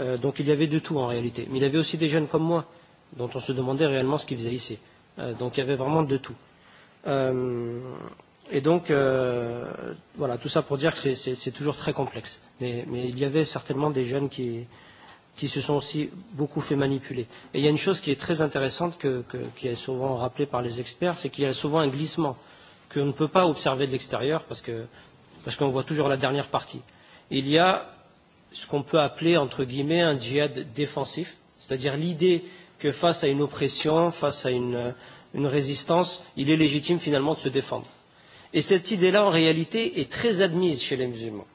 Euh, donc il y avait de tout en réalité. Mais il y avait aussi des jeunes comme moi, dont on se demandait réellement ce qu'ils faisaient ici. Euh, donc il y avait vraiment de tout. Euh, et donc, euh, voilà, tout ça pour dire que c'est toujours très complexe. Mais, mais il y avait certainement des jeunes qui, euh, qui se sont aussi beaucoup fait manipuler. Et il y a une chose qui est très intéressante, que, que, qui est souvent rappelée par les experts, c'est qu'il y a souvent un glissement qu'on ne peut pas observer de l'extérieur parce qu'on parce qu voit toujours la dernière partie. Il y a ce qu'on peut appeler, entre guillemets, un djihad défensif, c'est-à-dire l'idée que face à une oppression, face à une, une résistance, il est légitime finalement de se défendre. Et cette idée-là, en réalité, est très admise chez les musulmans,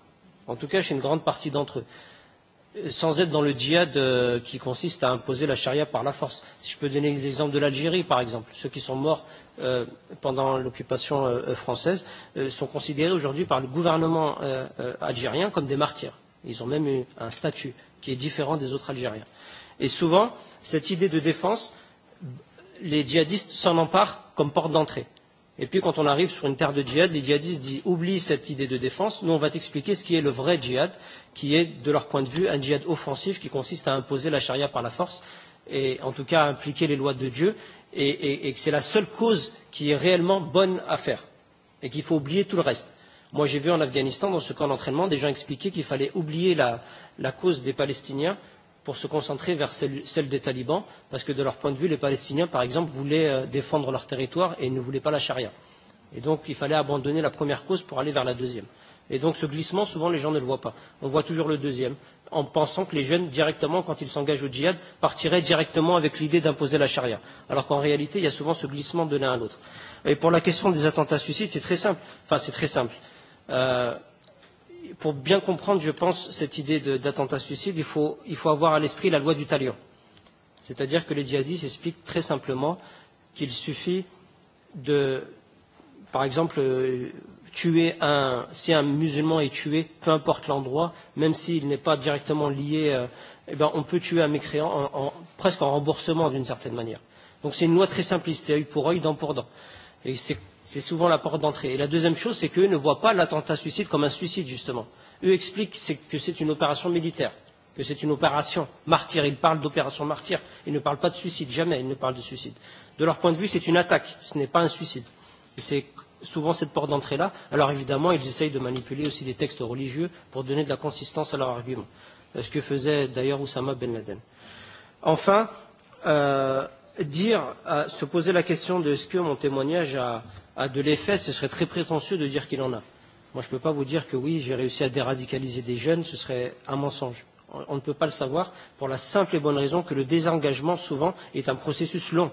en tout cas chez une grande partie d'entre eux sans être dans le djihad euh, qui consiste à imposer la charia par la force. Si je peux donner l'exemple de l'Algérie, par exemple, ceux qui sont morts euh, pendant l'occupation euh, euh, française euh, sont considérés aujourd'hui par le gouvernement euh, euh, algérien comme des martyrs. Ils ont même eu un statut qui est différent des autres Algériens. Et souvent, cette idée de défense, les djihadistes s'en emparent comme porte d'entrée. Et puis quand on arrive sur une terre de djihad, les djihadistes disent oublie cette idée de défense, nous on va t'expliquer ce qui est le vrai djihad, qui est de leur point de vue un djihad offensif qui consiste à imposer la charia par la force et en tout cas à impliquer les lois de Dieu et, et, et que c'est la seule cause qui est réellement bonne à faire et qu'il faut oublier tout le reste. Moi j'ai vu en Afghanistan, dans ce camp d'entraînement, des gens expliquer qu'il fallait oublier la, la cause des Palestiniens pour se concentrer vers celle, celle des talibans, parce que de leur point de vue, les Palestiniens, par exemple, voulaient euh, défendre leur territoire et ne voulaient pas la charia. Et donc, il fallait abandonner la première cause pour aller vers la deuxième. Et donc, ce glissement, souvent, les gens ne le voient pas. On voit toujours le deuxième, en pensant que les jeunes, directement, quand ils s'engagent au djihad, partiraient directement avec l'idée d'imposer la charia. Alors qu'en réalité, il y a souvent ce glissement de l'un à l'autre. Et pour la question des attentats suicides, c'est très simple. Enfin, c'est très simple. Euh, pour bien comprendre, je pense, cette idée d'attentat-suicide, il faut, il faut avoir à l'esprit la loi du talion. C'est-à-dire que les djihadistes expliquent très simplement qu'il suffit de, par exemple, euh, tuer un, si un musulman est tué, peu importe l'endroit, même s'il n'est pas directement lié, euh, eh ben on peut tuer un mécréant en, en, presque en remboursement d'une certaine manière. Donc c'est une loi très simpliste, c'est œil pour œil, dent pour dent. Et c'est C'est souvent la porte d'entrée. Et la deuxième chose, c'est qu'eux ne voient pas l'attentat-suicide comme un suicide, justement. Eux expliquent que c'est une opération militaire, que c'est une opération martyr. Ils parlent d'opération martyr. Ils ne parlent pas de suicide, jamais ils ne parlent de suicide. De leur point de vue, c'est une attaque, ce n'est pas un suicide. C'est souvent cette porte d'entrée-là. Alors évidemment, ils essayent de manipuler aussi des textes religieux pour donner de la consistance à leur argument. Euh, ce que faisait d'ailleurs Oussama Ben Laden. Enfin, euh, dire, euh, se poser la question de est-ce que mon témoignage a, a de l'effet, ce serait très prétentieux de dire qu'il en a. Moi, je ne peux pas vous dire que oui, j'ai réussi à déradicaliser des jeunes, ce serait un mensonge. On, on ne peut pas le savoir pour la simple et bonne raison que le désengagement, souvent, est un processus long.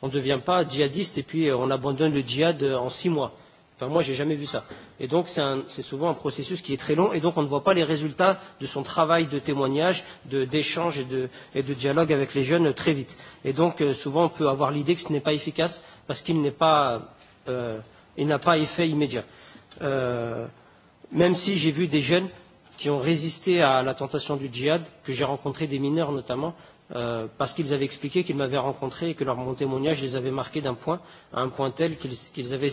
On ne devient pas djihadiste et puis euh, on abandonne le djihad euh, en six mois. Enfin, moi, je n'ai jamais vu ça. Et donc, c'est souvent un processus qui est très long, et donc on ne voit pas les résultats de son travail de témoignage, d'échange de, et de, et de dialogue avec les jeunes euh, très vite. Et donc, souvent, on peut avoir l'idée que ce n'est pas efficace parce qu'il n'est pas euh, et n'a pas effet immédiat. Euh, même si j'ai vu des jeunes qui ont résisté à la tentation du djihad, que j'ai rencontré des mineurs notamment, euh, parce qu'ils avaient expliqué qu'ils m'avaient rencontré et que leur mon témoignage les avait marqués d'un point, à un point tel qu'ils qu avaient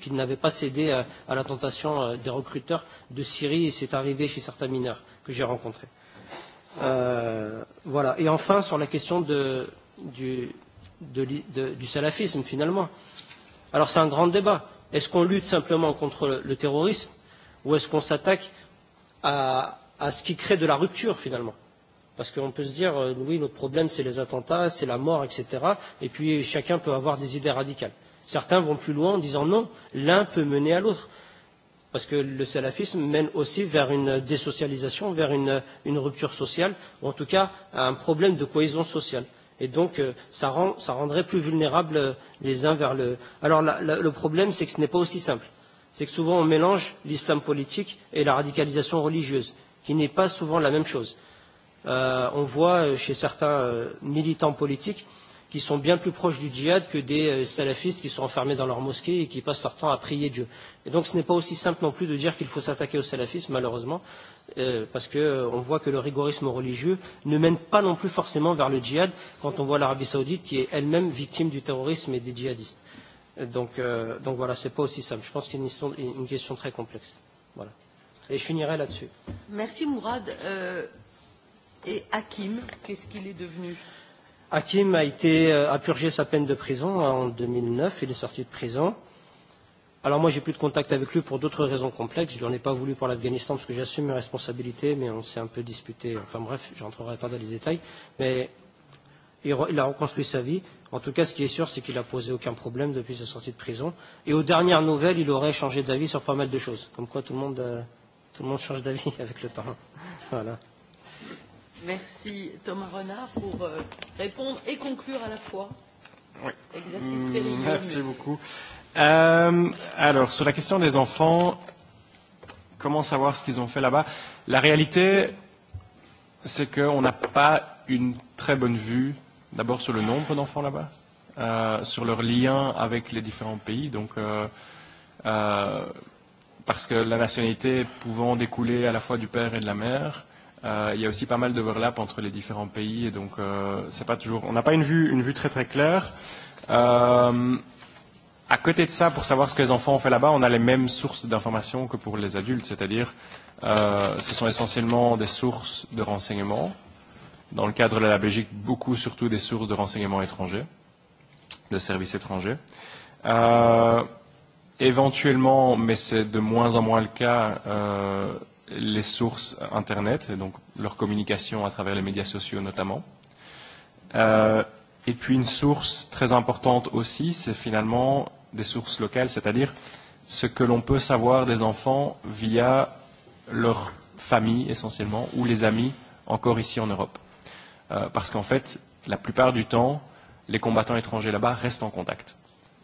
qu'ils n'avaient pas cédé à, à la tentation euh, des recruteurs de Syrie et c'est arrivé chez certains mineurs que j'ai rencontrés. Euh, voilà. Et enfin, sur la question de, du, de, de, du salafisme, finalement, euh, Alors c'est un grand débat. Est-ce qu'on lutte simplement contre le terrorisme ou est-ce qu'on s'attaque à, à ce qui crée de la rupture finalement Parce qu'on peut se dire, euh, oui, notre problème c'est les attentats, c'est la mort, etc. Et puis chacun peut avoir des idées radicales. Certains vont plus loin en disant non, l'un peut mener à l'autre. Parce que le salafisme mène aussi vers une désocialisation, vers une, une rupture sociale, ou en tout cas à un problème de cohésion sociale et donc euh, ça, rend, ça rendrait plus vulnérables euh, les uns vers le. Alors la, la, le problème, c'est que ce n'est pas aussi simple. C'est que souvent on mélange l'islam politique et la radicalisation religieuse, qui n'est pas souvent la même chose. Euh, on voit euh, chez certains euh, militants politiques qui sont bien plus proches du djihad que des euh, salafistes qui sont enfermés dans leur mosquée et qui passent leur temps à prier Dieu. Et donc ce n'est pas aussi simple non plus de dire qu'il faut s'attaquer au salafisme, malheureusement, euh, parce qu'on euh, voit que le rigorisme religieux ne mène pas non plus forcément vers le djihad quand on voit l'Arabie saoudite qui est elle-même victime du terrorisme et des djihadistes. Euh, donc, euh, donc voilà, ce n'est pas aussi simple. Je pense qu'il y a une, une question très complexe. Voilà. Et je finirai là-dessus. Merci Mourad. Euh, et Hakim, qu'est-ce qu'il est devenu euh, Hakim a, été, euh, a purgé sa peine de prison en 2009, il est sorti de prison. Alors moi, j'ai plus de contact avec lui pour d'autres raisons complexes. Je n'en ai pas voulu pour l'Afghanistan parce que j'assume mes responsabilités, mais on s'est un peu disputé. Enfin bref, je n'entrerai pas dans les détails. Mais il, re, il a reconstruit sa vie. En tout cas, ce qui est sûr, c'est qu'il n'a posé aucun problème depuis sa sortie de prison. Et aux dernières nouvelles, il aurait changé d'avis sur pas mal de choses. Comme quoi, tout le monde, euh, tout le monde change d'avis avec le temps. voilà. Merci Thomas Renard pour euh, répondre et conclure à la fois. Oui. Exercice mm, Merci beaucoup. Euh, alors, sur la question des enfants, comment savoir ce qu'ils ont fait là-bas La réalité, c'est qu'on n'a pas une très bonne vue, d'abord sur le nombre d'enfants là-bas, euh, sur leur lien avec les différents pays. Donc, euh, euh, parce que la nationalité pouvant découler à la fois du père et de la mère, Euh, il y a aussi pas mal d'overlap entre les différents pays et donc euh, c'est pas toujours. On n'a pas une vue, une vue très très claire. Euh, à côté de ça, pour savoir ce que les enfants ont fait là-bas, on a les mêmes sources d'informations que pour les adultes, c'est-à-dire euh, ce sont essentiellement des sources de renseignements. Dans le cadre de la Belgique, beaucoup surtout des sources de renseignements étrangers, de services étrangers. Euh, éventuellement, mais c'est de moins en moins le cas. Euh, les sources Internet, et donc leur communication à travers les médias sociaux notamment. Euh, et puis une source très importante aussi, c'est finalement des sources locales, c'est-à-dire ce que l'on peut savoir des enfants via leur famille essentiellement ou les amis encore ici en Europe. Euh, parce qu'en fait, la plupart du temps, les combattants étrangers là-bas restent en contact,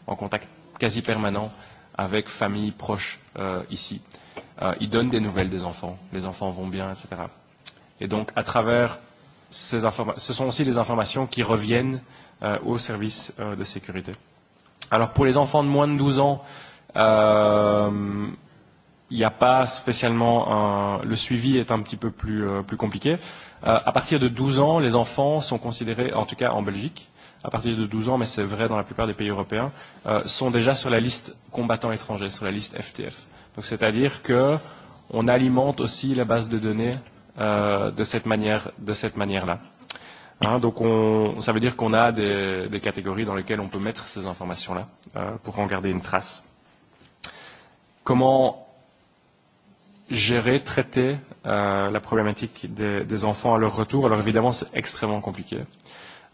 en contact quasi permanent avec familles proches euh, ici. Euh, euh, il donne des nouvelles des enfants, les enfants vont bien, etc. Et donc, à travers ces informations, ce sont aussi des informations qui reviennent euh, aux services euh, de sécurité. Alors, pour les enfants de moins de 12 ans, euh, il n'y a pas spécialement un... le suivi est un petit peu plus, euh, plus compliqué. Euh, à partir de 12 ans, les enfants sont considérés, en tout cas en Belgique, à partir de 12 ans, mais c'est vrai dans la plupart des pays européens, euh, sont déjà sur la liste combattants étrangers, sur la liste FTF. Donc c'est-à-dire que on alimente aussi la base de données euh, de cette manière, de cette manière-là. Hein, donc on, ça veut dire qu'on a des, des catégories dans lesquelles on peut mettre ces informations-là euh, pour en garder une trace. Comment gérer, traiter euh, la problématique des, des enfants à leur retour Alors évidemment, c'est extrêmement compliqué.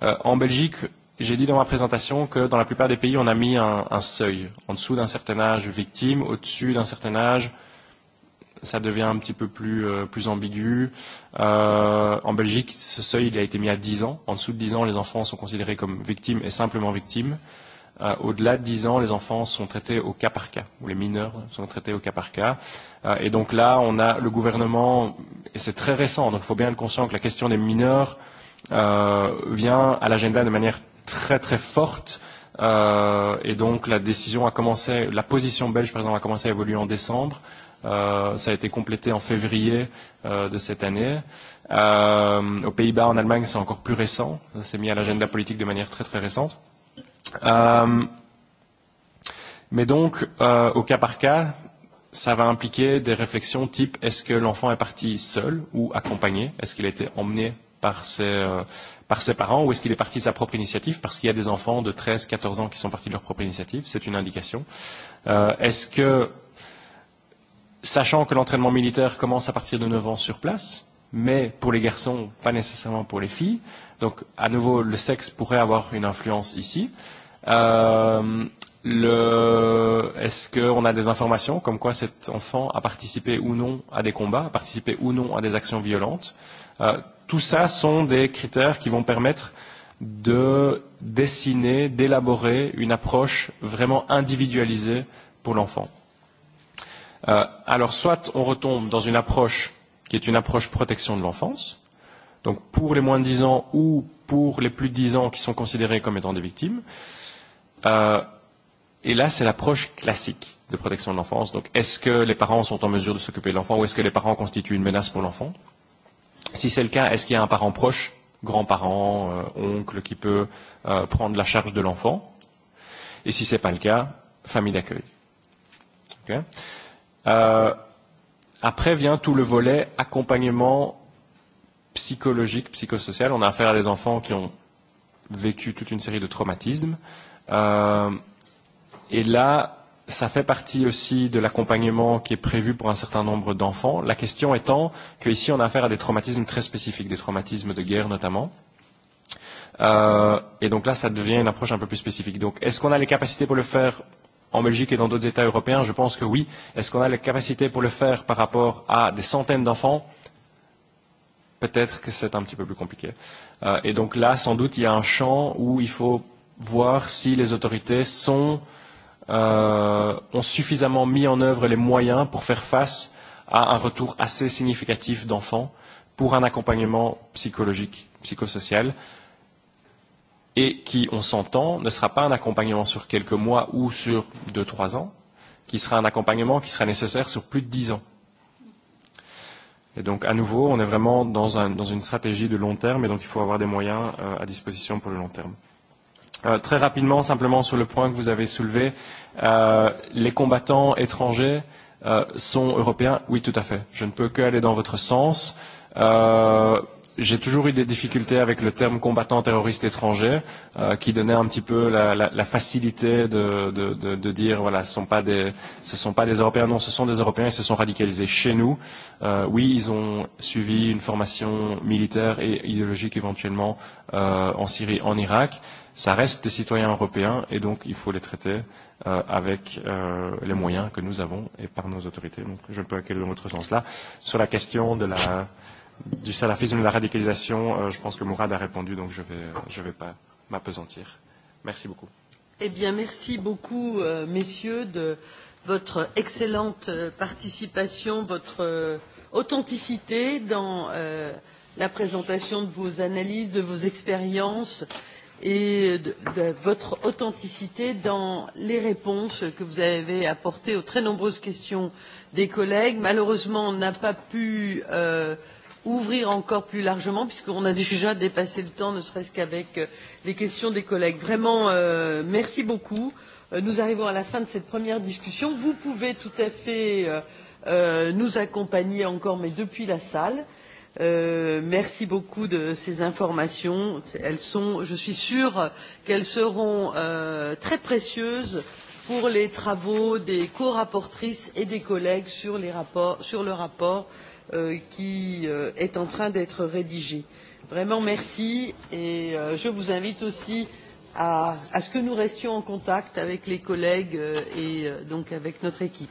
Euh, en Belgique, J'ai dit dans ma présentation que dans la plupart des pays, on a mis un, un seuil. En dessous d'un certain âge victime, au-dessus d'un certain âge, ça devient un petit peu plus, euh, plus ambigu. Euh, en Belgique, ce seuil il a été mis à 10 ans. En dessous de 10 ans, les enfants sont considérés comme victimes et simplement victimes. Euh, Au-delà de 10 ans, les enfants sont traités au cas par cas, ou les mineurs sont traités au cas par cas. Euh, et donc là, on a le gouvernement, et c'est très récent, donc il faut bien être conscient que la question des mineurs euh, vient à l'agenda de manière très très forte. Euh, et donc la décision a commencé, la position belge par exemple a commencé à évoluer en décembre. Euh, ça a été complété en février euh, de cette année. Euh, aux Pays-Bas, en Allemagne, c'est encore plus récent. Ça s'est mis à l'agenda politique de manière très très récente. Euh, mais donc, euh, au cas par cas, ça va impliquer des réflexions type est-ce que l'enfant est parti seul ou accompagné Est-ce qu'il a été emmené par ses, euh, par ses parents ou est-ce qu'il est parti de sa propre initiative Parce qu'il y a des enfants de 13, 14 ans qui sont partis de leur propre initiative, c'est une indication. Euh, est-ce que, sachant que l'entraînement militaire commence à partir de 9 ans sur place, mais pour les garçons, pas nécessairement pour les filles, donc à nouveau, le sexe pourrait avoir une influence ici. Euh, le... Est-ce qu'on a des informations comme quoi cet enfant a participé ou non à des combats, a participé ou non à des actions violentes euh, Euh, tout ça sont des critères qui vont permettre de dessiner, d'élaborer une approche vraiment individualisée pour l'enfant. Euh, alors soit on retombe dans une approche qui est une approche protection de l'enfance, donc pour les moins de 10 ans ou pour les plus de 10 ans qui sont considérés comme étant des victimes. Euh, et là, c'est l'approche classique de protection de l'enfance. Donc est-ce que les parents sont en mesure de s'occuper de l'enfant ou est-ce que les parents constituent une menace pour l'enfant euh, Si c'est le cas, est-ce qu'il y a un parent proche, grand-parent, euh, oncle, qui peut euh, prendre la charge de l'enfant Et si ce n'est pas le cas, famille d'accueil. Okay. Euh, après vient tout le volet accompagnement psychologique, psychosocial. On a affaire à des enfants qui ont vécu toute une série de traumatismes. Euh, et là, Ça fait partie aussi de l'accompagnement qui est prévu pour un certain nombre d'enfants. La question étant qu'ici, on a affaire à des traumatismes très spécifiques, des traumatismes de guerre notamment. Euh, et donc là, ça devient une approche un peu plus spécifique. Donc, est-ce qu'on a les capacités pour le faire en Belgique et dans d'autres États européens Je pense que oui. Est-ce qu'on a les capacités pour le faire par rapport à des centaines d'enfants Peut-être que c'est un petit peu plus compliqué. Euh, et donc là, sans doute, il y a un champ où il faut voir si les autorités sont euh, euh, ont suffisamment mis en œuvre les moyens pour faire face à un retour assez significatif d'enfants pour un accompagnement psychologique, psychosocial, et qui, on s'entend, ne sera pas un accompagnement sur quelques mois ou sur deux, trois ans, qui sera un accompagnement qui sera nécessaire sur plus de dix ans. Et donc, à nouveau, on est vraiment dans, un, dans une stratégie de long terme, et donc il faut avoir des moyens euh, à disposition pour le long terme. Euh, très rapidement, simplement sur le point que vous avez soulevé, euh, les combattants étrangers euh, sont européens Oui, tout à fait. Je ne peux qu'aller dans votre sens. Euh, j'ai toujours eu des difficultés avec le terme combattant terroriste étranger, euh, qui donnait un petit peu la, la, la facilité de, de, de, de dire voilà, ce sont sont pas des Européens, non, ce sont des Européens, ils se sont radicalisés chez nous. Euh, oui, ils ont suivi une formation militaire et idéologique éventuellement euh, en Syrie, en Irak. Ça reste des citoyens européens et donc il faut les traiter euh, avec euh, les moyens que nous avons et par nos autorités. Donc je ne peux accueillir dans l'autre sens là. Sur la question de la du salafisme et de la radicalisation, euh, je pense que Mourad a répondu, donc je ne vais, euh, je vais pas m'apesantir. Merci beaucoup. Eh bien, merci beaucoup, euh, messieurs, de votre excellente euh, participation, votre euh, authenticité dans euh, la présentation de vos analyses, de vos expériences et de, de votre authenticité dans les réponses que vous avez apportées aux très nombreuses questions des collègues. Malheureusement, on n'a pas pu euh, ouvrir encore plus largement puisqu'on a déjà dépassé le temps ne serait ce qu'avec euh, les questions des collègues. vraiment euh, merci beaucoup. Euh, nous arrivons à la fin de cette première discussion. vous pouvez tout à fait euh, euh nous accompagner encore mais depuis la salle. Euh, merci beaucoup de ces informations. Elles sont, je suis sûre qu'elles seront euh, très précieuses pour les travaux des co-rapportrices et des collègues sur, les rapports, sur le rapport euh, Euh, qui euh, est en train d'être rédigé. Vraiment merci et euh, je vous invite aussi à, à ce que nous restions en contact avec les collègues et donc avec notre équipe.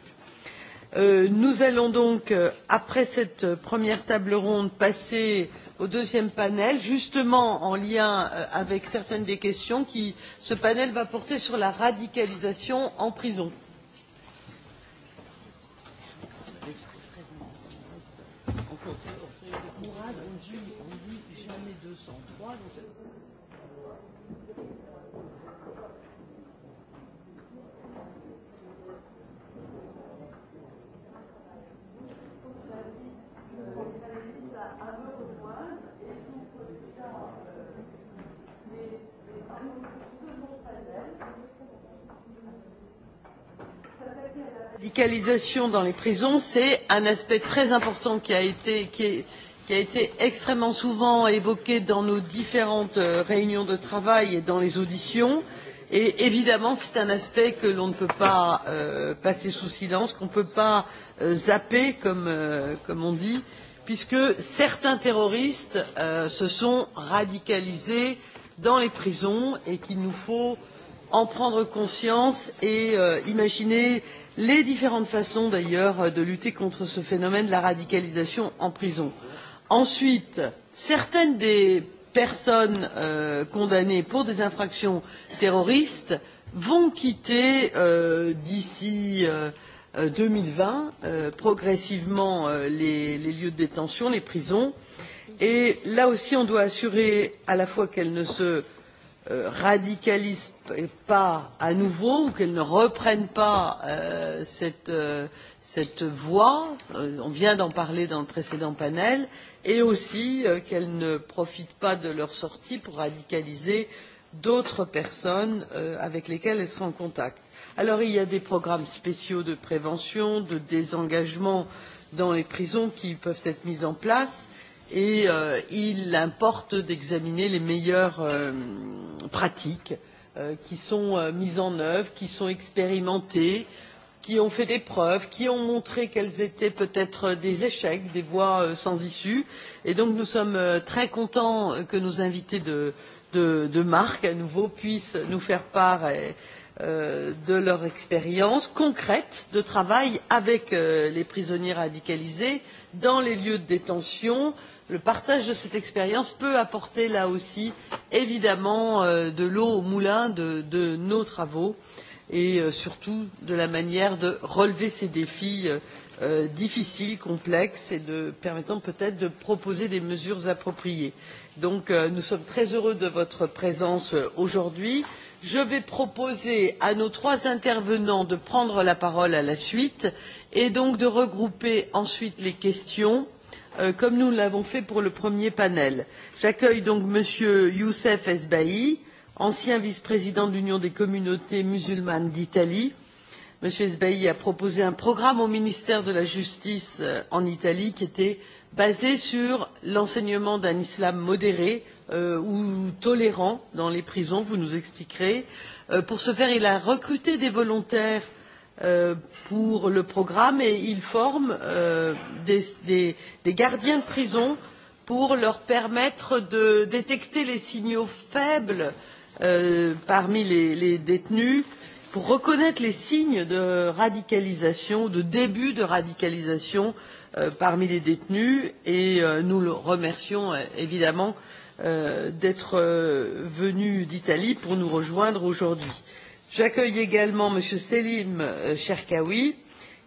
nous allons donc, après cette première table ronde, passer au deuxième panel, justement en lien avec certaines des questions qui, ce panel va porter sur la radicalisation en prison. radicalisation dans les prisons, c'est un aspect très important qui a été, qui est, qui a été extrêmement souvent évoqué dans nos différentes euh, réunions de travail et dans les auditions. Et évidemment, c'est un aspect que l'on ne peut pas euh, passer sous silence, qu'on ne peut pas euh, zapper, comme, euh, comme on dit. Euh, puisque certains terroristes euh, se sont radicalisés dans les prisons et qu'il nous faut en prendre conscience et euh, imaginer les différentes façons d'ailleurs euh, de lutter contre ce phénomène de la radicalisation en prison. Ensuite, certaines des personnes euh, condamnées pour des infractions terroristes vont quitter euh, d'ici euh, Euh, deux mille vingt euh, progressivement euh, les, les lieux de détention les prisons et là aussi on doit assurer à la fois qu'elles ne se radicalisent pas à nouveau ou qu'elles ne reprennent pas euh, cette, euh, cette voie euh, on vient d'en parler dans le précédent panel et aussi qu'elles ne profitent pas de leur sortie pour radicaliser d'autres personnes avec lesquelles elles seraient en contact Alors il y a des programmes spéciaux de prévention, de désengagement dans les prisons qui peuvent être mis en place et euh, il importe d'examiner les meilleures euh, pratiques euh, qui sont euh, mises en œuvre, qui sont expérimentées, qui ont fait des preuves, qui ont montré qu'elles étaient peut-être euh, des échecs, des voies euh, sans issue. Et donc nous sommes euh, très contents que nos invités de, de, de marque à nouveau puissent nous faire part. Et, Euh, de leur expérience concrète de travail avec euh, les prisonniers radicalisés dans les lieux de détention. le partage de cette expérience peut apporter là aussi évidemment euh, de l'eau au moulin de, nos travaux et surtout de la manière de relever ces défis difficiles complexes et de, permettant peut être de proposer des mesures appropriées. Donc, nous sommes très heureux de votre présence aujourd'hui je vais proposer à nos trois intervenants de prendre la parole à la suite et donc de regrouper ensuite les questions euh, comme nous l'avons fait pour le premier panel. j'accueille donc m. youssef esbahi ancien vice président de l'union des communautés musulmanes d'italie. m. esbahi a proposé un programme au ministère de la justice euh, en italie qui était basé sur l'enseignement d'un islam modéré euh, ou tolérant dans les prisons, vous nous expliquerez. Euh, pour ce faire, il a recruté des volontaires euh, pour le programme et il forme euh, des, des, des gardiens de prison pour leur permettre de détecter les signaux faibles euh, parmi les, les détenus pour reconnaître les signes de radicalisation, de début de radicalisation euh, parmi les détenus et euh, nous le remercions euh, évidemment Euh, d'être euh, venu d'Italie pour nous rejoindre aujourd'hui. J'accueille également M. Selim euh, Cherkaoui,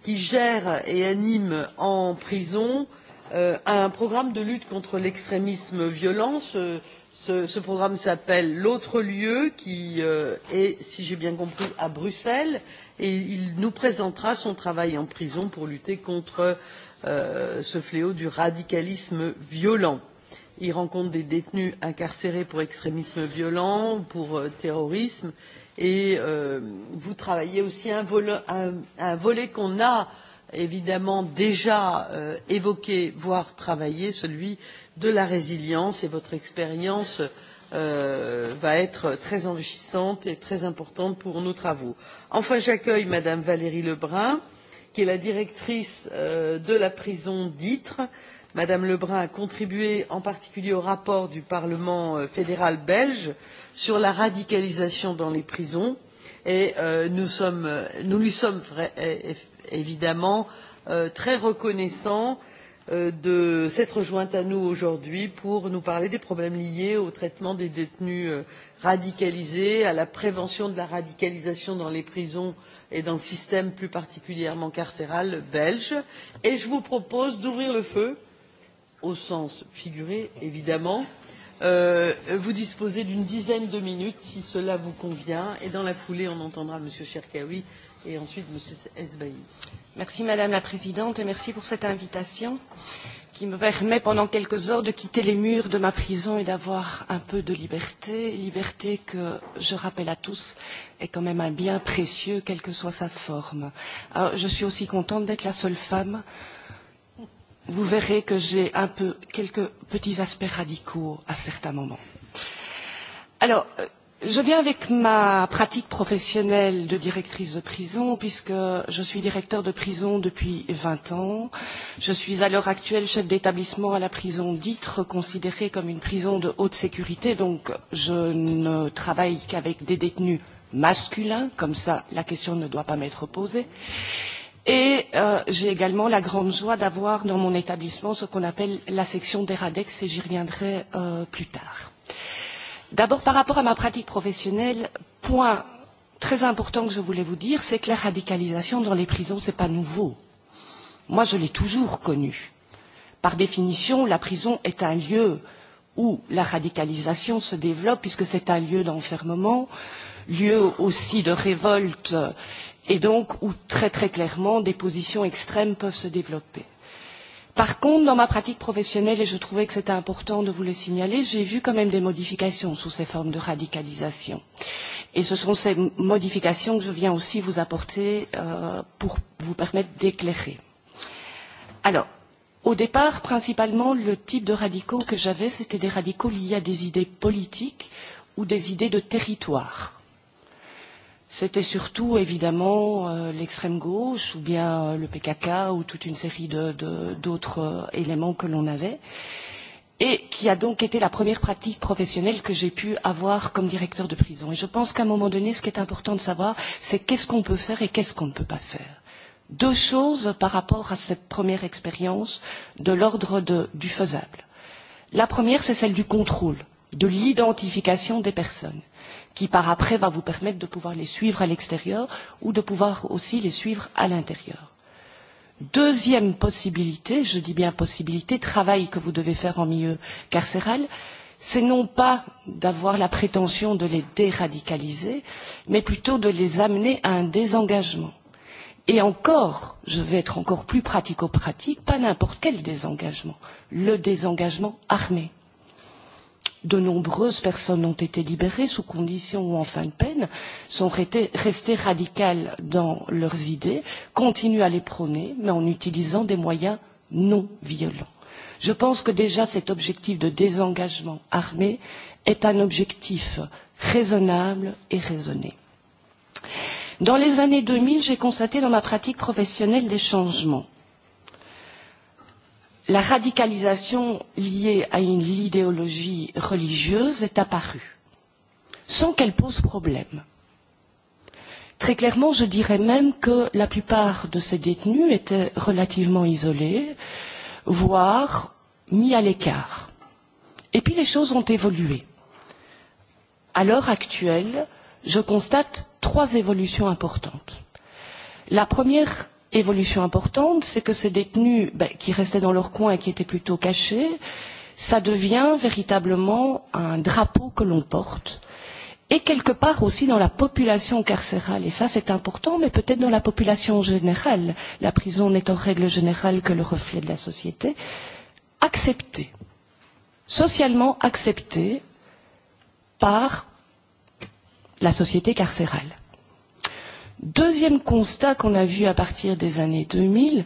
qui gère et anime en prison un programme de lutte contre l'extrémisme violent. Ce, ce, ce programme s'appelle L'autre lieu, qui est, si j'ai bien compris, à Bruxelles, et il nous présentera son travail en prison pour lutter contre ce fléau du radicalisme violent Il rencontre des détenus incarcérés pour extrémisme violent, pour euh, terrorisme. Et euh, vous travaillez aussi un, vole, un, un volet qu'on a évidemment déjà euh, évoqué, voire travaillé, celui de la résilience. Et votre expérience euh, va être très enrichissante et très importante pour nos travaux. Enfin, j'accueille Madame Valérie Lebrun, qui est la directrice euh, de la prison d'Ytre. Euh, mme Lebrun a contribué en particulier au rapport du Parlement euh, fédéral belge sur la radicalisation dans les prisons et euh, nous, sommes, euh, nous lui sommes évidemment très reconnaissants de s'être jointe à nous aujourd'hui pour nous parler des problèmes liés au traitement des détenus radicalisés, à la prévention de la radicalisation dans les prisons et dans le système plus particulièrement carcéral belge. Et je vous propose d'ouvrir le feu euh, au sens figuré, évidemment. Euh, vous disposez d'une dizaine de minutes, si cela vous convient, et dans la foulée, on entendra M. Cherkaoui et ensuite M. Esbaï. Merci Madame la Présidente et merci pour cette invitation qui me permet pendant quelques heures de quitter les murs de ma prison et d'avoir un peu de liberté, liberté que, je rappelle à tous, est quand même un bien précieux, quelle que soit sa forme. Alors, je suis aussi contente d'être la seule femme vous verrez que j'ai un peu quelques petits aspects radicaux à certains moments. Alors, euh, je viens avec ma pratique professionnelle de directrice de prison, puisque je suis directeur de prison depuis 20 ans. Je suis à l'heure actuelle chef d'établissement à la prison d'Itre, considérée comme une prison de haute sécurité, donc je ne travaille qu'avec des détenus masculins, comme ça la question ne doit pas m'être posée. Et euh, j'ai également la grande joie d'avoir dans mon établissement ce qu'on appelle la section des Radex et j'y reviendrai euh, plus tard. D'abord, par rapport à ma pratique professionnelle, point très important que je voulais vous dire, c'est que la radicalisation dans les prisons, ce n'est pas nouveau. Moi, je l'ai toujours connue. Par définition, la prison est un lieu où la radicalisation se développe, puisque c'est un lieu d'enfermement, lieu aussi de révolte et donc où très très clairement des positions extrêmes peuvent se développer. Par contre, dans ma pratique professionnelle, et je trouvais que c'était important de vous le signaler, j'ai vu quand même des modifications sous ces formes de radicalisation. Et ce sont ces modifications que je viens aussi vous apporter euh, pour vous permettre d'éclairer. Alors, au départ, principalement, le type de radicaux que j'avais, c'était des radicaux liés à des idées politiques ou des idées de territoire C'était surtout évidemment euh, l'extrême gauche ou bien euh, le PKK ou toute une série d'autres de, de, euh, éléments que l'on avait et qui a donc été la première pratique professionnelle que j'ai pu avoir comme directeur de prison. Et je pense qu'à un moment donné, ce qui est important de savoir, c'est qu'est-ce qu'on peut faire et qu'est-ce qu'on ne peut pas faire. Deux choses par rapport à cette première expérience de l'ordre du faisable. La première, c'est celle du contrôle, de l'identification des personnes qui par après va vous permettre de pouvoir les suivre à l'extérieur ou de pouvoir aussi les suivre à l'intérieur. Deuxième possibilité, je dis bien possibilité, travail que vous devez faire en milieu carcéral, c'est non pas d'avoir la prétention de les déradicaliser, mais plutôt de les amener à un désengagement. Et encore, je vais être encore plus pratico-pratique, pas n'importe quel désengagement, le désengagement armé de nombreuses personnes ont été libérées sous condition ou en fin de peine, sont restées radicales dans leurs idées, continuent à les prôner, mais en utilisant des moyens non violents. Je pense que déjà cet objectif de désengagement armé est un objectif raisonnable et raisonné. Dans les années 2000, j'ai constaté dans ma pratique professionnelle des changements la radicalisation liée à une idéologie religieuse est apparue, sans qu'elle pose problème. Très clairement, je dirais même que la plupart de ces détenus étaient relativement isolés, voire mis à l'écart. Et puis les choses ont évolué. À l'heure actuelle, je constate trois évolutions importantes. La première évolution importante, c'est que ces détenus ben, qui restaient dans leur coin et qui étaient plutôt cachés, ça devient véritablement un drapeau que l'on porte. Et quelque part aussi dans la population carcérale, et ça c'est important, mais peut-être dans la population générale, la prison n'est en règle générale que le reflet de la société, acceptée, socialement acceptée par la société carcérale. Deuxième constat qu'on a vu à partir des années 2000,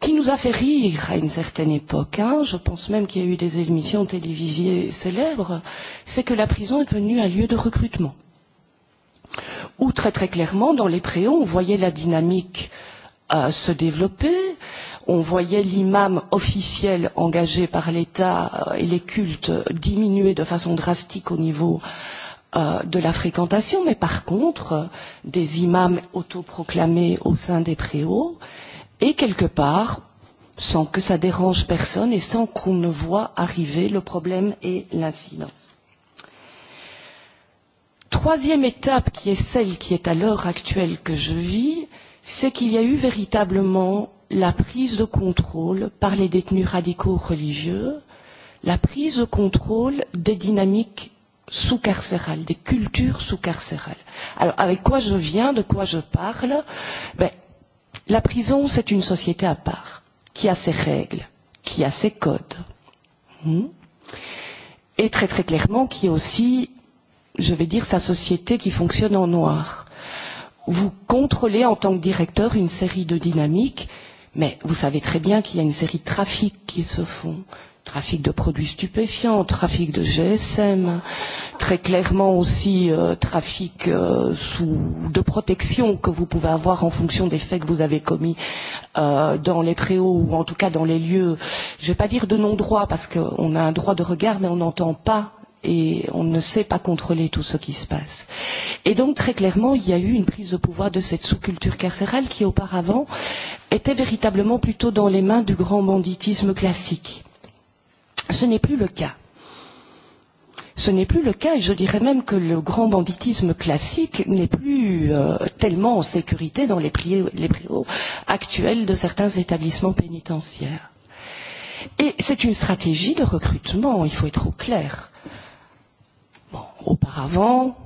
qui nous a fait rire à une certaine époque, hein, je pense même qu'il y a eu des émissions télévisées célèbres, c'est que la prison est devenue un lieu de recrutement. Où très très clairement, dans les préons, on voyait la dynamique euh, se développer, on voyait l'imam officiel engagé par l'État euh, et les cultes diminuer de façon drastique au niveau euh, Euh, de la fréquentation, mais par contre euh, des imams autoproclamés au sein des préaux et quelque part sans que ça dérange personne et sans qu'on ne voit arriver le problème et l'incident. Troisième étape qui est celle qui est à l'heure actuelle que je vis, c'est qu'il y a eu véritablement la prise de contrôle par les détenus radicaux religieux, la prise de contrôle des dynamiques sous-carcérales, des cultures sous-carcérales. Alors, avec quoi je viens, de quoi je parle ben, La prison, c'est une société à part, qui a ses règles, qui a ses codes. Hmm et très très clairement, qui est aussi, je vais dire, sa société qui fonctionne en noir. Vous contrôlez en tant que directeur une série de dynamiques, mais vous savez très bien qu'il y a une série de trafics qui se font, trafic de produits stupéfiants, trafic de GSM, très clairement aussi euh, trafic euh, sous, de protection que vous pouvez avoir en fonction des faits que vous avez commis euh, dans les préaux ou en tout cas dans les lieux, je ne vais pas dire de non-droit parce qu'on a un droit de regard mais on n'entend pas et on ne sait pas contrôler tout ce qui se passe. Et donc très clairement, il y a eu une prise de pouvoir de cette sous-culture carcérale qui auparavant était véritablement plutôt dans les mains du grand banditisme classique ce n'est plus le cas. Ce n'est plus le cas et je dirais même que le grand banditisme classique n'est plus euh, tellement en sécurité dans les prix, les prix actuels de certains établissements pénitentiaires. Et c'est une stratégie de recrutement, il faut être au clair. Bon, auparavant,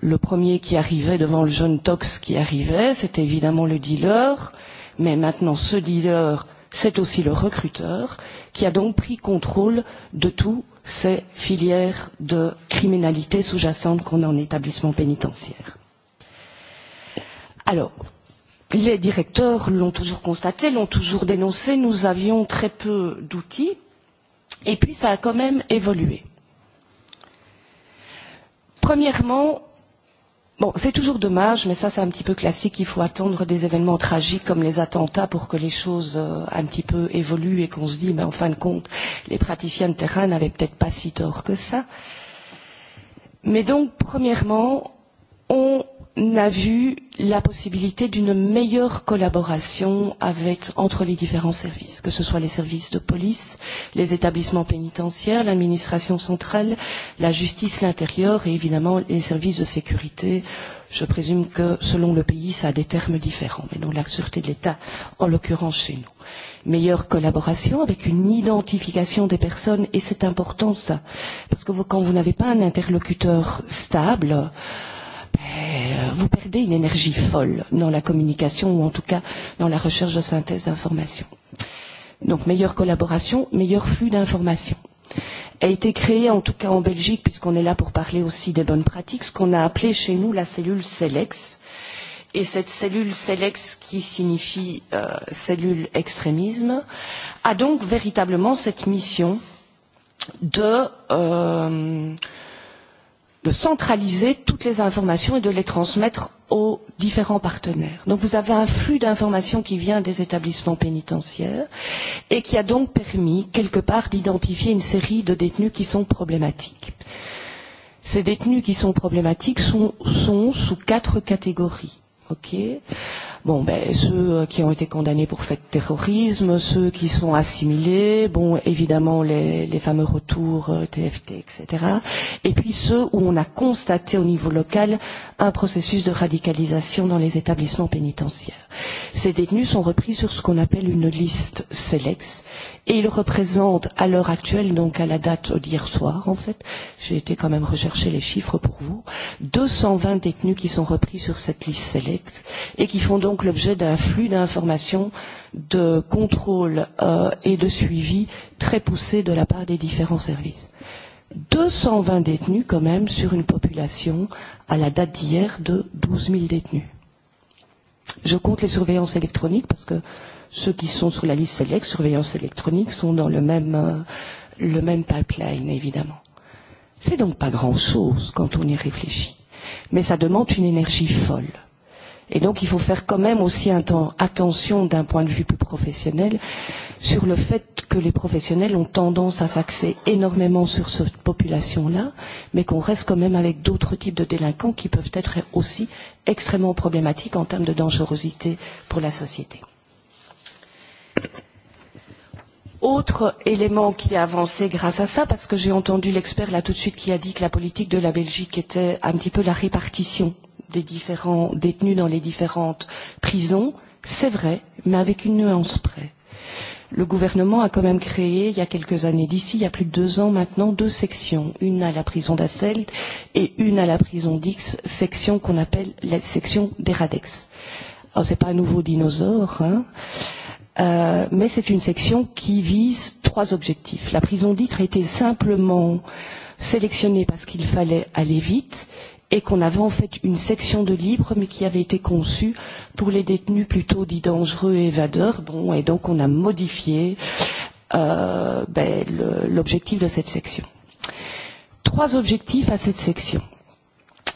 le premier qui arrivait devant le jeune tox qui arrivait, c'était évidemment le dealer, mais maintenant ce dealer c'est aussi le recruteur qui a donc pris contrôle de toutes ces filières de criminalité sous-jacente qu'on a en établissement pénitentiaire. Alors, les directeurs l'ont toujours constaté, l'ont toujours dénoncé, nous avions très peu d'outils, et puis ça a quand même évolué. Premièrement, Bon, c'est toujours dommage, mais ça c'est un petit peu classique. Il faut attendre des événements tragiques comme les attentats pour que les choses euh, un petit peu évoluent et qu'on se dise, mais en fin de compte, les praticiens de terrain n'avaient peut-être pas si tort que ça. Mais donc, premièrement, on n'a vu la possibilité d'une meilleure collaboration avec, entre les différents services, que ce soit les services de police, les établissements pénitentiaires, l'administration centrale, la justice, l'intérieur et évidemment les services de sécurité. Je présume que selon le pays, ça a des termes différents, mais donc la sûreté de l'État, en l'occurrence chez nous. Meilleure collaboration avec une identification des personnes, et c'est important ça, parce que vous, quand vous n'avez pas un interlocuteur stable, euh, Euh, vous perdez une énergie folle dans la communication ou en tout cas dans la recherche de synthèse d'informations. Donc meilleure collaboration, meilleur flux d'informations a été créé en tout cas en Belgique puisqu'on est là pour parler aussi des bonnes pratiques, ce qu'on a appelé chez nous la cellule Celex. Et cette cellule Celex qui signifie euh, cellule extrémisme a donc véritablement cette mission de euh, de centraliser toutes les informations et de les transmettre aux différents partenaires. Donc vous avez un flux d'informations qui vient des établissements pénitentiaires et qui a donc permis quelque part d'identifier une série de détenus qui sont problématiques. Ces détenus qui sont problématiques sont, sont sous quatre catégories. Okay euh, bon, ben, ceux euh, qui ont été condamnés pour fait de terrorisme, ceux qui sont assimilés, bon, évidemment les, les fameux retours euh, TFT, etc. Et puis ceux où on a constaté au niveau local un processus de radicalisation dans les établissements pénitentiaires. Ces détenus sont repris sur ce qu'on appelle une liste SELEX et ils représentent à l'heure actuelle, donc à la date d'hier soir en fait, j'ai été quand même rechercher les chiffres pour vous, 220 détenus qui sont repris sur cette liste SELEX et qui font donc donc l'objet d'un flux d'informations, de contrôle euh, et de suivi très poussé de la part des différents services. 220 détenus quand même sur une population à la date d'hier de 12 000 détenus. Je compte les surveillances électroniques parce que ceux qui sont sur la liste SELEC, surveillance électronique, sont dans le même, euh, le même pipeline évidemment. C'est donc pas grand-chose quand on y réfléchit, mais ça demande une énergie folle Et donc il faut faire quand même aussi un temps, attention d'un point de vue plus professionnel sur le fait que les professionnels ont tendance à s'axer énormément sur cette population-là, mais qu'on reste quand même avec d'autres types de délinquants qui peuvent être aussi extrêmement problématiques en termes de dangerosité pour la société. Autre élément qui a avancé grâce à ça, parce que j'ai entendu l'expert là tout de suite qui a dit que la politique de la Belgique était un petit peu la répartition des différents détenus dans les différentes prisons, c'est vrai, mais avec une nuance près. Le gouvernement a quand même créé, il y a quelques années d'ici, il y a plus de deux ans maintenant, deux sections. Une à la prison d'Asselt et une à la prison d'Ix, section qu'on appelle la section des Radex. Alors, n'est pas un nouveau dinosaure, hein euh, mais c'est une section qui vise trois objectifs. La prison d'Ix a été simplement sélectionnée parce qu'il fallait aller vite et qu'on avait en fait une section de libre mais qui avait été conçue pour les détenus plutôt dits dangereux et évadeurs. Bon, et donc on a modifié euh, ben, l'objectif de cette section. Trois objectifs à cette section.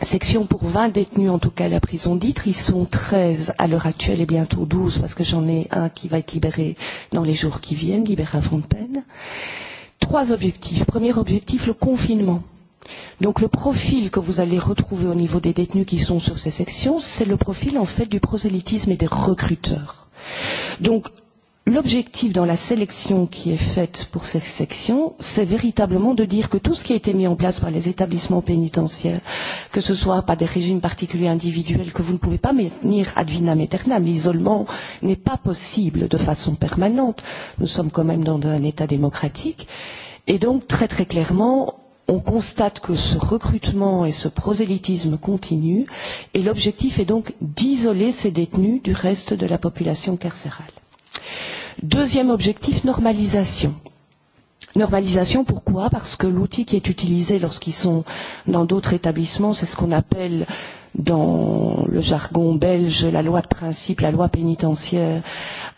Section pour 20 détenus, en tout cas à la prison d'Itre. Ils sont 13 à l'heure actuelle et bientôt 12 parce que j'en ai un qui va être libéré dans les jours qui viennent, libéré avant de peine. Trois objectifs. Premier objectif, le confinement. Donc le profil que vous allez retrouver au niveau des détenus qui sont sur ces sections, c'est le profil en fait du prosélytisme et des recruteurs. Donc L'objectif dans la sélection qui est faite pour ces sections, c'est véritablement de dire que tout ce qui a été mis en place par les établissements pénitentiaires, que ce soit par des régimes particuliers individuels que vous ne pouvez pas maintenir ad vinam aeternam, l'isolement n'est pas possible de façon permanente. Nous sommes quand même dans un État démocratique. Et donc, très très clairement, on constate que ce recrutement et ce prosélytisme continuent et l'objectif est donc d'isoler ces détenus du reste de la population carcérale. Deuxième objectif, normalisation. Normalisation, pourquoi Parce que l'outil qui est utilisé lorsqu'ils sont dans d'autres établissements, c'est ce qu'on appelle dans le jargon belge, la loi de principe, la loi pénitentiaire,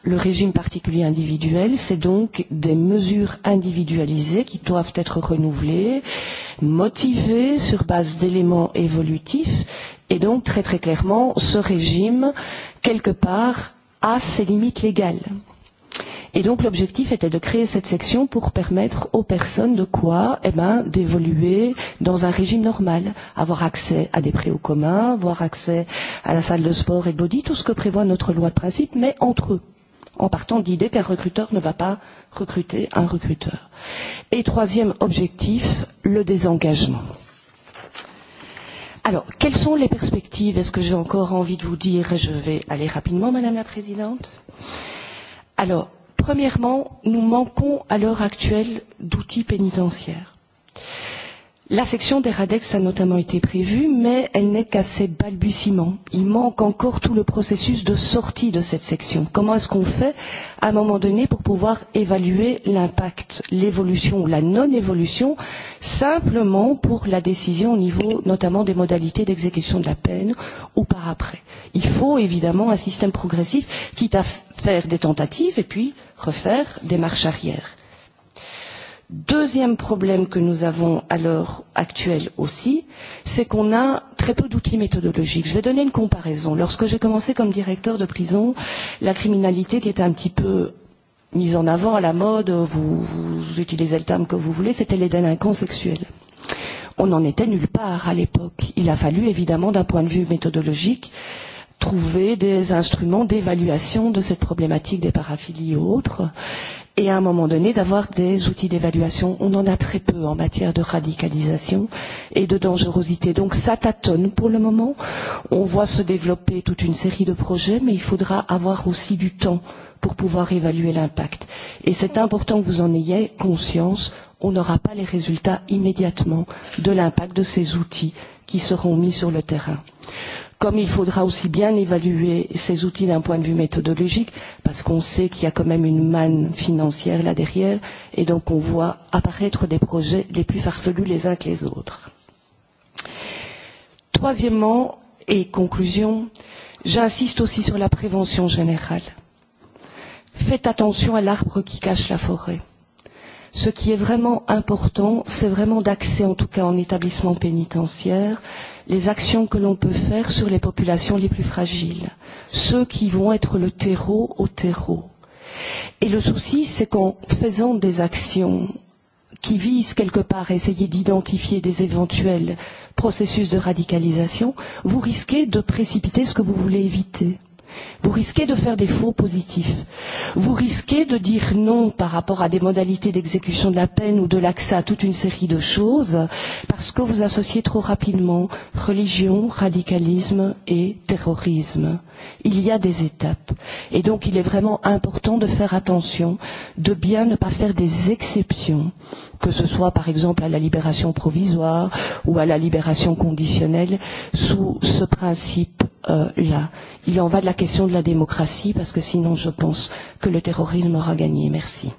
le régime particulier individuel, c'est donc des mesures individualisées qui doivent être renouvelées, motivées sur base d'éléments évolutifs, et donc très très clairement, ce régime, quelque part, a ses limites légales. Et donc l'objectif était de créer cette section pour permettre aux personnes de quoi eh ben, d'évoluer dans un régime normal, avoir accès à des préaux communs, avoir accès à la salle de sport et body, tout ce que prévoit notre loi de principe, mais entre eux en partant de l'idée qu'un recruteur ne va pas recruter un recruteur. Et troisième objectif, le désengagement. Alors, quelles sont les perspectives Est-ce que j'ai encore envie de vous dire Je vais aller rapidement, Madame la Présidente. Alors, Premièrement, nous manquons à l'heure actuelle d'outils pénitentiaires. La section des RADEX a notamment été prévue, mais elle n'est qu'à ses balbutiements. Il manque encore tout le processus de sortie de cette section. Comment est-ce qu'on fait à un moment donné pour pouvoir évaluer l'impact, l'évolution ou la non-évolution, simplement pour la décision au niveau notamment des modalités d'exécution de la peine ou par après Il faut évidemment un système progressif, quitte à faire des tentatives et puis refaire des marches arrières. Deuxième problème que nous avons à l'heure actuelle aussi, c'est qu'on a très peu d'outils méthodologiques. Je vais donner une comparaison. Lorsque j'ai commencé comme directeur de prison, la criminalité qui était un petit peu mise en avant à la mode, vous, vous utilisez le terme que vous voulez, c'était les délinquants sexuels. On n'en était nulle part à l'époque. Il a fallu évidemment, d'un point de vue méthodologique, trouver des instruments d'évaluation de cette problématique des paraphilies ou autres et à un moment donné d'avoir des outils d'évaluation. On en a très peu en matière de radicalisation et de dangerosité. Donc ça tâtonne pour le moment. On voit se développer toute une série de projets, mais il faudra avoir aussi du temps pour pouvoir évaluer l'impact. Et c'est important que vous en ayez conscience. On n'aura pas les résultats immédiatement de l'impact de ces outils qui seront mis sur le terrain comme il faudra aussi bien évaluer ces outils d'un point de vue méthodologique, parce qu'on sait qu'il y a quand même une manne financière là derrière, et donc on voit apparaître des projets les plus farfelus les uns que les autres. Troisièmement, et conclusion, j'insiste aussi sur la prévention générale. Faites attention à l'arbre qui cache la forêt. Ce qui est vraiment important, c'est vraiment d'axer, en tout cas en établissement pénitentiaire, les actions que l'on peut faire sur les populations les plus fragiles, ceux qui vont être le terreau au terreau. Et le souci, c'est qu'en faisant des actions qui visent quelque part à essayer d'identifier des éventuels processus de radicalisation, vous risquez de précipiter ce que vous voulez éviter vous risquez de faire des faux positifs. Vous risquez de dire non par rapport à des modalités d'exécution de la peine ou de l'accès à toute une série de choses parce que vous associez trop rapidement religion, radicalisme et terrorisme. Il y a des étapes. Et donc il est vraiment important de faire attention, de bien ne pas faire des exceptions que ce soit par exemple à la libération provisoire ou à la libération conditionnelle, sous ce principe euh, là. Il en va de la question de la démocratie, parce que sinon je pense que le terrorisme aura gagné. Merci.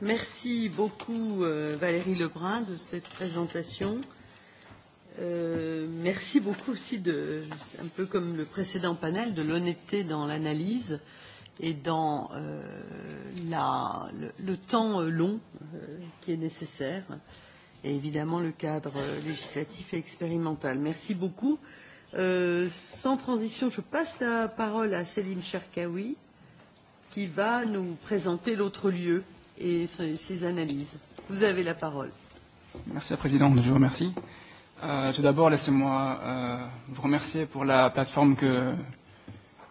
Merci beaucoup euh, Valérie Lebrun de cette présentation. Euh, merci beaucoup aussi, de, un peu comme le précédent panel, de l'honnêteté dans l'analyse. Euh, et dans euh, la, le, le temps euh, long euh, qui est nécessaire et évidemment le cadre euh, législatif et expérimental. Merci beaucoup. Euh, sans transition, je passe la parole à Céline Cherkaoui qui va nous présenter l'autre lieu et ses analyses. Vous avez la parole. Merci, la Présidente. Je vous remercie. Euh, tout d'abord, laissez-moi euh, vous remercier pour la plateforme que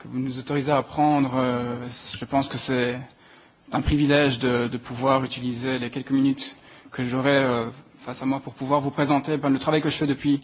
que vous nous autorisez à prendre. Euh, je pense que c'est un privilège de, de pouvoir utiliser les quelques minutes que j'aurai euh, face à moi pour pouvoir vous présenter ben, le travail que je fais depuis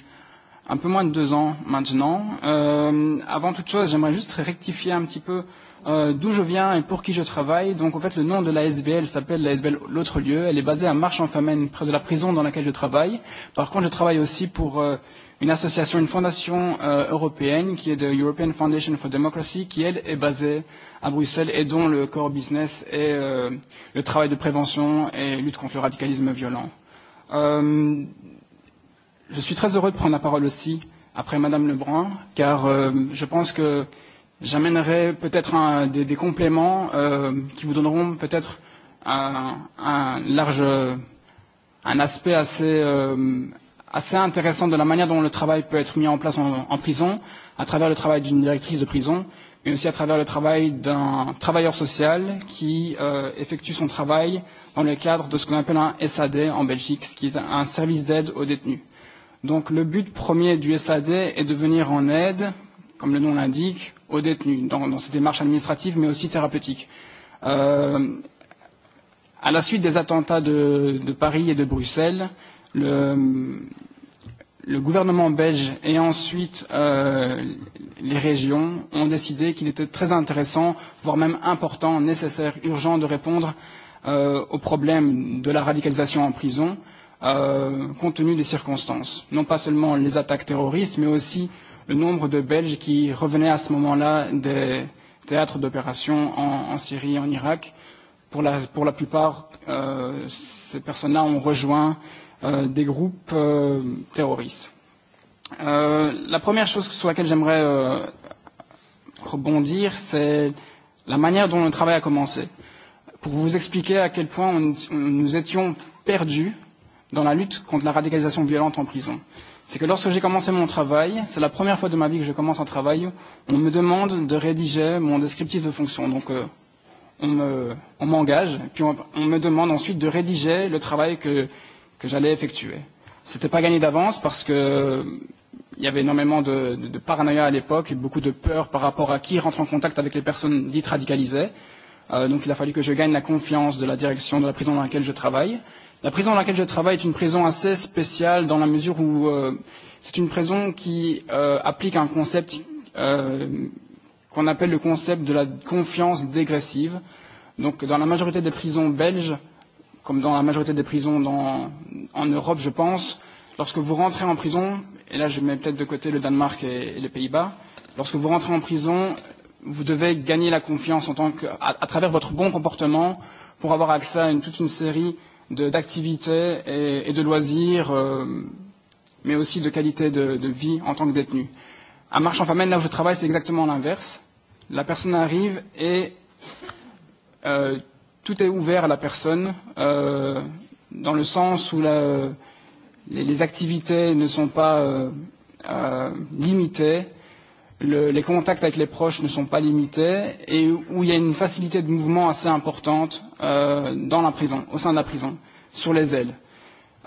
un peu moins de deux ans maintenant. Euh, avant toute chose, j'aimerais juste rectifier un petit peu euh, d'où je viens et pour qui je travaille. Donc, en fait, le nom de l'ASBL s'appelle l'ASBL L'Autre Lieu. Elle est basée à Marche-en-Famenne, près de la prison dans laquelle je travaille. Par contre, je travaille aussi pour euh, une association, une fondation euh, européenne qui est de European Foundation for Democracy, qui elle est basée à Bruxelles et dont le core business est euh, le travail de prévention et lutte contre le radicalisme violent. Euh, je suis très heureux de prendre la parole aussi après Madame Lebrun, car euh, je pense que j'amènerai peut-être des, des compléments euh, qui vous donneront peut-être un, un large un aspect assez euh, assez intéressant de la manière dont le travail peut être mis en place en, en prison, à travers le travail d'une directrice de prison, mais aussi à travers le travail d'un travailleur social qui euh, effectue son travail dans le cadre de ce qu'on appelle un SAD en Belgique, ce qui est un service d'aide aux détenus. Donc le but premier du SAD est de venir en aide, comme le nom l'indique, aux détenus dans, dans ces démarches administratives mais aussi thérapeutiques. Euh, à la suite des attentats de, de Paris et de Bruxelles, le, le gouvernement belge et ensuite euh, les régions ont décidé qu'il était très intéressant, voire même important, nécessaire, urgent de répondre euh, au problème de la radicalisation en prison, euh, compte tenu des circonstances. Non pas seulement les attaques terroristes, mais aussi le nombre de Belges qui revenaient à ce moment-là des théâtres d'opération en, en Syrie et en Irak. Pour la, pour la plupart, euh, ces personnes-là ont rejoint euh, Euh, des groupes euh, terroristes. Euh, la première chose sur laquelle j'aimerais euh, rebondir, c'est la manière dont le travail a commencé. Pour vous expliquer à quel point on, on, nous étions perdus dans la lutte contre la radicalisation violente en prison. C'est que lorsque j'ai commencé mon travail, c'est la première fois de ma vie que je commence un travail, on me demande de rédiger mon descriptif de fonction. Donc euh, on m'engage, me, on puis on, on me demande ensuite de rédiger le travail que que j'allais effectuer. Ce n'était pas gagné d'avance parce que euh, il y avait énormément de, de, de paranoïa à l'époque et beaucoup de peur par rapport à qui rentre en contact avec les personnes dites radicalisées. Euh, donc il a fallu que je gagne la confiance de la direction de la prison dans laquelle je travaille. La prison dans laquelle je travaille est une prison assez spéciale dans la mesure où euh, c'est une prison qui euh, applique un concept euh, qu'on appelle le concept de la confiance dégressive. Donc dans la majorité des prisons belges, comme dans la majorité des prisons dans, en Europe, je pense, lorsque vous rentrez en prison, et là je mets peut-être de côté le Danemark et, et les Pays-Bas, lorsque vous rentrez en prison, vous devez gagner la confiance en tant que, à, à travers votre bon comportement pour avoir accès à une, toute une série d'activités et, et de loisirs, euh, mais aussi de qualité de, de vie en tant que détenu. À Marche en famille, là où je travaille, c'est exactement l'inverse. La personne arrive et euh, tout est ouvert à la personne, euh, dans le sens où la, les, les activités ne sont pas euh, euh, limitées, le, les contacts avec les proches ne sont pas limités et où il y a une facilité de mouvement assez importante euh, dans la prison, au sein de la prison, sur les ailes.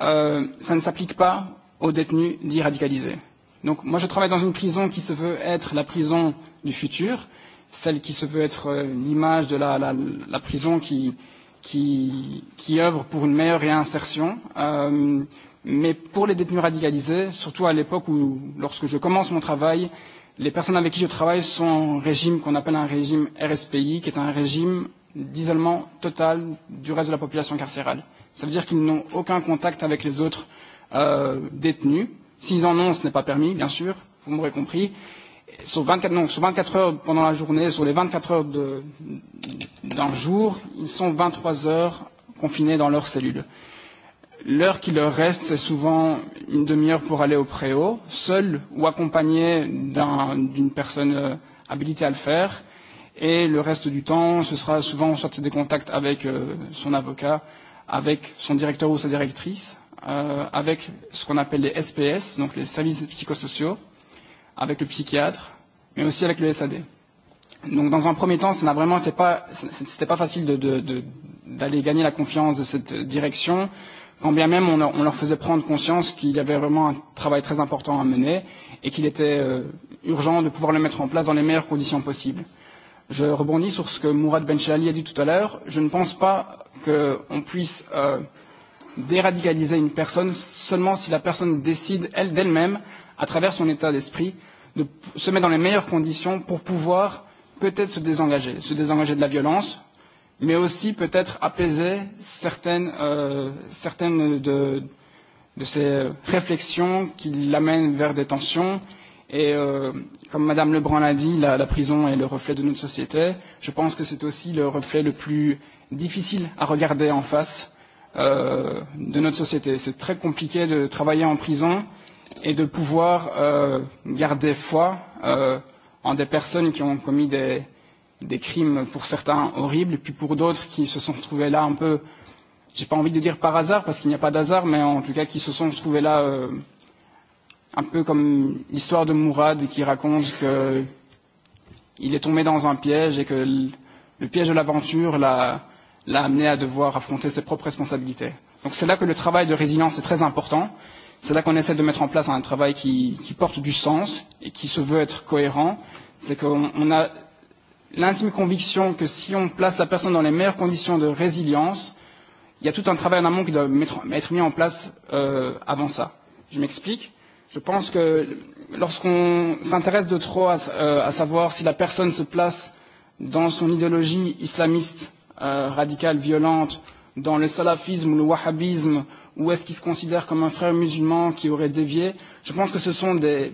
Euh, ça ne s'applique pas aux détenus dits radicalisés. Donc moi je travaille dans une prison qui se veut être la prison du futur, euh, celle qui se veut être l'image euh, de la, la, la prison qui, qui, qui œuvre pour une meilleure réinsertion. Euh, mais pour les détenus radicalisés, surtout à l'époque où, lorsque je commence mon travail, les personnes avec qui je travaille sont en régime qu'on appelle un régime RSPI, qui est un régime d'isolement total du reste de la population carcérale. Ça veut dire qu'ils n'ont aucun contact avec les autres euh, détenus. S'ils en ont, ce n'est pas permis, bien sûr, vous m'aurez compris. Euh, sur, 24, non, sur 24 heures pendant la journée, sur les 24 heures d'un jour, ils sont 23 heures confinés dans leur cellule. L'heure qui leur reste, c'est souvent une demi-heure pour aller au préau, seul ou accompagné d'une un, personne euh, habilitée à le faire. Et le reste du temps, ce sera souvent soit des contacts avec euh, son avocat, avec son directeur ou sa directrice, euh, avec ce qu'on appelle les SPS, donc les services psychosociaux, euh, avec le psychiatre, mais aussi avec le SAD. Donc dans un premier temps, ça n'a vraiment été pas, c'était pas facile d'aller de, de, de, gagner la confiance de cette direction, quand bien même on, on leur faisait prendre conscience qu'il y avait vraiment un travail très important à mener et qu'il était euh, urgent de pouvoir le mettre en place dans les meilleures conditions possibles. Je rebondis sur ce que Mourad Benchelali a dit tout à l'heure. Je ne pense pas qu'on puisse euh, déradicaliser une personne seulement si la personne décide elle d'elle-même à travers son état d'esprit, de se mettre dans les meilleures conditions pour pouvoir peut-être se désengager, se désengager de la violence, mais aussi peut-être apaiser certaines, euh, certaines de, de ces réflexions qui l'amènent vers des tensions. Et euh, comme Madame Lebrun l'a dit, la, la prison est le reflet de notre société. Je pense que c'est aussi le reflet le plus difficile à regarder en face euh, de notre société. C'est très compliqué de travailler en prison. Euh, et de pouvoir euh, garder foi euh, en des personnes qui ont commis des, des crimes pour certains horribles, et puis pour d'autres qui se sont retrouvés là un peu, j'ai pas envie de dire par hasard, parce qu'il n'y a pas d'hasard, mais en tout cas qui se sont retrouvés là euh, un peu comme l'histoire de Mourad qui raconte que il est tombé dans un piège et que le, le piège de l'aventure l'a amené à devoir affronter ses propres responsabilités. Donc c'est là que le travail de résilience est très important C'est là qu'on essaie de mettre en place un travail qui, qui porte du sens et qui se veut être cohérent. C'est qu'on a l'intime conviction que si on place la personne dans les meilleures conditions de résilience, il y a tout un travail en amont qui doit mettre, être mis en place euh, avant ça. Je m'explique. Je pense que lorsqu'on s'intéresse de trop à, euh, à savoir si la personne se place dans son idéologie islamiste euh, radicale, violente, dans le salafisme, le wahhabisme, ou est-ce qu'il se considère comme un frère musulman qui aurait dévié Je pense que ce sont des...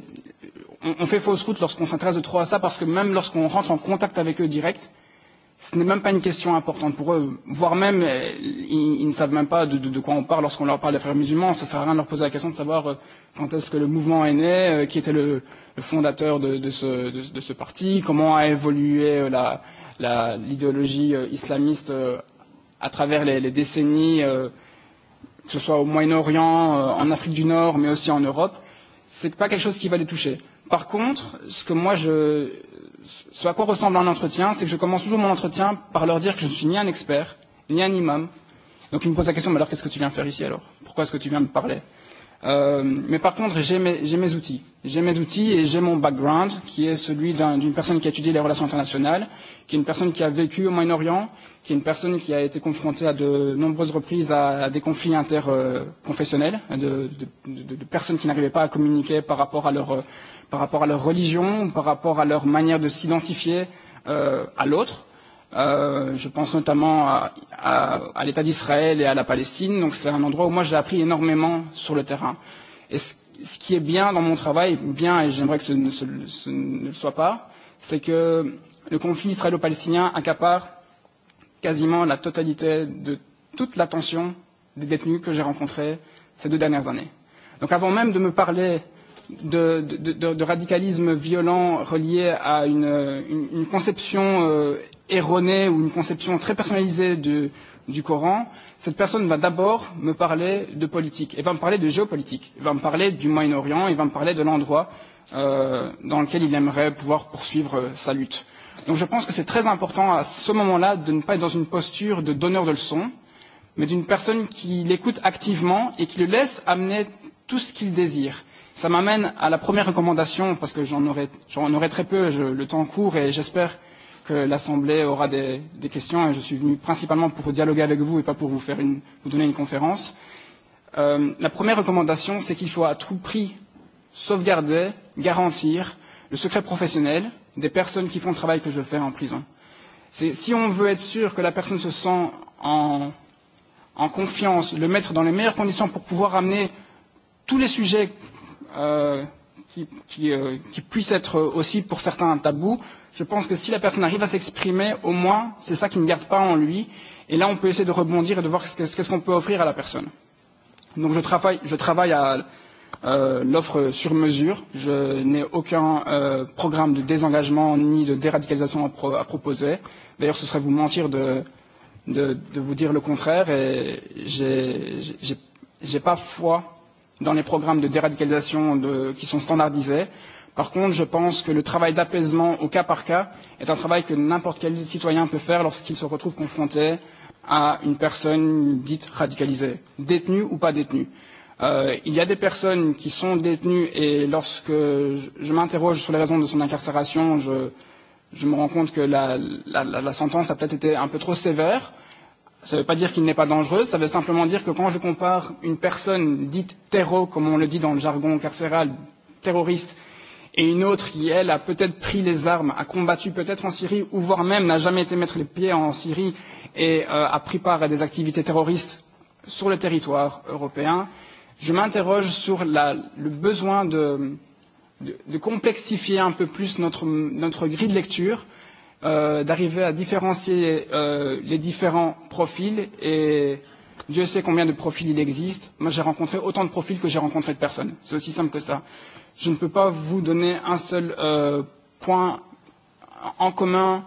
On, on fait fausse route lorsqu'on s'intéresse de trop à ça, parce que même lorsqu'on rentre en contact avec eux direct, ce n'est même pas une question importante pour eux, voire même, eh, ils, ils ne savent même pas de, de, de quoi on parle lorsqu'on leur parle des frères musulmans. Ça ne sert à rien de leur poser la question de savoir euh, quand est-ce que le mouvement est né, euh, qui était le, le fondateur de, de, ce, de, de ce parti, comment a évolué l'idéologie euh, la, la, islamiste à travers les, les décennies. Euh, que ce soit au Moyen-Orient, euh, en Afrique du Nord, mais aussi en Europe, c'est pas quelque chose qui va les toucher. Par contre, ce que moi je, ce à quoi ressemble un entretien, c'est que je commence toujours mon entretien par leur dire que je ne suis ni un expert, ni un imam. Donc ils me posent la question, mais alors qu'est-ce que tu viens faire ici alors Pourquoi est-ce que tu viens me parler Euh, mais par contre, j'ai mes, mes outils. J'ai mes outils et j'ai mon background, qui est celui d'une un, personne qui a étudié les relations internationales, qui est une personne qui a vécu au Moyen-Orient, qui est une personne qui a été confrontée à de nombreuses reprises à, à des conflits interconfessionnels, de, de, de, de personnes qui n'arrivaient pas à communiquer par rapport à leur, par rapport à leur religion, par rapport à leur manière de s'identifier euh, à l'autre Euh, je pense notamment à, à, à l'État d'Israël et à la Palestine. Donc c'est un endroit où moi j'ai appris énormément sur le terrain. Et ce, ce qui est bien dans mon travail, bien et j'aimerais que ce ne, ce, ce ne le soit pas, c'est que le conflit israélo-palestinien accapare quasiment la totalité de toute l'attention des détenus que j'ai rencontrés ces deux dernières années. Donc avant même de me parler de, de, de, de radicalisme violent relié à une, une, une conception euh, erronée ou une conception très personnalisée de, du Coran, cette personne va d'abord me parler de politique, et va me parler de géopolitique, elle va me parler du Moyen-Orient, elle va me parler de l'endroit euh, dans lequel il aimerait pouvoir poursuivre euh, sa lutte. Donc je pense que c'est très important à ce moment-là de ne pas être dans une posture de donneur de leçons, mais d'une personne qui l'écoute activement et qui le laisse amener tout ce qu'il désire. Ça m'amène à la première recommandation, parce que j'en aurai, aurai très peu, je, le temps court, et j'espère euh, que l'Assemblée aura des, des questions et je suis venu principalement pour dialoguer avec vous et pas pour vous, faire une, vous donner une conférence. Euh, la première recommandation, c'est qu'il faut à tout prix sauvegarder, garantir le secret professionnel des personnes qui font le travail que je fais en prison. Si on veut être sûr que la personne se sent en, en confiance, le mettre dans les meilleures conditions pour pouvoir amener tous les sujets euh, qui, qui, euh, qui puisse être aussi pour certains un tabou. Je pense que si la personne arrive à s'exprimer, au moins, c'est ça qui ne garde pas en lui. Et là, on peut essayer de rebondir et de voir qu'est-ce qu'on qu peut offrir à la personne. Donc, je travaille, je travaille à euh, l'offre sur mesure. Je n'ai aucun euh, programme de désengagement ni de déradicalisation à, pro à proposer. D'ailleurs, ce serait vous mentir de, de, de vous dire le contraire. Et j'ai pas foi dans les programmes de déradicalisation de, qui sont standardisés. Par contre, je pense que le travail d'apaisement au cas par cas est un travail que n'importe quel citoyen peut faire lorsqu'il se retrouve confronté à une personne dite radicalisée, détenue ou pas détenue. Euh, il y a des personnes qui sont détenues et lorsque je, je m'interroge sur les raisons de son incarcération, je, je me rends compte que la, la, la, sentence a peut-être été un peu trop sévère. Euh, Ça ne veut pas dire qu'il n'est pas dangereux, ça veut simplement dire que quand je compare une personne dite terreau, comme on le dit dans le jargon carcéral, terroriste, et une autre qui, elle, a peut-être pris les armes, a combattu peut-être en Syrie, ou voire même n'a jamais été mettre les pieds en Syrie et euh, a pris part à des activités terroristes sur le territoire européen, je m'interroge sur la, le besoin de, de, de complexifier un peu plus notre, notre grille de lecture euh, d'arriver à différencier euh, les différents profils et Dieu sait combien de profils il existe. Moi, j'ai rencontré autant de profils que j'ai rencontré de personnes. C'est aussi simple que ça. Je ne peux pas vous donner un seul euh, point en commun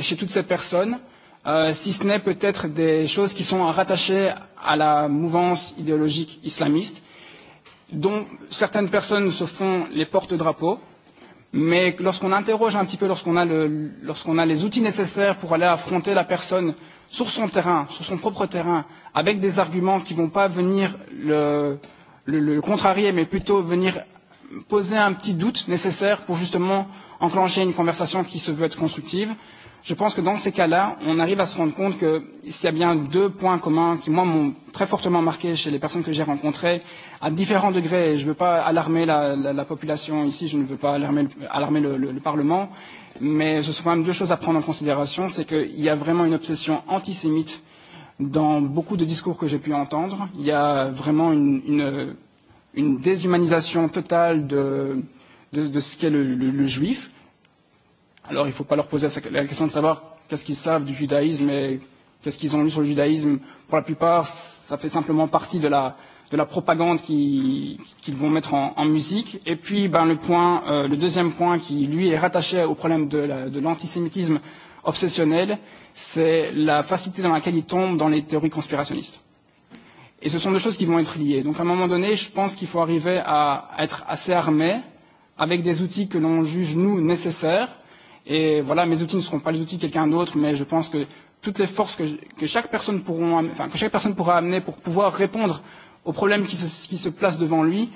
chez toutes ces personnes, euh, si ce n'est peut-être des choses qui sont rattachées à la mouvance idéologique islamiste, dont certaines personnes se font les porte-drapeaux, Mais lorsqu'on interroge un petit peu, lorsqu'on a, le, lorsqu'on a les outils nécessaires pour aller affronter la personne sur son terrain, sur son propre terrain, avec des arguments qui ne vont pas venir le, le, le contrarier, mais plutôt venir poser un petit doute nécessaire pour justement enclencher une conversation qui se veut être constructive, Je pense que dans ces cas-là, on arrive à se rendre compte que s'il y a bien deux points communs qui, moi, m'ont très fortement marqué chez les personnes que j'ai rencontrées, à différents degrés, je ne veux pas alarmer la, la, la population ici, je ne veux pas alarmer, alarmer le, le, le Parlement, mais ce sont quand même deux choses à prendre en considération, c'est qu'il y a vraiment une obsession antisémite dans beaucoup de discours que j'ai pu entendre. Il y a vraiment une, une, une déshumanisation totale de, de, de ce qu'est le, le, le juif Alors il ne faut pas leur poser la question de savoir qu'est-ce qu'ils savent du judaïsme et qu'est-ce qu'ils ont lu sur le judaïsme. Pour la plupart, ça fait simplement partie de la, de la propagande qu'ils qu vont mettre en, en musique. Et puis ben, le, point, euh, le deuxième point qui, lui, est rattaché au problème de l'antisémitisme la, de obsessionnel, c'est la facilité dans laquelle ils tombent dans les théories conspirationnistes. Et ce sont deux choses qui vont être liées. Donc à un moment donné, je pense qu'il faut arriver à être assez armé avec des outils que l'on juge, nous, nécessaires, Et voilà, mes outils ne seront pas les outils de quelqu'un d'autre, mais je pense que toutes les forces que, que chaque personne pourront, enfin, que chaque personne pourra amener pour pouvoir répondre aux problèmes qui se, qui se placent devant lui,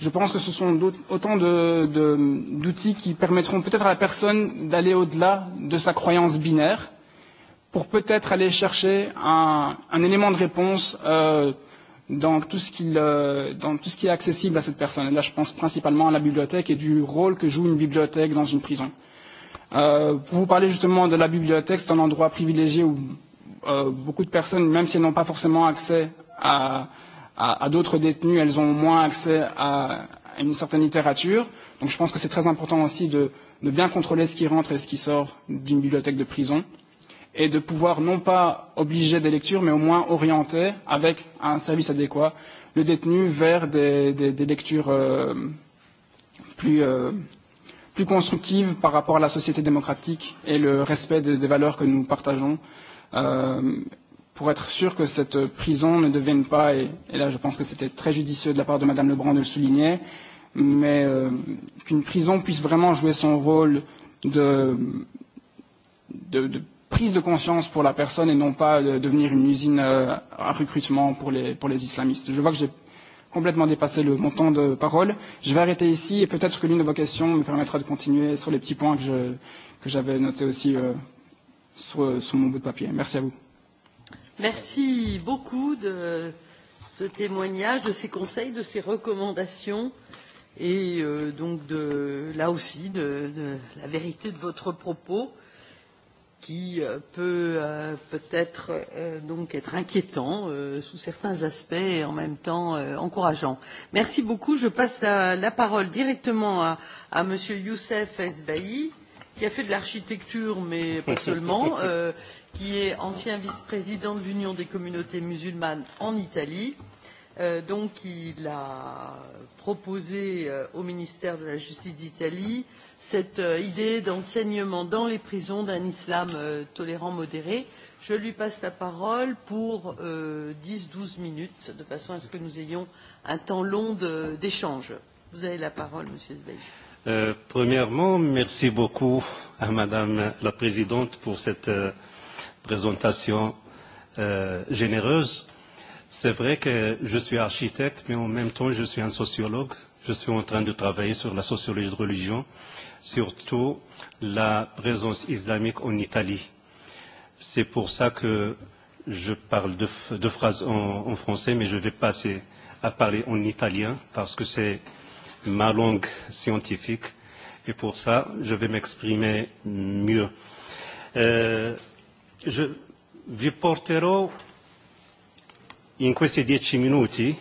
je pense que ce sont autant d'outils de, de, qui permettront peut-être à la personne d'aller au-delà de sa croyance binaire pour peut-être aller chercher un, un élément de réponse euh, dans tout ce qui euh, dans tout ce qui est accessible à cette personne. Et là, je pense principalement à la bibliothèque et du rôle que joue une bibliothèque dans une prison. Euh, vous parlez justement de la bibliothèque, c'est un endroit privilégié où euh, beaucoup de personnes, même si elles n'ont pas forcément accès à, à, à d'autres détenus, elles ont au moins accès à, à une certaine littérature. Donc je pense que c'est très important aussi de, de bien contrôler ce qui rentre et ce qui sort d'une bibliothèque de prison et de pouvoir non pas obliger des lectures, mais au moins orienter avec un service adéquat le détenu vers des, des, des lectures euh, plus, euh, plus constructive par rapport à la société démocratique et le respect de, des valeurs que nous partageons, euh, pour être sûr que cette prison ne devienne pas, et, et là je pense que c'était très judicieux de la part de Madame Lebrun de le souligner, mais euh, qu'une prison puisse vraiment jouer son rôle de, de, de prise de conscience pour la personne et non pas de devenir une usine euh, à recrutement pour les, pour les islamistes. Je vois que j'ai complètement dépassé le montant de parole. Je vais arrêter ici et peut-être que l'une de vos questions me permettra de continuer sur les petits points que, je, que j'avais notés aussi euh, sur, euh, sur mon bout de papier. Merci à vous. Merci beaucoup de ce témoignage, de ces conseils, de ces recommandations et euh, donc de, là aussi de, de la vérité de votre propos qui euh, peut euh, peut-être euh, donc être inquiétant euh, sous certains aspects et en même temps euh, encourageant. Merci beaucoup. Je passe la, la parole directement à, à Monsieur Youssef Esbahi, qui a fait de l'architecture, mais pas seulement, euh, qui est ancien vice-président de l'Union des communautés musulmanes en Italie. Euh, donc, il a proposé euh, au ministère de la Justice d'Italie euh, cette euh, idée d'enseignement dans les prisons d'un islam euh, tolérant modéré. Je lui passe la parole pour euh, 10-12 minutes, de façon à ce que nous ayons un temps long d'échange. Vous avez la parole, Monsieur Zbeig. Euh, premièrement, merci beaucoup à Madame la Présidente pour cette euh, présentation euh, généreuse. C'est vrai que je suis architecte, mais en même temps, je suis un sociologue. Je suis en train de travailler sur la sociologie de religion. Euh, surtout la présence islamique en Italie. C'est pour ça que je parle deux, de phrases en, en français, mais je vais passer à parler en italien parce que c'est ma langue scientifique et pour ça, je vais m'exprimer mieux. Euh, je vi porterò in questi dieci minuti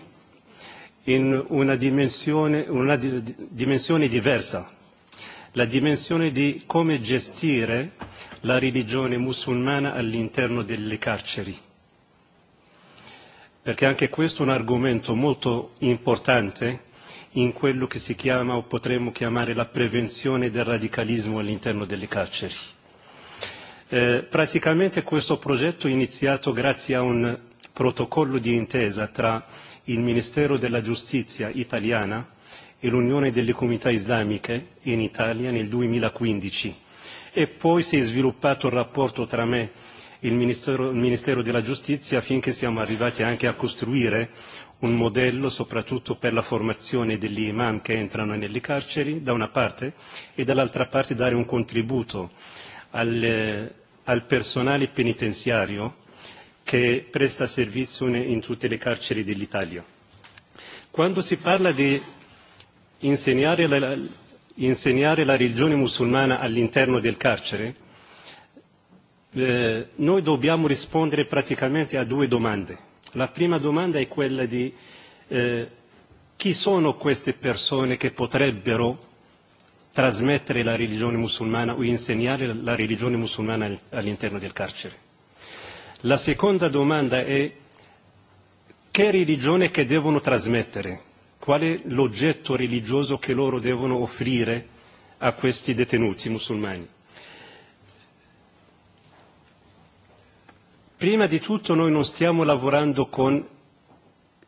in una dimensione, una dimensione diversa la dimensione di come gestire la religione musulmana all'interno delle carceri, perché anche questo è un argomento molto importante in quello che si chiama o potremmo chiamare la prevenzione del radicalismo all'interno delle carceri. Eh, praticamente questo progetto è iniziato grazie a un protocollo di intesa tra il Ministero della Giustizia italiana e l'Unione delle Comunità Islamiche in Italia nel 2015 e poi si è sviluppato il rapporto tra me e il Ministero, il Ministero della Giustizia affinché siamo arrivati anche a costruire un modello soprattutto per la formazione degli imam che entrano nelle carceri da una parte e dall'altra parte dare un contributo al, al personale penitenziario che presta servizio in, in tutte le carceri dell'Italia. Quando si parla di insegnare la, insegnare la religione musulmana all'interno del carcere, eh, noi dobbiamo rispondere praticamente a due domande. La prima domanda è quella di eh, chi sono queste persone che potrebbero trasmettere la religione musulmana o insegnare la religione musulmana all'interno del carcere. La seconda domanda è che religione che devono trasmettere qual è l'oggetto religioso che loro devono offrire a questi detenuti musulmani. Prima di tutto noi non stiamo lavorando con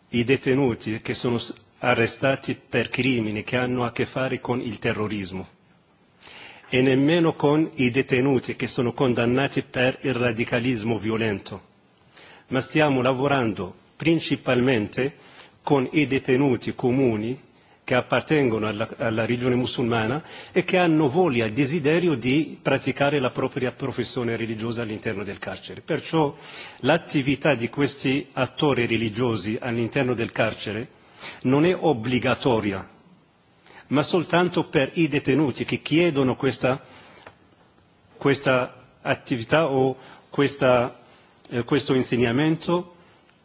i detenuti che sono arrestati per crimini che hanno a che fare con il terrorismo e nemmeno con i detenuti che sono condannati per il radicalismo violento, ma stiamo lavorando principalmente con i detenuti comuni che appartengono alla, alla religione musulmana e che hanno voglia e desiderio di praticare la propria professione religiosa all'interno del carcere. Perciò l'attività di questi attori religiosi all'interno del carcere non è obbligatoria, ma soltanto per i detenuti che chiedono questa, questa attività o questa, eh, questo insegnamento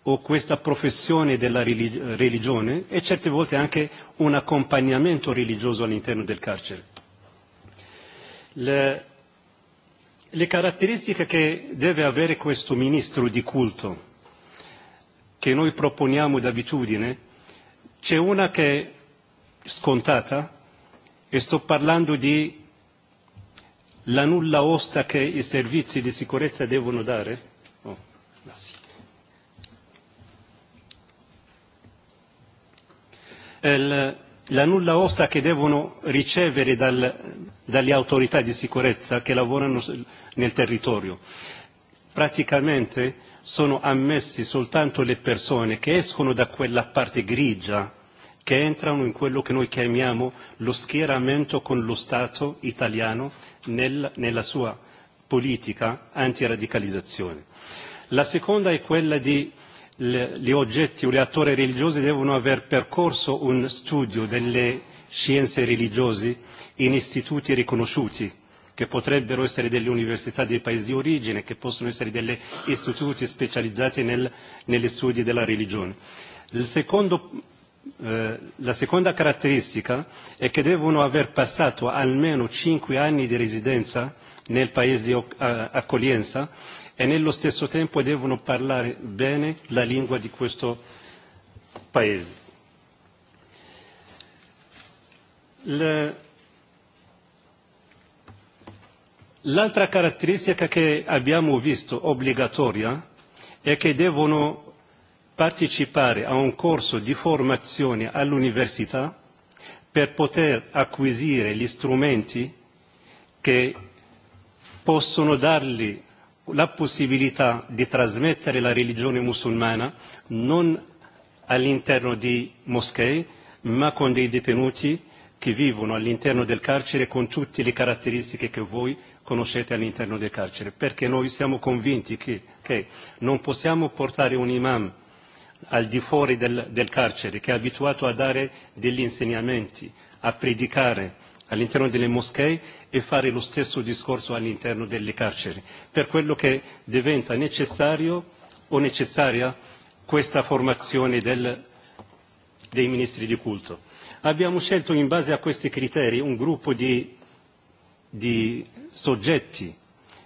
o questa professione della religione e certe volte anche un accompagnamento religioso all'interno del carcere. Le, le caratteristiche che deve avere questo ministro di culto, che noi proponiamo d'abitudine, c'è una che è scontata e sto parlando di la nulla osta che i servizi di sicurezza devono dare. Oh, Eh, la nulla osta che devono ricevere dal, dalle autorità di sicurezza che lavorano nel territorio. Praticamente sono ammessi soltanto le persone che escono da quella parte grigia che entrano in quello che noi chiamiamo lo schieramento con lo Stato italiano nel, nella sua politica antiradicalizzazione. La seconda è quella di le, gli oggetti o le attori religiosi devono aver percorso un studio delle scienze religiose in istituti riconosciuti, che potrebbero essere delle università dei paesi di origine, che possono essere degli istituti specializzati nel, negli studi della religione. Il secondo eh, la seconda caratteristica è che devono aver passato almeno cinque anni di residenza nel paese di accoglienza e nello stesso tempo devono parlare bene la lingua di questo paese. L'altra caratteristica che abbiamo visto obbligatoria è che devono partecipare a un corso di formazione all'università per poter acquisire gli strumenti che possono dargli la possibilità di trasmettere la religione musulmana non all'interno di moschee, ma con dei detenuti che vivono all'interno del carcere con tutte le caratteristiche che voi conoscete all'interno del carcere, perché noi siamo convinti che, che non possiamo portare un imam al di fuori del, del carcere, che è abituato a dare degli insegnamenti, a predicare all'interno delle moschee, e fare lo stesso discorso all'interno delle carceri, per quello che diventa necessario o necessaria questa formazione del, dei ministri di culto. Abbiamo scelto in base a questi criteri un gruppo di, di soggetti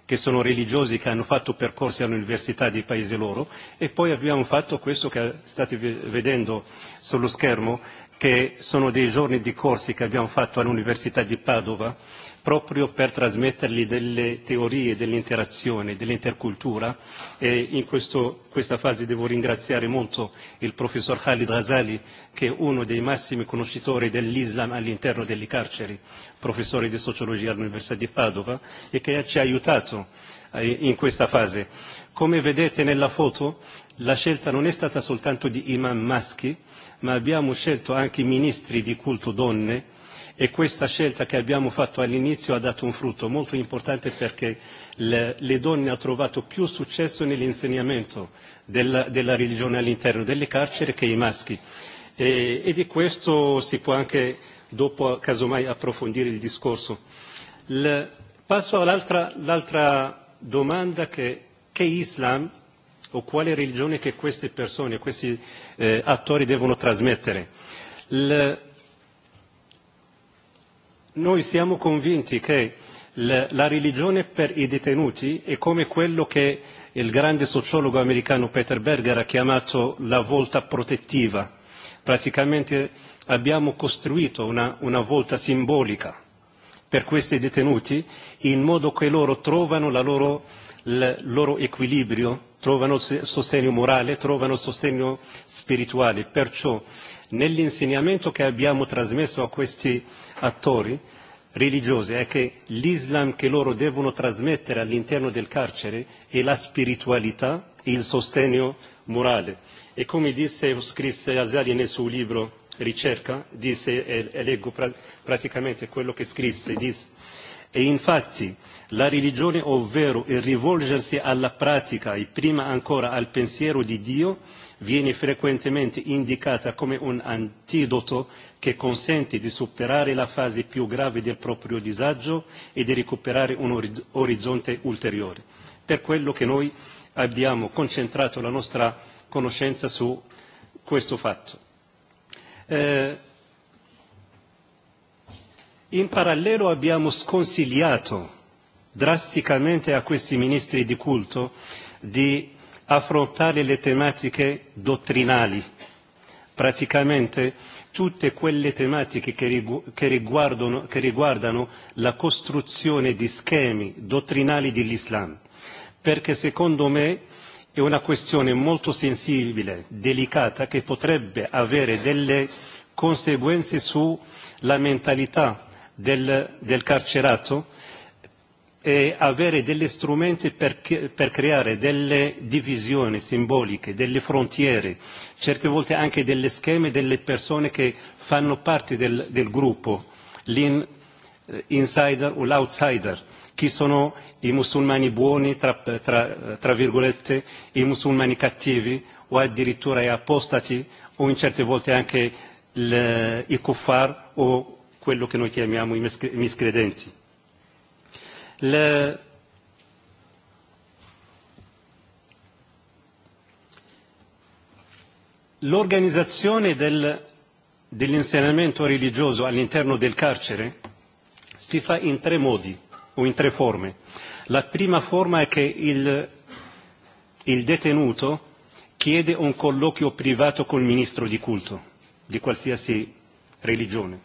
che sono religiosi, che hanno fatto percorsi all'università dei paesi loro e poi abbiamo fatto questo che state vedendo sullo schermo, che sono dei giorni di corsi che abbiamo fatto all'Università di Padova proprio per trasmettergli delle teorie dell'interazione, dell'intercultura e in questo, questa fase devo ringraziare molto il professor Khalid Ghazali che è uno dei massimi conoscitori dell'Islam all'interno delle carceri, professore di sociologia all'Università di Padova e che ci ha aiutato eh, in questa fase. Come vedete nella foto la scelta non è stata soltanto di imam maschi, ma abbiamo scelto anche ministri di culto donne, e questa scelta che abbiamo fatto all'inizio ha dato un frutto molto importante perché le, le donne hanno trovato più successo nell'insegnamento della, della religione all'interno delle carceri che i maschi. E, e di questo si può anche dopo casomai approfondire il discorso. Le, passo all'altra, l'altra domanda che, che Islam o quale religione che queste persone, questi eh, attori devono trasmettere. Le, noi siamo convinti che la, la religione per i detenuti è come quello che il grande sociologo americano Peter Berger ha chiamato la volta protettiva. Praticamente abbiamo costruito una, una volta simbolica per questi detenuti in modo che loro trovano la loro, il loro equilibrio trovano sostegno morale, trovano sostegno spirituale. Perciò nell'insegnamento che abbiamo trasmesso a questi attori religiosi è che l'Islam che loro devono trasmettere all'interno del carcere è la spiritualità e il sostegno morale. E come disse o scrisse Azali nel suo libro Ricerca, disse, e leggo praticamente quello che scrisse, disse, e infatti la religione, ovvero il rivolgersi alla pratica e prima ancora al pensiero di Dio, viene frequentemente indicata come un antidoto che consente di superare la fase più grave del proprio disagio e di recuperare un orizzonte ulteriore. Per quello che noi abbiamo concentrato la nostra conoscenza su questo fatto. Eh, in parallelo abbiamo sconsigliato drasticamente a questi ministri di culto di affrontare le tematiche dottrinali, praticamente tutte quelle tematiche che, rigu che, riguardano, che riguardano la costruzione di schemi dottrinali dell'Islam, perché secondo me è una questione molto sensibile, delicata, che potrebbe avere delle conseguenze sulla mentalità del, del carcerato e avere degli strumenti per, per creare delle divisioni simboliche, delle frontiere, certe volte anche delle scheme delle persone che fanno parte del, del gruppo, l'insider eh, o l'outsider, chi sono i musulmani buoni, tra, tra, tra virgolette, i musulmani cattivi o addirittura gli apostati o in certe volte anche le, i kuffar o quello che noi chiamiamo i miscredenti le, l'organizzazione del, dell'insegnamento religioso all'interno del carcere si fa in tre modi o in tre forme. La prima forma è che il, il detenuto chiede un colloquio privato col ministro di culto di qualsiasi religione.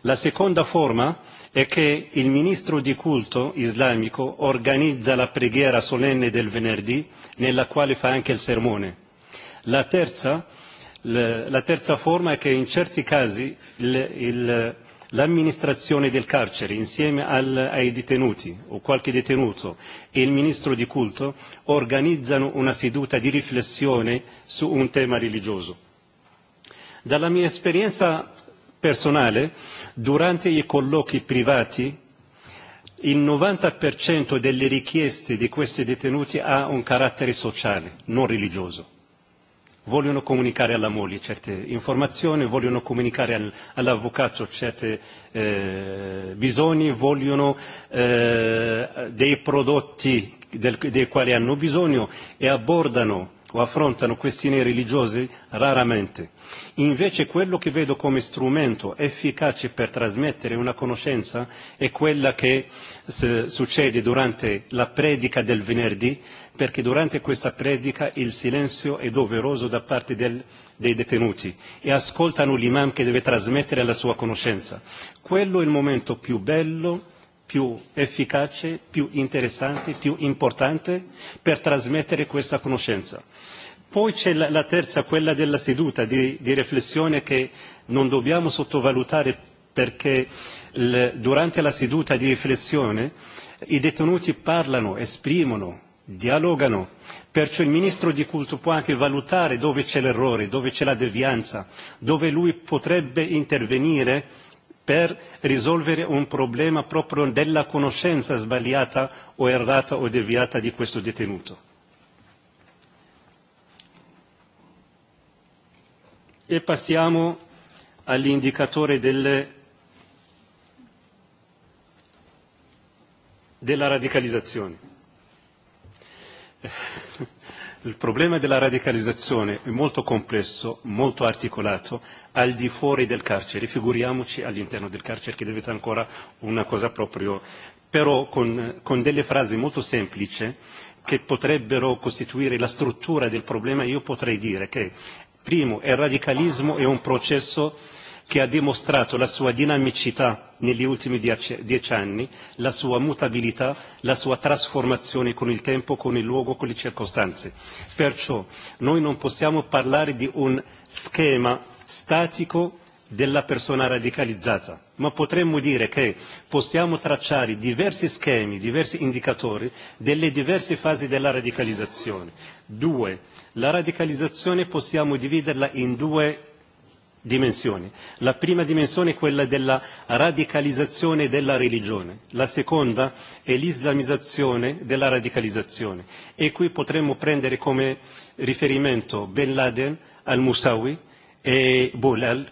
La seconda forma è è che il ministro di culto islamico organizza la preghiera solenne del venerdì nella quale fa anche il sermone. La terza, la terza forma è che in certi casi il, il, l'amministrazione del carcere insieme al, ai detenuti o qualche detenuto e il ministro di culto organizzano una seduta di riflessione su un tema religioso. Dalla mia esperienza personale durante i colloqui privati il 90% delle richieste di questi detenuti ha un carattere sociale, non religioso. Vogliono comunicare alla moglie certe informazioni, vogliono comunicare al, all'avvocato certi eh, bisogni, vogliono eh, dei prodotti del, dei quali hanno bisogno e abbordano o affrontano questioni religiose raramente. Invece quello che vedo come strumento efficace per trasmettere una conoscenza è quella che succede durante la predica del venerdì, perché durante questa predica il silenzio è doveroso da parte del, dei detenuti e ascoltano l'imam che deve trasmettere la sua conoscenza. Quello è il momento più bello più efficace, più interessante, più importante per trasmettere questa conoscenza. Poi c'è la, la terza, quella della seduta di, di riflessione che non dobbiamo sottovalutare perché l, durante la seduta di riflessione i detenuti parlano, esprimono, dialogano, perciò il ministro di culto può anche valutare dove c'è l'errore, dove c'è la devianza, dove lui potrebbe intervenire per risolvere un problema proprio della conoscenza sbagliata o errata o deviata di questo detenuto. E passiamo all'indicatore delle, della radicalizzazione. Il problema della radicalizzazione è molto complesso, molto articolato, al di fuori del carcere, figuriamoci all'interno del carcere che diventa ancora una cosa proprio, però con, con delle frasi molto semplici che potrebbero costituire la struttura del problema, io potrei dire che, primo, il radicalismo è un processo eh, che ha dimostrato la sua dinamicità negli ultimi dieci anni, la sua mutabilità, la sua trasformazione con il tempo, con il luogo, con le circostanze. Perciò noi non possiamo parlare di un schema statico della persona radicalizzata, ma potremmo dire che possiamo tracciare diversi schemi, diversi indicatori delle diverse fasi della radicalizzazione. Due, la radicalizzazione possiamo dividerla in due dimensioni. La prima dimensione è quella della radicalizzazione della religione, la seconda è l'islamizzazione della radicalizzazione e qui potremmo prendere come riferimento Ben Laden, al-Musawi e Boulal,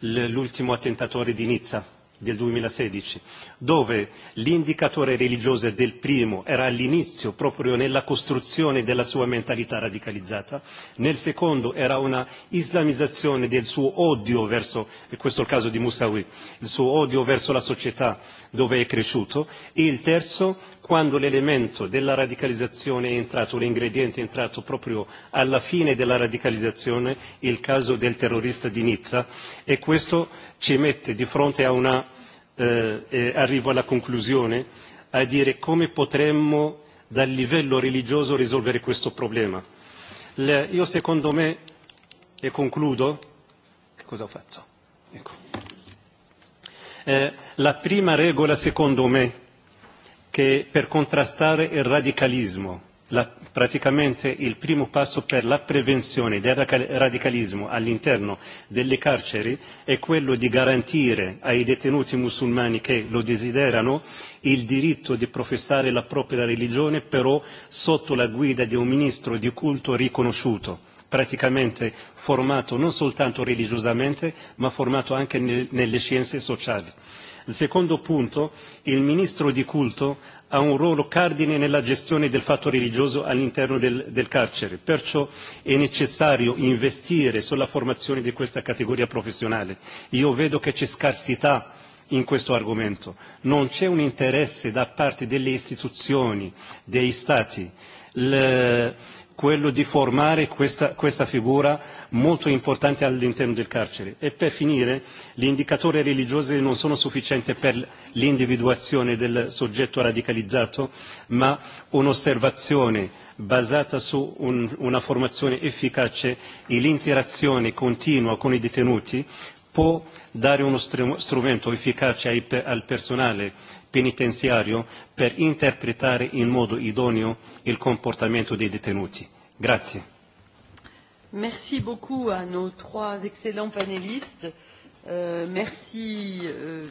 l'ultimo attentatore di Nizza del 2016, dove l'indicatore religioso del primo era all'inizio proprio nella costruzione della sua mentalità radicalizzata, nel secondo era una islamizzazione del suo odio verso, e questo è il caso di Musawi, il suo odio verso la società dove è cresciuto, e il terzo quando l'elemento della radicalizzazione è entrato, l'ingrediente è entrato proprio alla fine della radicalizzazione, il caso del terrorista di Nizza, e questo ci mette di fronte a una eh, eh, arrivo alla conclusione, a dire come potremmo dal livello religioso risolvere questo problema. Le, io secondo me, e concludo, che cosa ho fatto? Ecco. Eh, la prima regola secondo me che per contrastare il radicalismo la, praticamente il primo passo per la prevenzione del radicalismo all'interno delle carceri è quello di garantire ai detenuti musulmani che lo desiderano il diritto di professare la propria religione però sotto la guida di un ministro di culto riconosciuto praticamente formato non soltanto religiosamente ma formato anche nel, nelle scienze sociali. Il secondo punto, il ministro di culto ha un ruolo cardine nella gestione del fatto religioso all'interno del, del carcere, perciò è necessario investire sulla formazione di questa categoria professionale. Io vedo che c'è scarsità in questo argomento, non c'è un interesse da parte delle istituzioni, dei Stati. Le quello di formare questa, questa figura molto importante all'interno del carcere. E per finire, gli indicatori religiosi non sono sufficienti per l'individuazione del soggetto radicalizzato, ma un'osservazione basata su un, una formazione efficace e l'interazione continua con i detenuti può dare uno strumento efficace ai, al personale penitenziario per interpretare in modo idoneo il comportamento dei detenuti. Grazie. Merci beaucoup à nos trois excellents panélistes. Euh, merci euh,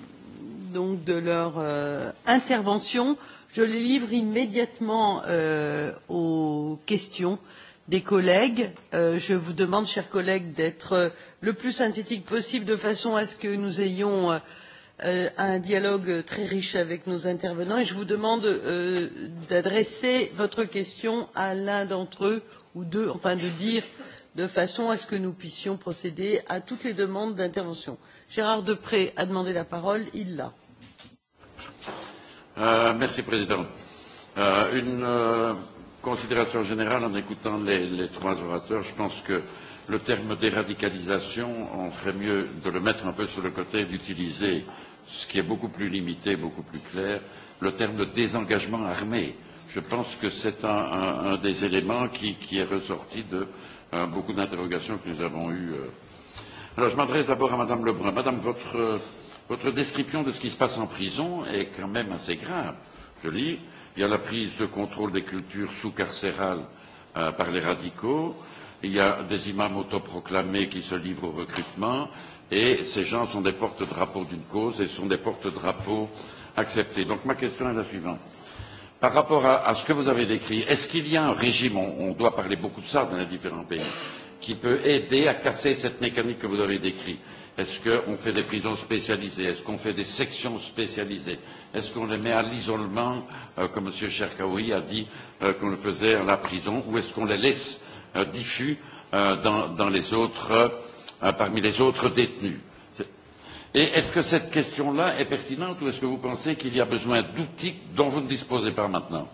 donc de leur euh, intervention. Je les livre immédiatement euh, aux questions des collègues. Euh, je vous demande, chers collègues, d'être euh, le plus synthétique possible de façon à ce que nous ayons euh, Euh, un dialogue très riche avec nos intervenants et je vous demande euh, d'adresser votre question à l'un d'entre eux ou deux enfin de dire de façon à ce que nous puissions procéder à toutes les demandes d'intervention. Gérard Depré a demandé la parole, il l'a. Euh, merci Président. Euh, une euh, considération générale en écoutant les, les trois orateurs, je pense que le terme déradicalisation, on ferait mieux de le mettre un peu sur le côté d'utiliser euh, ce qui est beaucoup plus limité, beaucoup plus clair, le terme de désengagement armé. Je pense que c'est un, un, un des éléments qui, qui est ressorti de euh, beaucoup d'interrogations que nous avons eues. Euh. Alors je m'adresse d'abord à Madame Lebrun. Madame, votre, votre description de ce qui se passe en prison est quand même assez grave. Je lis, il y a la prise de contrôle des cultures sous-carcérales euh, par les radicaux, il y a des imams autoproclamés qui se livrent au recrutement, Et ces gens sont des porte-drapeaux d'une cause et sont des porte-drapeaux acceptés. Donc ma question est la suivante. Par rapport à, à ce que vous avez décrit, est-ce qu'il y a un régime, on, on doit parler beaucoup de ça dans les différents pays, qui peut aider à casser cette mécanique que vous avez décrite Est-ce qu'on fait des prisons spécialisées Est-ce qu'on fait des sections spécialisées Est-ce qu'on les met à l'isolement, euh, comme M. Cherkaoui a dit euh, qu'on le faisait à la prison, ou est-ce qu'on les laisse euh, diffus euh, dans, dans les autres euh, hein, euh, parmi les autres détenus. Et est-ce que cette question-là est pertinente ou est-ce que vous pensez qu'il y a besoin d'outils dont vous ne disposez pas maintenant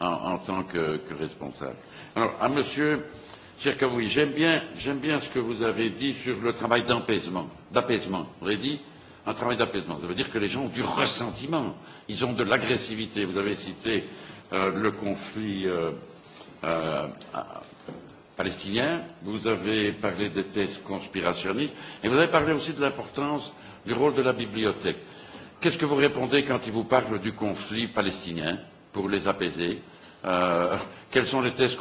en, en tant que, que responsable Alors, à monsieur Cherkaoui, j'aime bien, bien ce que vous avez dit sur le travail d'apaisement. D'apaisement, vous avez dit un travail d'apaisement. Ça veut dire que les gens ont du ressentiment, ils ont de l'agressivité. Vous avez cité euh, le conflit euh, euh, palestinien, vous avez parlé des thèses conspirationnistes, et vous avez parlé aussi de l'importance du rôle de la bibliothèque. Qu'est-ce que vous répondez quand ils vous parlent du conflit palestinien pour les apaiser euh, Quelles sont les thèses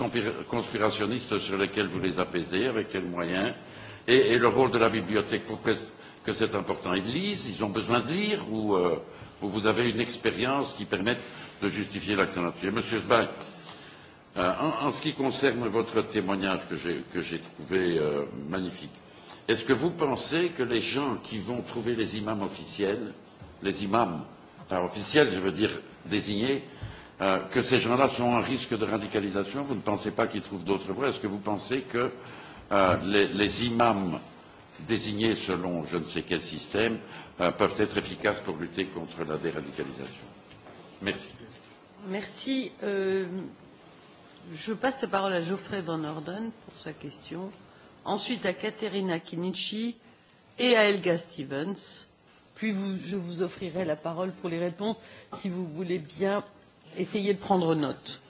conspirationnistes sur lesquelles vous les apaisez Avec quels moyens et, et le rôle de la bibliothèque, pourquoi que c'est important Ils lisent Ils ont besoin de lire Ou euh, vous avez une expérience qui permette de justifier l'action là-dessus Monsieur Sbank, Euh, en, en ce qui concerne votre témoignage que j'ai trouvé euh, magnifique, est-ce que vous pensez que les gens qui vont trouver les imams officiels, les imams par officiels, je veux dire désignés, euh, que ces gens-là sont en risque de radicalisation Vous ne pensez pas qu'ils trouvent d'autres voies Est-ce que vous pensez que euh, les, les imams désignés selon je ne sais quel système euh, peuvent être efficaces pour lutter contre la déradicalisation Merci. Merci. Euh, je passe la parole à Geoffrey Van Orden pour sa question, ensuite à Katerina Kinichi et à Elga Stevens. Puis vous, je vous offrirai la parole pour les réponses, si vous voulez bien essayer de prendre note.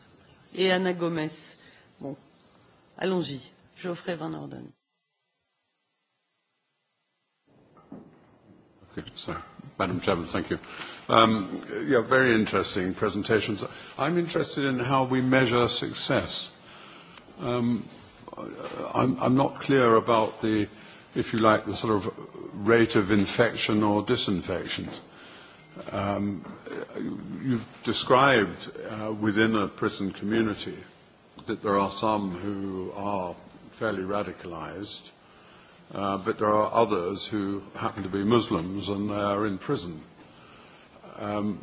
Et Anna Gomez. Bon, allons-y. Geoffrey Van Orden. Okay, so, Madam Chairman, thank you. Um, yeah, very interesting presentations. I'm interested in how we measure success. Um, I'm, I'm not clear about the, if you like, the sort of rate of infection or disinfection. Um, you've described uh, within a prison community that there are some who are fairly radicalized, uh, but there are others who happen to be Muslims and they are in prison. Um,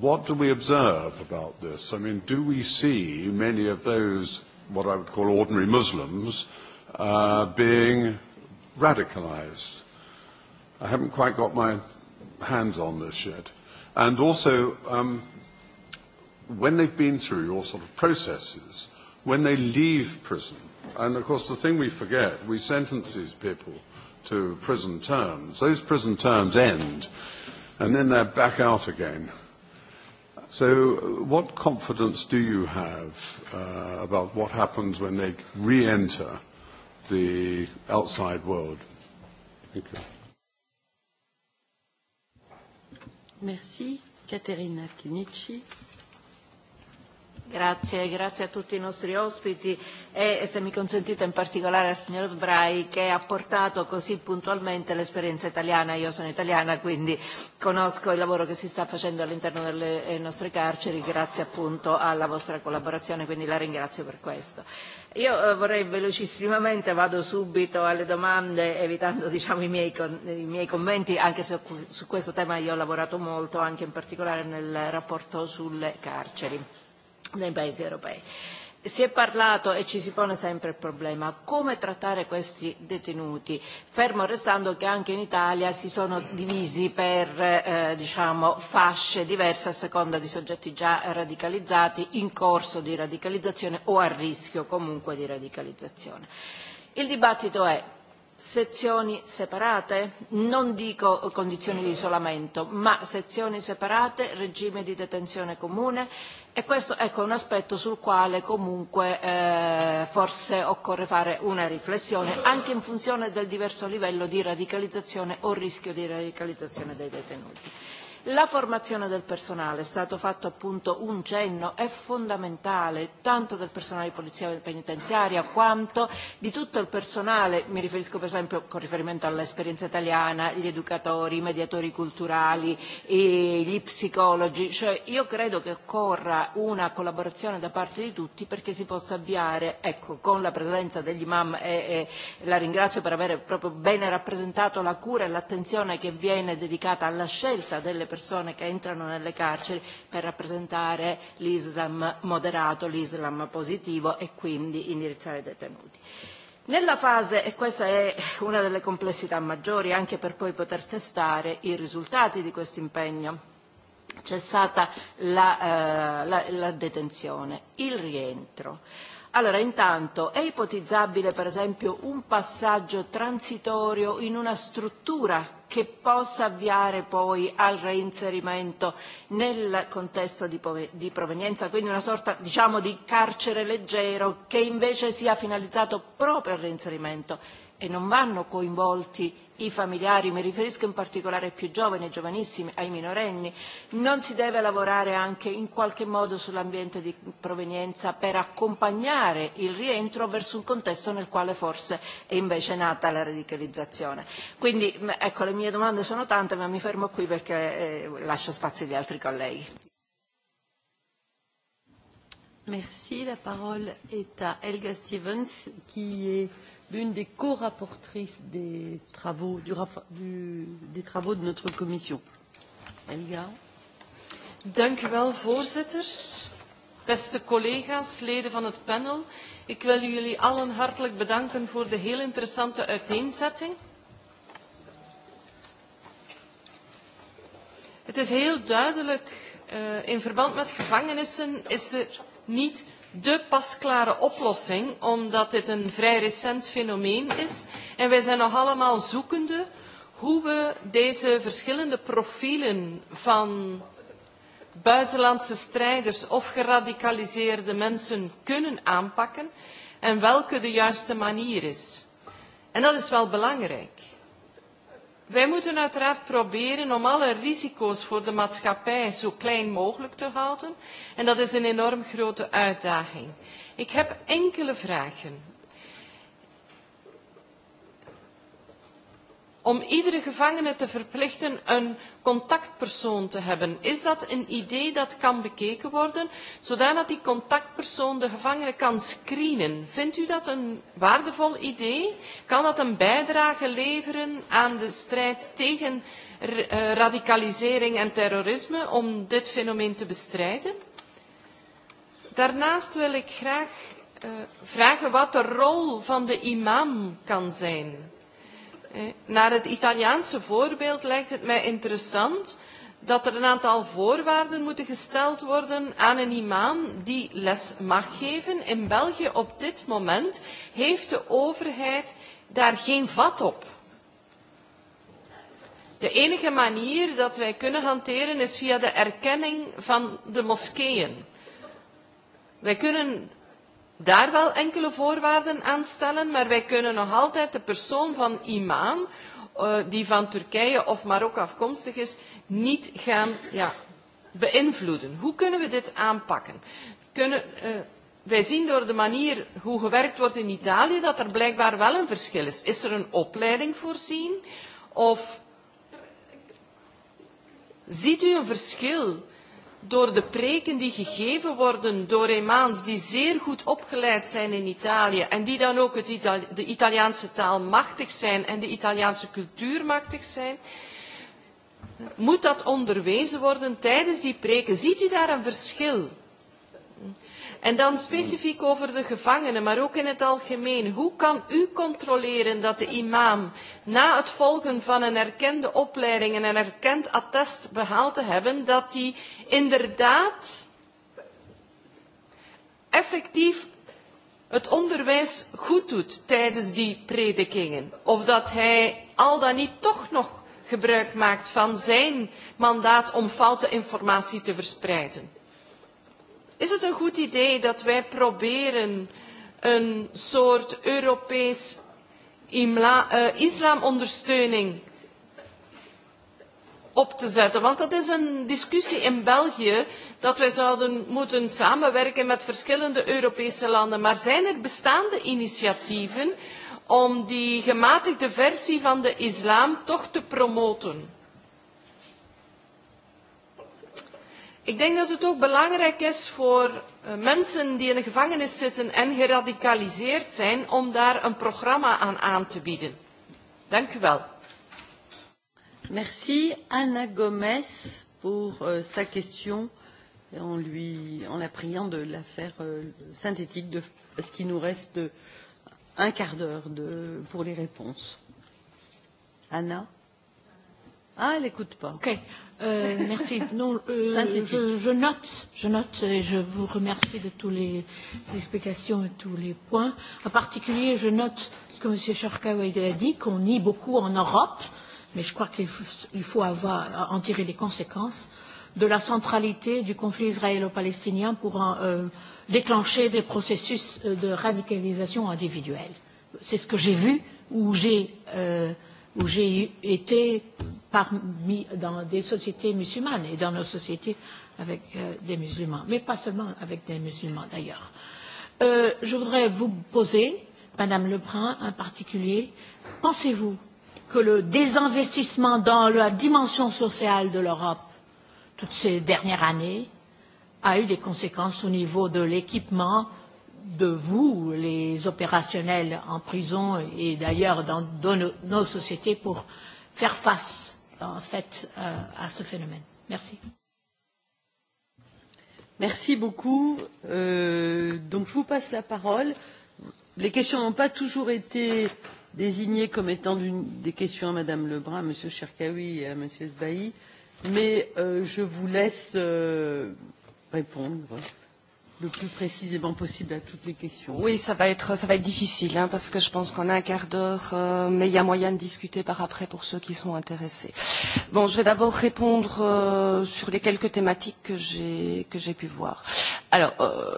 what do we observe about this? I mean, do we see many of those, what I would call ordinary Muslims, uh, being radicalized? I haven't quite got my hands on this yet. And also, um, when they've been through your sort of processes, when they leave prison, and of course the thing we forget, we sentence these people to prison terms. Those prison terms end and then they're back out again. So what confidence do you have uh, about what happens when they re-enter the outside world? Thank you. Merci. Caterina Kinichi. Grazie, grazie a tutti i nostri ospiti e se mi consentite in particolare al signor Sbrai che ha portato così puntualmente l'esperienza italiana. Io sono italiana quindi conosco il lavoro che si sta facendo all'interno delle eh, nostre carceri grazie appunto alla vostra collaborazione, quindi la ringrazio per questo. Io eh, vorrei velocissimamente, vado subito alle domande evitando diciamo, i, miei, i miei commenti, anche se su questo tema io ho lavorato molto, anche in particolare nel rapporto sulle carceri nei paesi europei. Si è parlato e ci si pone sempre il problema come trattare questi detenuti, fermo restando che anche in Italia si sono divisi per eh, diciamo, fasce diverse a seconda di soggetti già radicalizzati, in corso di radicalizzazione o a rischio comunque di radicalizzazione. Il dibattito è sezioni separate, non dico condizioni di isolamento, ma sezioni separate, regime di detenzione comune E questo ecco, è un aspetto sul quale comunque eh, forse occorre fare una riflessione, anche in funzione del diverso livello di radicalizzazione o rischio di radicalizzazione dei detenuti. La formazione del personale, è stato fatto appunto un cenno, è fondamentale tanto del personale di polizia penitenziaria quanto di tutto il personale, mi riferisco per esempio con riferimento all'esperienza italiana, gli educatori, i mediatori culturali, e gli psicologi, cioè io credo che occorra una collaborazione da parte di tutti perché si possa avviare, ecco, con la presenza degli imam e, e la ringrazio per aver proprio bene rappresentato la cura e l'attenzione che viene dedicata alla scelta delle persone persone che entrano nelle carceri per rappresentare l'Islam moderato, l'Islam positivo e quindi indirizzare i detenuti. Nella fase, e questa è una delle complessità maggiori anche per poi poter testare i risultati di questo impegno, c'è stata la, eh, la, la detenzione, il rientro. Allora, intanto, è ipotizzabile per esempio un passaggio transitorio in una struttura che possa avviare poi al reinserimento nel contesto di provenienza, quindi una sorta diciamo di carcere leggero che invece sia finalizzato proprio al reinserimento e non vanno coinvolti i familiari, mi riferisco in particolare ai più giovani, ai giovanissimi, ai minorenni, non si deve lavorare anche in qualche modo sull'ambiente di provenienza per accompagnare il rientro verso un contesto nel quale forse è invece nata la radicalizzazione. Quindi ecco, le mie domande sono tante, ma mi fermo qui perché eh, lascio spazio agli altri colleghi. Merci, la parole est à Helga Stevens qui est l'une des co-rapportrices des travaux, du, du, des travaux de notre commission. Elga. Dank u wel, voorzitter. Beste collega's, leden van het panel. Ik wil jullie allen hartelijk bedanken voor de heel interessante uiteenzetting. Het is heel duidelijk, uh, in verband met gevangenissen is er niet de pasklare oplossing, omdat dit een vrij recent fenomeen is. En wij zijn nog allemaal zoekende hoe we deze verschillende profielen van buitenlandse strijders of geradicaliseerde mensen kunnen aanpakken en welke de juiste manier is. En dat is wel belangrijk. Wij moeten uiteraard proberen om alle risico's voor de maatschappij zo klein mogelijk te houden. En dat is een enorm grote uitdaging. Ik heb enkele vragen. om iedere gevangene te verplichten een contactpersoon te hebben. Is dat een idee dat kan bekeken worden, zodat die contactpersoon de gevangene kan screenen? Vindt u dat een waardevol idee? Kan dat een bijdrage leveren aan de strijd tegen eh, radicalisering en terrorisme om dit fenomeen te bestrijden? Daarnaast wil ik graag uh, vragen wat de rol van de imam kan zijn Naar het Italiaanse voorbeeld lijkt het mij interessant dat er een aantal voorwaarden moeten gesteld worden aan een imam die les mag geven. In België op dit moment heeft de overheid daar geen vat op. De enige manier dat wij kunnen hanteren is via de erkenning van de moskeeën. Wij kunnen daar wel enkele voorwaarden aan stellen, maar wij kunnen nog altijd de persoon van imam, uh, die van Turkije of Marokko afkomstig is, niet gaan ja, beïnvloeden. Hoe kunnen we dit aanpakken? Kunnen, uh, wij zien door de manier hoe gewerkt wordt in Italië dat er blijkbaar wel een verschil is. Is er een opleiding voorzien? Of ziet u een verschil door de preken die gegeven worden door imams die zeer goed opgeleid zijn in Italië en die dan ook het Itali de Italiaanse taal machtig zijn en de Italiaanse cultuur machtig zijn, moet dat onderwezen worden tijdens die preken. Ziet u daar een verschil? En dan specifiek over de gevangenen, maar ook in het algemeen. Hoe kan u controleren dat de imam na het volgen van een erkende opleiding en een erkend attest behaald te hebben, dat hij inderdaad effectief het onderwijs goed doet tijdens die predikingen? Of dat hij al dan niet toch nog gebruik maakt van zijn mandaat om foute informatie te verspreiden? Is het een goed idee dat wij proberen een soort Europees uh, islamondersteuning op te zetten? Want dat is een discussie in België dat wij zouden moeten samenwerken met verschillende Europese landen. Maar zijn er bestaande initiatieven om die gematigde versie van de islam toch te promoten? Ik denk dat het ook belangrijk is voor eh, mensen die in de gevangenis zitten en geradicaliseerd zijn om daar een programma aan aan te bieden. Dank u wel. Merci Anna Gomez pour euh, sa question en, lui, en la priant de la faire euh, synthétique de, parce qu'il nous reste un quart d'heure de, pour les réponses. Anna Ah, elle écoute pas. Okay. Euh, merci. Non, euh, je, je note, je note et je vous remercie de toutes les explications et tous les points. En particulier, je note ce que M. Sharkawi a dit, qu'on nie beaucoup en Europe, mais je crois qu'il faut, il faut avoir, en tirer les conséquences, de la centralité du conflit israélo-palestinien pour un, euh, déclencher des processus euh, de radicalisation individuelle. C'est ce que j'ai vu, où j'ai... Euh, où j'ai été parmi, dans des sociétés musulmanes et dans nos sociétés avec euh, des musulmans, mais pas seulement avec des musulmans d'ailleurs. Euh, je voudrais vous poser, Madame Lebrun en particulier, pensez-vous que le désinvestissement dans la dimension sociale de l'Europe toutes ces dernières années a eu des conséquences au niveau de l'équipement, euh, de vous, les opérationnels en prison et d'ailleurs dans, dans nos, nos sociétés, pour faire face en fait euh, à ce phénomène. Merci. Merci beaucoup. Euh, donc je vous passe la parole. Les questions n'ont pas toujours été désignées comme étant des questions à Madame Lebrun, à Monsieur Cherkaoui et à Monsieur Sbailly, mais euh, je vous laisse euh, répondre. Euh, le plus précisément possible à toutes les questions. Oui, ça va être, ça va être difficile, hein, parce que je pense qu'on a un quart d'heure, euh, mais il y a moyen de discuter par après pour ceux qui sont intéressés. Bon, je vais d'abord répondre euh, sur les quelques thématiques que j'ai pu voir. Alors, euh,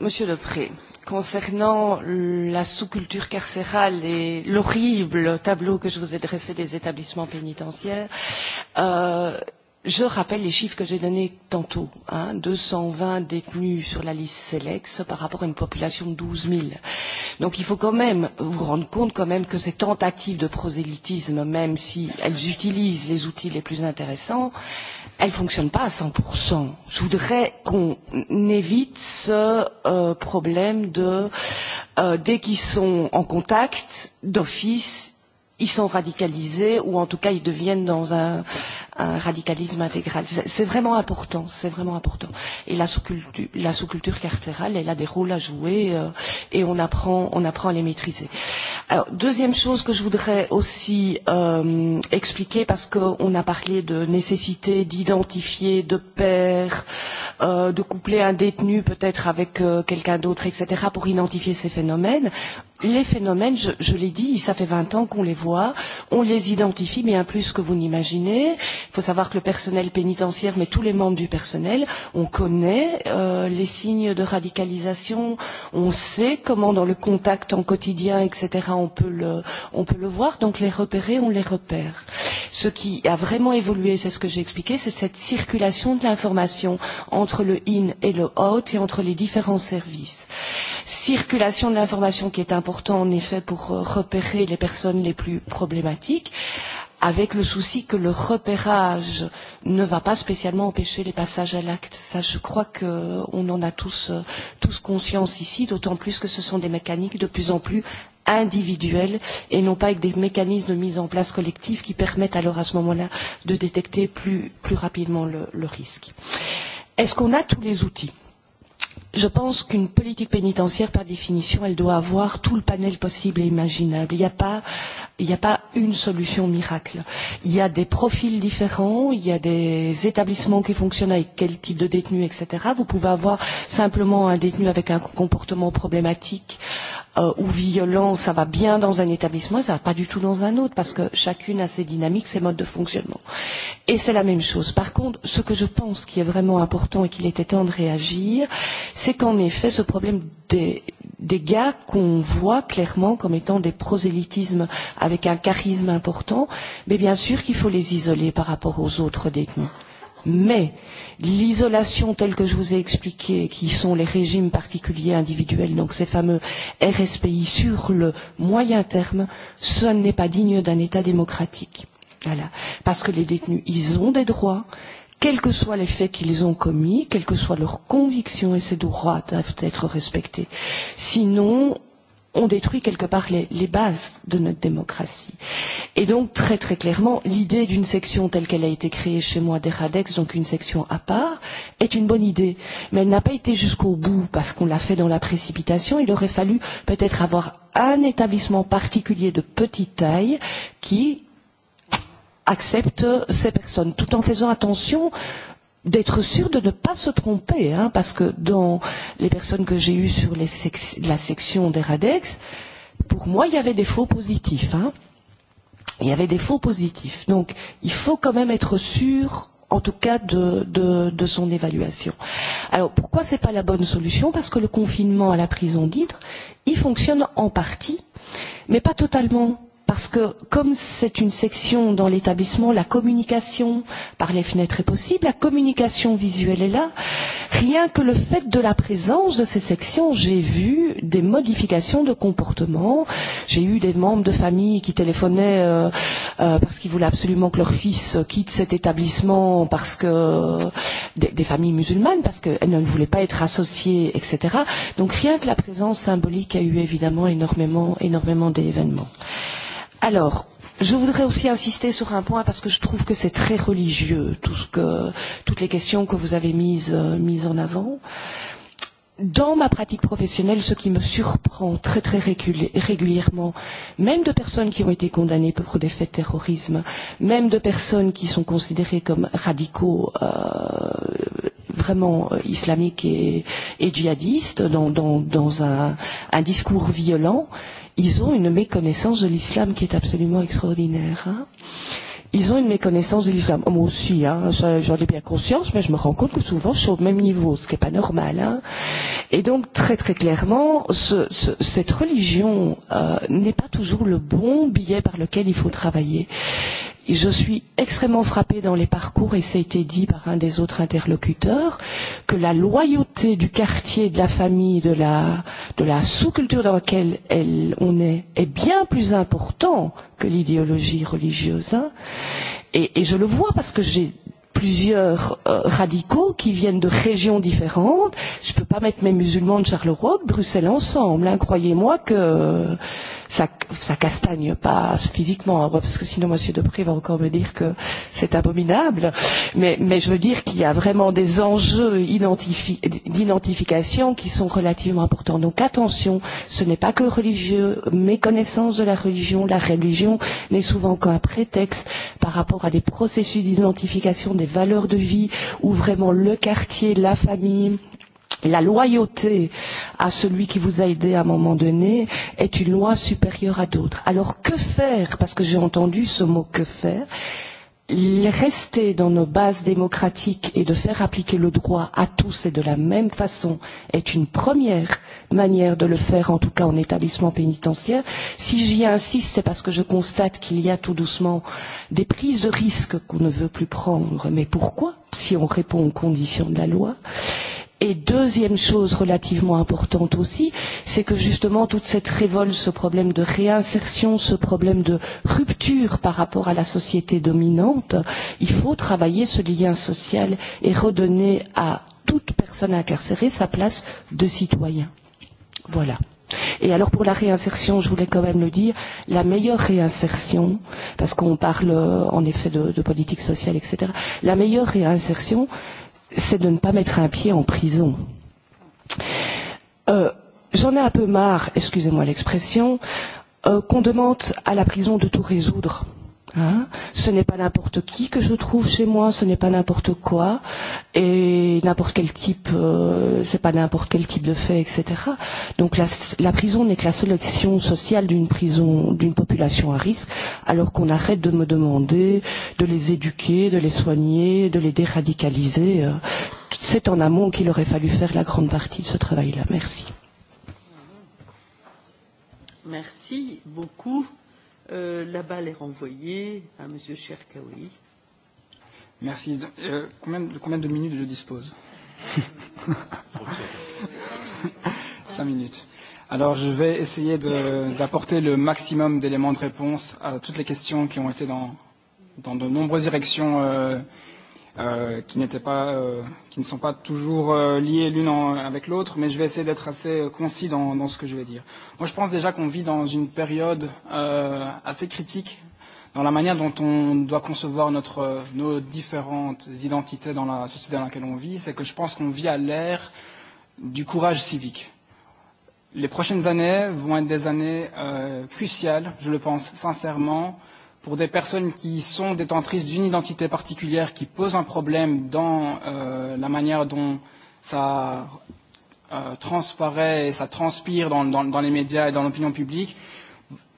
Monsieur Lepré, concernant la sous-culture carcérale et l'horrible tableau que je vous ai dressé des établissements pénitentiaires, euh, Je rappelle les chiffres que j'ai donnés tantôt. Hein, 220 détenus sur la liste Selex par rapport à une population de 12 000. Donc il faut quand même vous rendre compte quand même que ces tentatives de prosélytisme, même si elles utilisent les outils les plus intéressants, elles ne fonctionnent pas à 100%. Je voudrais qu'on évite ce euh, problème de, euh, dès qu'ils sont en contact, d'office, ils sont radicalisés ou en tout cas ils deviennent dans un, un radicalisme intégral. C'est vraiment important, c'est vraiment important. Et la sous-culture, sous carcérale, elle a des rôles à jouer euh, et on apprend, on apprend à les maîtriser. Alors, deuxième chose que je voudrais aussi euh, expliquer parce qu'on a parlé de nécessité d'identifier, de pair, euh, de coupler un détenu peut-être avec euh, quelqu'un d'autre, etc. pour identifier ces phénomènes les phénomènes, je, je l'ai dit, ça fait 20 ans qu'on les voit, on les identifie bien plus que vous n'imaginez. Il faut savoir que le personnel pénitentiaire, mais tous les membres du personnel, on connaît euh, les signes de radicalisation, on sait comment dans le contact en quotidien, etc., on peut le, on peut le voir, donc les repérer, on les repère. Ce qui a vraiment évolué, c'est ce que j'ai expliqué, c'est cette circulation de l'information entre le in et le out et entre les différents services. Circulation de l'information qui est importante important en effet pour euh, repérer les personnes les plus problématiques avec le souci que le repérage ne va pas spécialement empêcher les passages à l'acte. Ça, je crois qu'on euh, en a tous, euh, tous conscience ici, d'autant plus que ce sont des mécaniques de plus en plus individuelles et non pas avec des mécanismes de mise en place collective qui permettent alors à ce moment-là de détecter plus, plus rapidement le, le risque. Est-ce qu'on a tous les outils Je pense qu'une politique pénitentiaire, par définition, elle doit avoir tout le panel possible et imaginable. Il n'y a a pas une solution miracle. Il y a des profils différents, il y a des établissements qui fonctionnent avec quel type de détenu, etc. Vous pouvez avoir simplement un détenu avec un comportement problématique euh, ou violent, ça va bien dans un établissement, et ça va pas du tout dans un autre, parce que chacune a ses dynamiques, ses modes de fonctionnement. Et c'est la même chose. Par contre, ce que je pense qui est vraiment important et qu'il était temps de réagir, c'est qu'en effet ce problème des, des gars qu'on voit clairement comme étant des prosélytismes avec un charisme important, mais bien sûr qu'il faut les isoler par rapport aux autres détenus. Mais l'isolation telle que je vous ai expliqué, qui sont les régimes particuliers individuels, donc ces fameux RSPI sur le moyen terme, ce n'est pas digne d'un État démocratique. Voilà. Parce que les détenus, ils ont des droits, quels que soient les faits qu'ils ont commis, quelles que soient leurs convictions et ces droits doivent être respectés. Sinon, on détruit quelque part les, les bases de notre démocratie. Et donc, très très clairement, l'idée d'une section telle qu'elle a été créée chez moi des Radex, donc une section à part, est une bonne idée. Mais elle n'a pas été jusqu'au bout parce qu'on l'a fait dans la précipitation. Il aurait fallu peut-être avoir un établissement particulier de petite taille qui accepte ces personnes, tout en faisant attention d'être sûr de ne pas se tromper, hein, parce que dans les personnes que j'ai eues sur les sex la section des Radex, pour moi, il y avait des faux positifs. Hein. Il y avait des faux positifs. Donc, il faut quand même être sûr en tout cas de, de, de son évaluation. Alors pourquoi ce n'est pas la bonne solution Parce que le confinement à la prison d'Hydre, il fonctionne en partie, mais pas totalement parce que comme c'est une section dans l'établissement, la communication par les fenêtres est possible, la communication visuelle est là. Rien que le fait de la présence de ces sections, j'ai vu des modifications de comportement. J'ai eu des membres de famille qui téléphonaient euh, euh, parce qu'ils voulaient absolument que leur fils quitte cet établissement, parce que des, des familles musulmanes, parce qu'elles ne voulaient pas être associées, etc. Donc rien que la présence symbolique a eu évidemment énormément, énormément d'événements. Euh, Alors, je voudrais aussi insister sur un point parce que je trouve que c'est très religieux, tout ce que, toutes les questions que vous avez mises, euh, mises en avant. Dans ma pratique professionnelle, ce qui me surprend très très régulièrement, même de personnes qui ont été condamnées pour des faits de terrorisme, même de personnes qui sont considérées comme radicaux, euh, vraiment euh, islamiques et, et djihadistes, dans, dans, dans un, un discours violent, euh, ils ont une méconnaissance de l'islam qui est absolument extraordinaire. Hein ils ont une méconnaissance de l'islam. moi aussi, hein, j'en ai bien conscience, mais je me rends compte que souvent je suis au même niveau, ce qui n'est pas normal. Hein. Et donc, très très clairement, ce, ce, cette religion euh, n'est pas toujours le bon billet par lequel il faut travailler je suis extrêmement frappée dans les parcours, et ça a été dit par un des autres interlocuteurs, que la loyauté du quartier, de la famille, de la, de la sous-culture dans laquelle elle, on est, est bien plus importante que l'idéologie religieuse. Hein. Et, et je le vois parce que j'ai plusieurs euh, radicaux qui viennent de régions différentes. Je ne peux pas mettre mes musulmans de Charleroi, de Bruxelles ensemble. Hein. Croyez-moi que ça, ça castagne pas physiquement, hein, parce que sinon Monsieur Depré va encore me dire que c'est abominable. Mais, mais je veux dire qu'il y a vraiment des enjeux d'identification qui sont relativement importants. Donc attention, ce n'est pas que religieux. Méconnaissance de la religion, la religion n'est souvent qu'un prétexte par rapport à des processus d'identification des valeurs de vie, où vraiment le quartier, la famille, la loyauté à celui qui vous a aidé à un moment donné est une loi supérieure à d'autres. Alors que faire Parce que j'ai entendu ce mot que faire rester dans nos bases démocratiques et de faire appliquer le droit à tous et de la même façon est une première manière de le faire, en tout cas en établissement pénitentiaire. Si j'y insiste, c'est parce que je constate qu'il y a tout doucement des prises de risques qu'on ne veut plus prendre. Mais pourquoi si on répond aux conditions de la loi Et deuxième chose relativement importante aussi, c'est que justement toute cette révolte, ce problème de réinsertion, ce problème de rupture par rapport à la société dominante, il faut travailler ce lien social et redonner à toute personne incarcérée sa place de citoyen. Voilà. Et alors pour la réinsertion, je voulais quand même le dire, la meilleure réinsertion, parce qu'on parle euh, en effet de, de politique sociale, etc., la meilleure réinsertion, c'est de ne pas mettre un pied en prison. Euh, J'en ai un peu marre, excusez-moi l'expression, euh, qu'on demande à la prison de tout résoudre. Euh, Hein ce n'est pas n'importe qui que je trouve chez moi, ce n'est pas n'importe quoi, et n'importe quel type, euh, c'est pas n'importe quel type de fait, etc. Donc la, la prison n'est que la sélection sociale d'une prison, d'une population à risque, alors qu'on arrête de me demander de les éduquer, de les soigner, de les déradicaliser. Euh, c'est en amont qu'il aurait fallu faire la grande partie de ce travail-là. Merci. Merci beaucoup. Euh, la balle est renvoyée à M. Cherkaoui. Merci. De, Euh, combien, de combien de minutes je dispose Cinq minutes. Alors je vais essayer d'apporter le maximum d'éléments de réponse à toutes les questions qui ont été dans, dans de nombreuses directions euh, euh, qui, n'étaient pas, euh, qui ne sont pas toujours euh, liées l'une avec l'autre, mais je vais essayer d'être assez concis dans, dans ce que je vais dire. Moi, je pense déjà qu'on vit dans une période euh, assez critique dans la manière dont on doit concevoir notre, euh, nos différentes identités dans la société dans laquelle on vit, c'est que je pense qu'on vit à l'ère du courage civique. Les prochaines années vont être des années euh, cruciales, je le pense sincèrement, euh, pour des personnes qui sont détentrices d'une identité particulière qui pose un problème dans euh, la manière dont ça euh, transparaît et ça transpire dans, dans, dans les médias et dans l'opinion publique,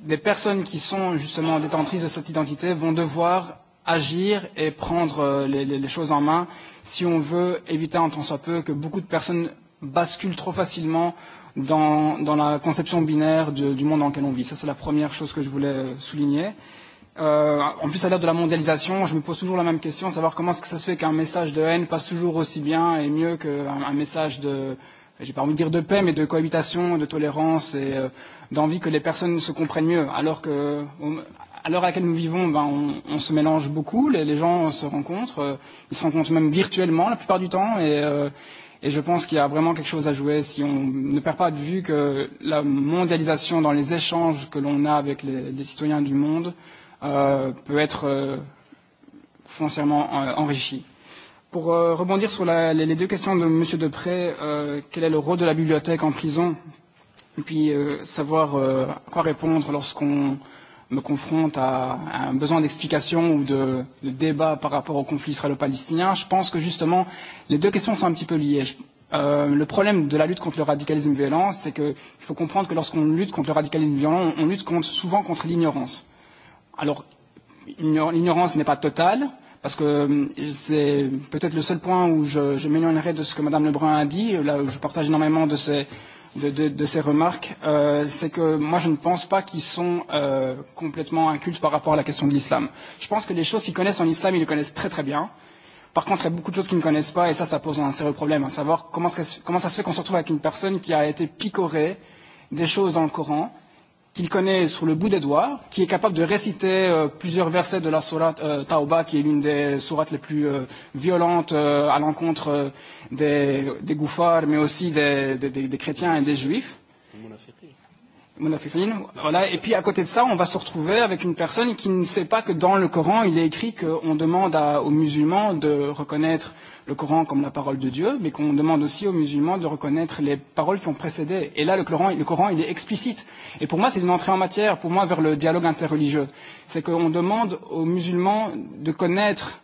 les personnes qui sont justement détentrices de cette identité vont devoir agir et prendre euh, les, les, les choses en main si on veut éviter en tant soit peu que beaucoup de personnes basculent trop facilement dans, dans la conception binaire de, du monde dans lequel on vit. Ça, c'est la première chose que je voulais euh, souligner. Euh, Euh, en plus, à l'heure de la mondialisation, je me pose toujours la même question, savoir comment est-ce que ça se fait qu'un message de haine passe toujours aussi bien et mieux qu'un message de, j'ai pas envie de dire de paix, mais de cohabitation, de tolérance et euh, d'envie que les personnes se comprennent mieux. Alors que, on, à l'heure à laquelle nous vivons, ben, on, on se mélange beaucoup, les, les gens se rencontrent, euh, ils se rencontrent même virtuellement la plupart du temps et, euh, et je pense qu'il y a vraiment quelque chose à jouer si on ne perd pas de vue que la mondialisation dans les échanges que l'on a avec les, les citoyens du monde, euh, Euh, peut être euh, foncièrement euh, enrichi. Pour euh, rebondir sur la, les, les deux questions de M. Depré, euh, quel est le rôle de la bibliothèque en prison Et puis euh, savoir euh, quoi répondre lorsqu'on me confronte à, à un besoin d'explication ou de, de débat par rapport au conflit israélo-palestinien, je pense que justement les deux questions sont un petit peu liées. Je, euh, le problème de la lutte contre le radicalisme violent, c'est qu'il faut comprendre que lorsqu'on lutte contre le radicalisme violent, on, on lutte contre, souvent contre l'ignorance. Euh, Alors, l'ignorance n'est pas totale, parce que euh, c'est peut-être le seul point où je, je m'éloignerai de ce que Mme Lebrun a dit, là où je partage énormément de ses, de, de, de ses remarques, euh, c'est que moi je ne pense pas qu'ils sont euh, complètement incultes par rapport à la question de l'islam. Je pense que les choses qu'ils connaissent en islam, ils les connaissent très très bien. Par contre, il y a beaucoup de choses qu'ils ne connaissent pas, et ça, ça pose un sérieux problème, à savoir comment, comment ça se fait qu'on se retrouve avec une personne qui a été picorée des choses dans le Coran, qu'il connaît sur le bout des doigts, qui est capable de réciter euh, plusieurs versets de la sourate euh, Taoba, qui est l'une des sourates les plus euh, violentes euh, à l'encontre euh, des, des gouffards, mais aussi des, des, des, des chrétiens et des juifs. Voilà. Et puis à côté de ça, on va se retrouver avec une personne qui ne sait pas que dans le Coran, il est écrit qu'on demande à, aux musulmans de reconnaître euh, le Coran comme la parole de Dieu, mais qu'on demande aussi aux musulmans de reconnaître les paroles qui ont précédé. Et là, le Coran, le Coran il est explicite. Et pour moi, c'est une entrée en matière, pour moi, vers le dialogue interreligieux. C'est qu'on demande aux musulmans de connaître,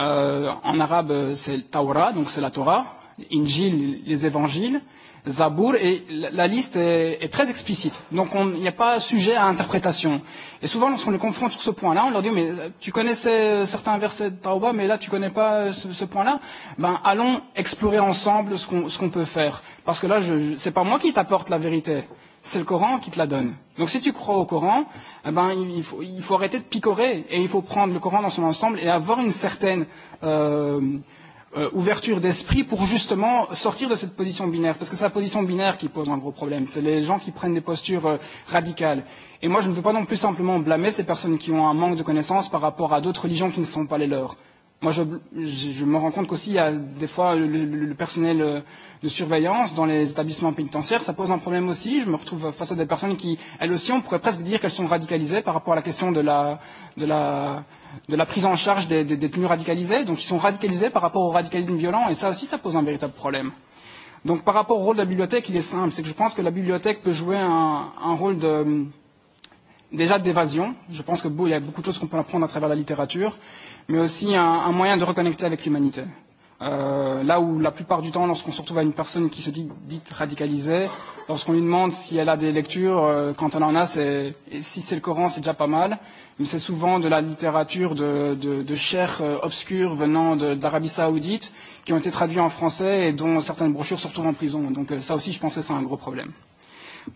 euh, en arabe, c'est Tawra, donc c'est la Torah, Injil, les évangiles, Zabour et la liste est, est très explicite. Donc il n'y a pas sujet à interprétation. Et souvent, lorsqu'on les confronte sur ce point-là, on leur dit mais euh, tu connaissais euh, certains versets de Taouba, mais là tu ne connais pas euh, ce, ce point-là. Ben allons explorer ensemble ce qu'on qu peut faire. Parce que là, ce n'est pas moi qui t'apporte la vérité, c'est le Coran qui te la donne. Donc si tu crois au Coran, eh ben il faut, il faut arrêter de picorer et il faut prendre le Coran dans son ensemble et avoir une certaine euh, euh, ouverture d'esprit pour justement sortir de cette position binaire, parce que c'est la position binaire qui pose un gros problème, c'est les gens qui prennent des postures euh, radicales. Et moi, je ne veux pas non plus simplement blâmer ces personnes qui ont un manque de connaissances par rapport à d'autres religions qui ne sont pas les leurs. Moi, je, je, je me rends compte qu'aussi, il y a des fois le, le, le personnel euh, de surveillance dans les établissements pénitentiaires, ça pose un problème aussi. Je me retrouve face à des personnes qui, elles aussi, on pourrait presque dire qu'elles sont radicalisées par rapport à la question de la, de la, de la prise en charge des, des détenus radicalisés. Donc ils sont radicalisés par rapport au radicalisme violent et ça aussi ça pose un véritable problème. Donc par rapport au rôle de la bibliothèque, il est simple, c'est que je pense que la bibliothèque peut jouer un, un rôle de, déjà d'évasion. Je pense qu'il y a beaucoup de choses qu'on peut apprendre à travers la littérature, mais aussi un, un moyen de reconnecter avec l'humanité. Euh, là où la plupart du temps, lorsqu'on se retrouve à une personne qui se dit dite radicalisée, lorsqu'on lui demande si elle a des lectures, euh, quand elle en a, c'est, et si c'est le Coran, c'est déjà pas mal. Mais c'est souvent de la littérature de, de, de chers euh, obscurs venant d'Arabie Saoudite qui ont été traduits en français et dont certaines brochures se retrouvent en prison. Donc euh, ça aussi, je pense que c'est un gros problème.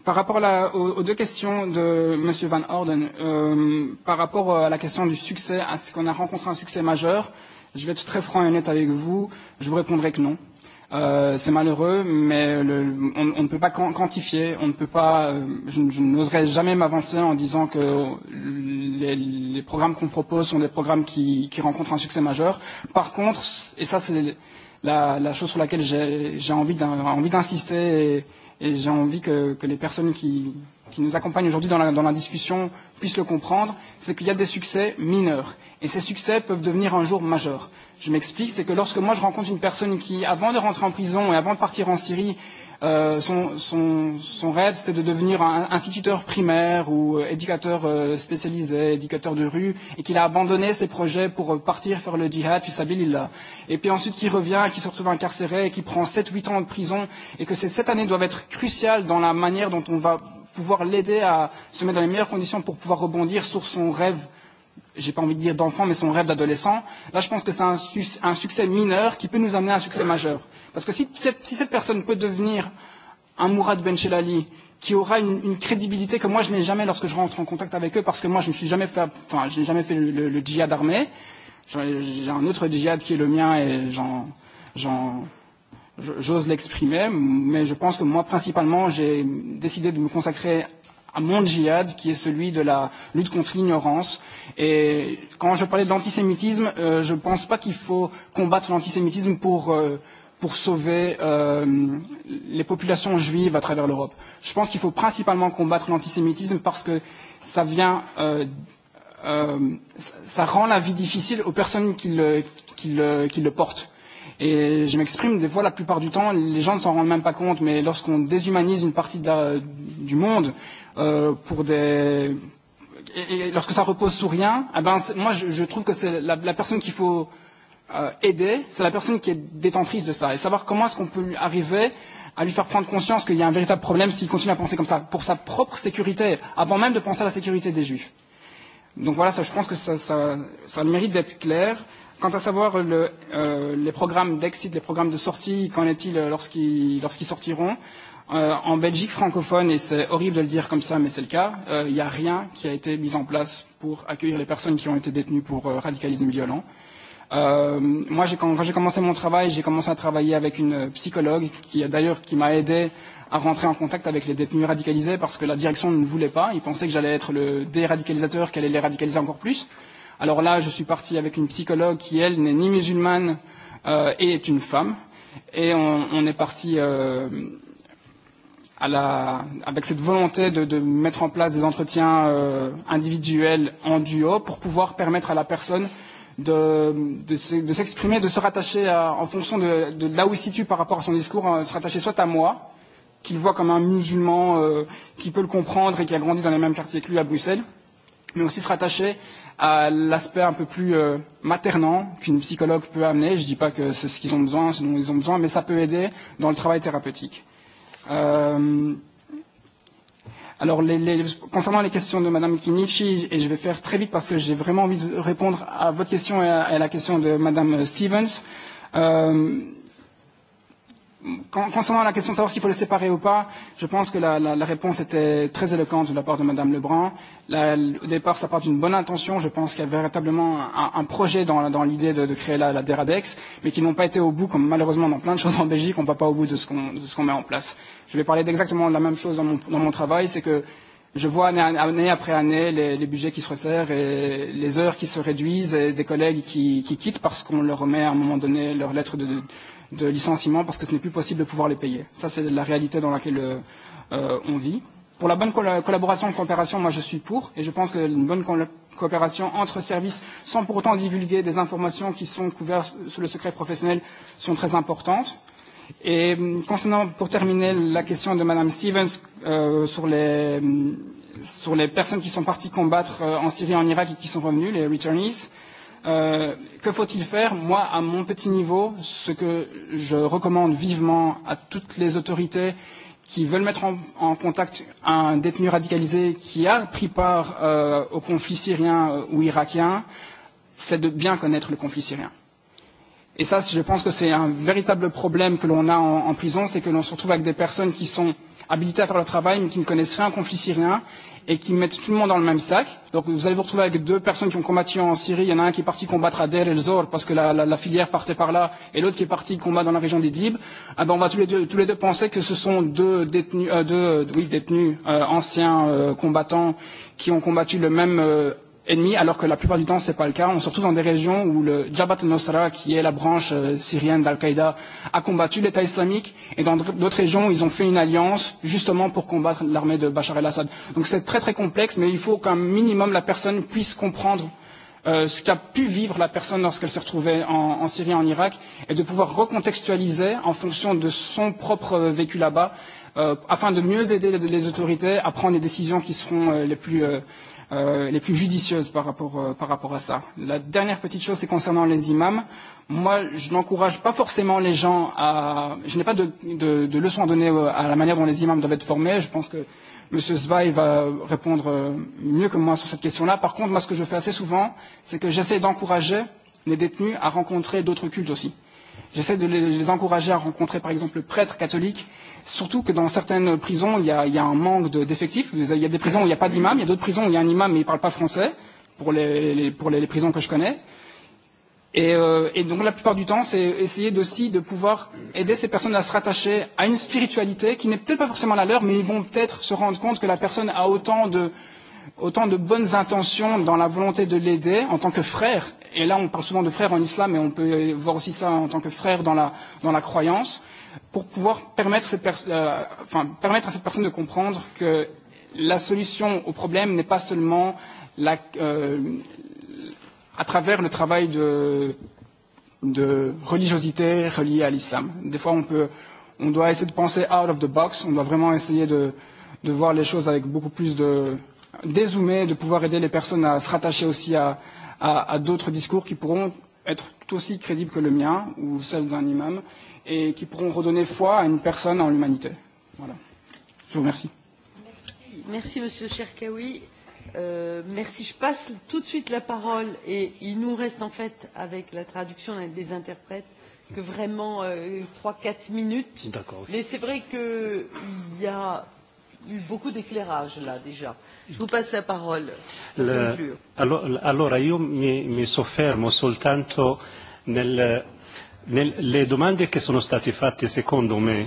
Par rapport à la, aux, aux deux questions de M. Van Orden, euh, par rapport à la question du succès, à ce qu'on a rencontré un succès majeur, euh, Je vais être très franc et honnête avec vous, je vous répondrai que non. Euh, c'est malheureux, mais le, on, on ne peut pas quantifier, on ne peut pas, euh, je, je n'oserais jamais m'avancer en disant que les, les programmes qu'on propose sont des programmes qui, qui rencontrent un succès majeur. Par contre, et ça c'est la, la chose sur laquelle j'ai envie d'insister et, et j'ai envie que, que les personnes qui, qui nous accompagnent aujourd'hui dans la, dans la discussion puissent le comprendre, c'est qu'il y a des succès mineurs. Et ces succès peuvent devenir un jour majeurs. Je m'explique, c'est que lorsque moi je rencontre une personne qui, avant de rentrer en prison et avant de partir en Syrie, euh, son, son, son rêve c'était de devenir un instituteur primaire ou euh, éducateur euh, spécialisé, éducateur de rue, et qu'il a abandonné ses projets pour euh, partir faire le djihad, fisabilillah. Et puis ensuite qu'il revient, qu'il se retrouve incarcéré, qu'il prend 7-8 ans de prison, et que ces 7 années doivent être cruciales dans la manière dont on va pouvoir l'aider à se mettre dans les meilleures conditions pour pouvoir rebondir sur son rêve j'ai pas envie de dire d'enfant, mais son rêve d'adolescent, là je pense que c'est un, un succès mineur qui peut nous amener à un succès majeur. Parce que si cette, si cette personne peut devenir un Mourad Benchelali, qui aura une, une crédibilité que moi je n'ai jamais lorsque je rentre en contact avec eux, parce que moi je n'ai jamais fait, enfin je jamais fait le, le, le djihad armé, j'ai un autre djihad qui est le mien et j'en j'ose l'exprimer, mais je pense que moi, principalement, j'ai décidé de me consacrer à mon djihad, qui est celui de la lutte contre l'ignorance. Et quand je parlais de l'antisémitisme, euh, je ne pense pas qu'il faut combattre l'antisémitisme pour, euh, pour sauver euh, les populations juives à travers l'Europe. Je pense qu'il faut principalement combattre l'antisémitisme parce que ça vient... Euh, euh, ça rend la vie difficile aux personnes qui le, qui le, qui le portent Et je m'exprime, des fois, la plupart du temps, les gens ne s'en rendent même pas compte, mais lorsqu'on déshumanise une partie de la, du monde euh, pour des... Et, et lorsque ça repose sur rien, eh ben, moi, je, je trouve que c'est la, la personne qu'il faut euh, aider, c'est la personne qui est détentrice de ça. Et savoir comment est-ce qu'on peut lui arriver à lui faire prendre conscience qu'il y a un véritable problème s'il continue à penser comme ça, pour sa propre sécurité, avant même de penser à la sécurité des Juifs. Donc voilà, ça, je pense que ça, ça, ça mérite d'être clair. Euh, Quant à savoir le, euh, les programmes d'exit, les programmes de sortie, qu'en est-il euh, lorsqu'ils lorsqu sortiront euh, En Belgique francophone, et c'est horrible de le dire comme ça, mais c'est le cas, euh, il euh, n'y a rien qui a été mis en place pour accueillir les personnes qui ont été détenues pour euh, radicalisme violent. Euh, moi, quand quand j'ai commencé mon travail, j'ai commencé à travailler avec une psychologue qui, d'ailleurs, qui m'a aidé à rentrer en contact avec les détenus radicalisés parce que la direction ne voulait pas. Ils pensaient que j'allais être le déradicalisateur, qu'elle allait les radicaliser encore plus. Euh, Alors là, je suis parti avec une psychologue qui, elle, n'est ni musulmane euh, et est une femme. Et on, on est parti euh, à la, avec cette volonté de, de mettre en place des entretiens euh, individuels en duo pour pouvoir permettre à la personne de, de, s'exprimer, se, de de se rattacher à, en fonction de, de là où il se situe par rapport à son discours, hein, se rattacher soit à moi, qu'il voit comme un musulman euh, qui peut le comprendre et qui a grandi dans les mêmes quartiers que lui à Bruxelles, mais aussi se rattacher à l'aspect un peu plus euh, maternant qu'une psychologue peut amener. Je ne dis pas que c'est ce qu'ils ont besoin, ce dont ils ont besoin, mais ça peut aider dans le travail thérapeutique. Euh, alors, les, les, concernant les questions de Mme Kinichi, et je vais faire très vite parce que j'ai vraiment envie de répondre à votre question et à, à la question de Mme Stevens. Euh, concernant la question de savoir s'il faut les séparer ou pas, je pense que la, la, la réponse était très éloquente de la part de Madame Lebrun. La, au départ, ça part d'une bonne intention. Je pense qu'il y a véritablement un, un projet dans, dans l'idée de, de créer la, la DERADEX, mais qui n'ont pas été au bout, comme malheureusement dans plein de choses en Belgique, on ne va pas au bout de ce qu'on qu met en place. Je vais parler d'exactement la même chose dans mon, dans mon travail, c'est que je vois année, année après année les, les budgets qui se resserrent et les heures qui se réduisent et des collègues qui, qui quittent parce qu'on leur remet à un moment donné leur lettre de, de de licenciement parce que ce n'est plus possible de pouvoir les payer. Ça, c'est la réalité dans laquelle euh, euh on vit. Pour la bonne col collaboration et coopération, moi je suis pour, et je pense qu'une bonne co coopération entre services, sans pour autant divulguer des informations qui sont couvertes sous le secret professionnel, sont très importantes. Et mm, concernant, pour terminer, la question de Madame Stevens euh, sur les mm, sur les personnes qui sont parties combattre euh, en Syrie et en Irak et qui sont revenues, les returnees. Euh, Euh, que faut-il faire Moi, à mon petit niveau, ce que je recommande vivement à toutes les autorités qui veulent mettre en, en contact un détenu radicalisé qui a pris part euh, au conflit syrien euh, ou irakien, c'est de bien connaître le conflit syrien. Et ça, je pense que c'est un véritable problème que l'on a en, en prison, c'est que l'on se retrouve avec des personnes qui sont habilitées à faire leur travail, mais qui ne connaissent rien au conflit syrien et qui mettent tout le monde dans le même sac. Donc vous allez vous retrouver avec deux personnes qui ont combattu en Syrie. Il y en a un qui est parti combattre à Deir el-Zor parce que la, la, la filière partait par là, et l'autre qui est parti combattre dans la région d'Idlib. Eh ben on va tous les deux, tous les deux penser que ce sont deux détenus, euh, deux, oui, détenus euh, anciens euh, combattants qui ont combattu le même euh, ennemis, alors que la plupart du temps, ce n'est pas le cas. On se retrouve dans des régions où le Jabhat al-Nusra, qui est la branche euh, syrienne d'Al-Qaïda, a combattu l'État islamique, et dans d'autres régions, ils ont fait une alliance justement pour combattre l'armée de Bachar el-Assad. Donc c'est très très complexe, mais il faut qu'un minimum la personne puisse comprendre euh, Euh, ce qu'a pu vivre la personne lorsqu'elle s'est retrouvée en, en Syrie en Irak, et de pouvoir recontextualiser en fonction de son propre vécu là-bas, euh, afin de mieux aider les, les autorités à prendre les décisions qui seront euh, les plus euh, euh, les plus judicieuses par rapport, euh, par rapport à ça. La dernière petite chose, c'est concernant les imams. Moi, je n'encourage pas forcément les gens à... Je n'ai pas de, de, de leçons à donner euh, à la manière dont les imams doivent être formés. Je pense que M. Zweig va répondre euh, mieux que moi sur cette question-là. Par contre, moi, ce que je fais assez souvent, c'est que j'essaie d'encourager les détenus à rencontrer d'autres cultes aussi. J'essaie de les, encourager à rencontrer, par exemple, le prêtre catholique, surtout que dans certaines prisons, il y a, il y a un manque d'effectifs. il y a des prisons où il n'y a pas d'imam, il y a d'autres prisons où il y a un imam mais il ne parle pas français, pour les, les, pour les, les prisons que je connais. Et, euh, et donc la plupart du temps, c'est essayer aussi de pouvoir aider ces personnes à se rattacher à une spiritualité qui n'est peut-être pas forcément la leur, mais ils vont peut-être se rendre compte que la personne a autant de, autant de bonnes intentions dans la volonté de l'aider en tant que frère. Et là, on parle souvent de frère en islam, mais on peut voir aussi ça en tant que frère dans la, dans la croyance, pour pouvoir permettre, cette euh, enfin, permettre à cette personne de comprendre que la solution au problème n'est pas seulement la, euh, à travers le travail de, de religiosité reliée à l'islam. Des fois, on, peut, on doit essayer de penser out of the box, on doit vraiment essayer de, de voir les choses avec beaucoup plus de dézoomer, de pouvoir aider les personnes à se rattacher aussi à, à, à d'autres discours qui pourront être tout aussi crédibles que le mien ou celle d'un imam et qui pourront redonner foi à une personne en l'humanité. Voilà. Je vous remercie. Merci, merci Monsieur Cherkaoui. Euh, merci. Je passe tout de suite la parole et il nous reste en fait avec la traduction des interprètes que vraiment euh, trois euh, quatre minutes. D'accord. Okay. Mais c'est vrai qu'il y a eu beaucoup d'éclairage là déjà. Je vous passe la parole. Le, alors, alors, io mi, mi soffermo soltanto nel, nel, le domande che sono state fatte secondo me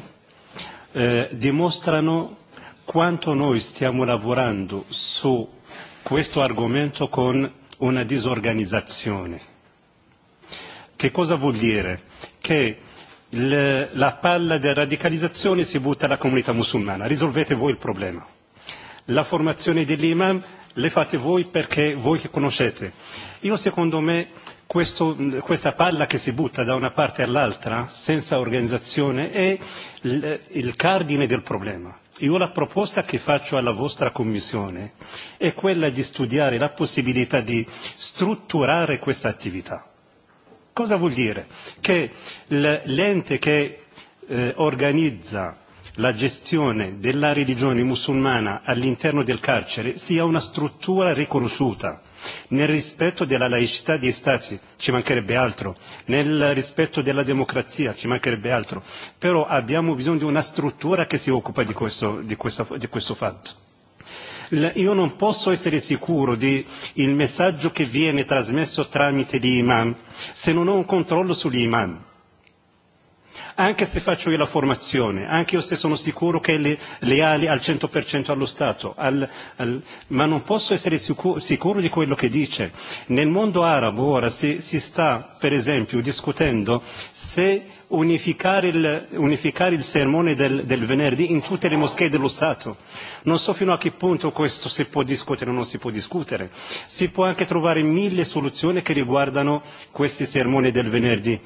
eh, dimostrano quanto noi stiamo lavorando su questo argomento con una disorganizzazione. Che cosa vuol dire? Che le, la palla della radicalizzazione si butta alla comunità musulmana, risolvete voi il problema. La formazione dell'imam le fate voi perché voi che conoscete. Io secondo me questo, questa palla che si butta da una parte all'altra senza organizzazione è il, il cardine del problema Io la proposta che faccio alla vostra Commissione è quella di studiare la possibilità di strutturare questa attività. Cosa vuol dire? Che l'ente che eh, organizza la gestione della religione musulmana all'interno del carcere sia una struttura riconosciuta nel rispetto della laicità dei Stati, ci mancherebbe altro, nel rispetto della democrazia, ci mancherebbe altro, però abbiamo bisogno di una struttura che si occupa di questo, di questa, di questo fatto io non posso essere sicuro del messaggio che viene trasmesso tramite gli imam se non ho un controllo sugli imam anche se faccio io la formazione, anche se sono sicuro che le, leale al 100% allo Stato, al, al, ma non posso essere sicuro, sicuro di quello che dice. Nel mondo arabo ora si, si sta, per esempio, discutendo se unificare il, unificare il sermone del, del venerdì in tutte le moschee dello Stato. Non so fino a che punto questo si può discutere o non si può discutere. Si può anche trovare mille soluzioni che riguardano questi sermoni del venerdì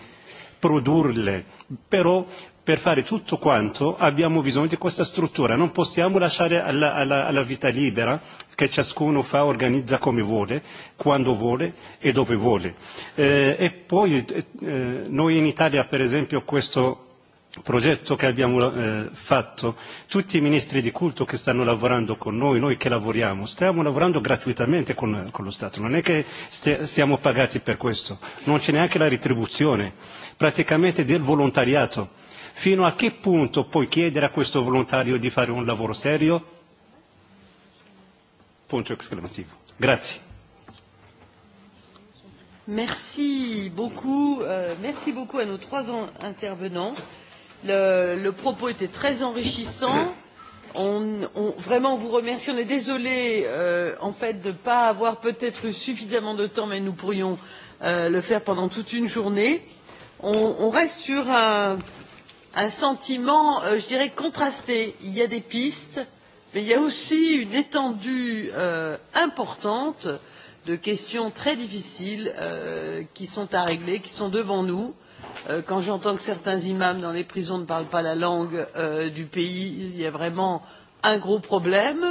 produrle, però per fare tutto quanto abbiamo bisogno di questa struttura, non possiamo lasciare alla, alla, alla vita libera che ciascuno fa, organizza come vuole, quando vuole e dove vuole. Eh, e poi eh, noi in Italia per esempio questo progetto che abbiamo eh, fatto, tutti i ministri di culto che stanno lavorando con noi, noi che lavoriamo, stiamo lavorando gratuitamente con, con lo Stato, non è che st- siamo pagati per questo, non c'è neanche la retribuzione praticamente del volontariato. Fino a che punto puoi chiedere a questo volontario di fare un lavoro serio? Punto esclamativo. Grazie. Merci beaucoup, euh, merci beaucoup à nos trois intervenants. Le, le propos était très enrichissant. On, on, vraiment, on vous remercie. On est désolé, euh, en fait, de ne pas avoir peut-être eu suffisamment de temps, mais nous pourrions euh, le faire pendant toute une journée. Euh, on, on reste sur un, un sentiment, euh, je dirais, contrasté. Il y a des pistes, mais il y a aussi une étendue euh, importante de questions très difficiles euh, qui sont à régler, qui sont devant nous. Euh, quand j'entends que certains imams dans les prisons ne parlent pas la langue euh, du pays, il y a vraiment un gros problème,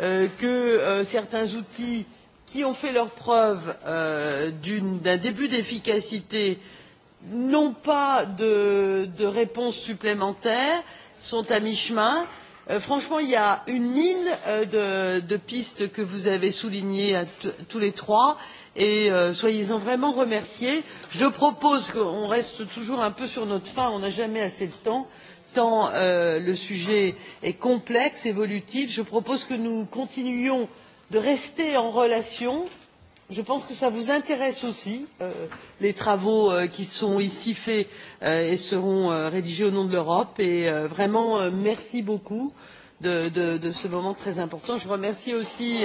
euh, que euh, certains outils qui ont fait leur preuve euh, d'un début d'efficacité euh, n'ont pas de, de réponses supplémentaires sont à mi chemin. Euh, franchement il y a une mine euh, de, de pistes que vous avez soulignées à tous les trois et euh, soyez en vraiment remerciés. je propose qu'on reste toujours un peu sur notre faim on n'a jamais assez de temps tant euh, le sujet est complexe évolutif. je propose que nous continuions de rester en relation je pense que cela vous intéresse aussi euh, les travaux euh, qui sont ici faits euh, et seront rédigés au nom de l'europe et vraiment merci beaucoup de, de, de ce moment très important. je remercie aussi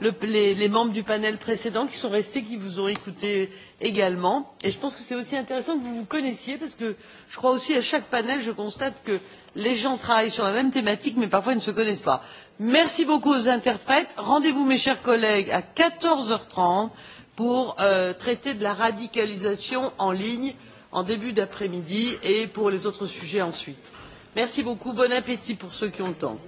le, les, les membres du panel précédent qui sont restés qui vous ont écouté également et je pense que c'est aussi intéressant que vous vous connaissiez parce que je crois aussi à chaque panel je constate que les gens travaillent sur la même thématique mais parfois ils ne se connaissent pas merci beaucoup aux interprètes rendez vous mes chers collègues à quatorze heures trente pour euh, traiter de la radicalisation en ligne en début d'après midi et pour les autres sujets ensuite. merci beaucoup bon appétit pour ceux qui ont le temps.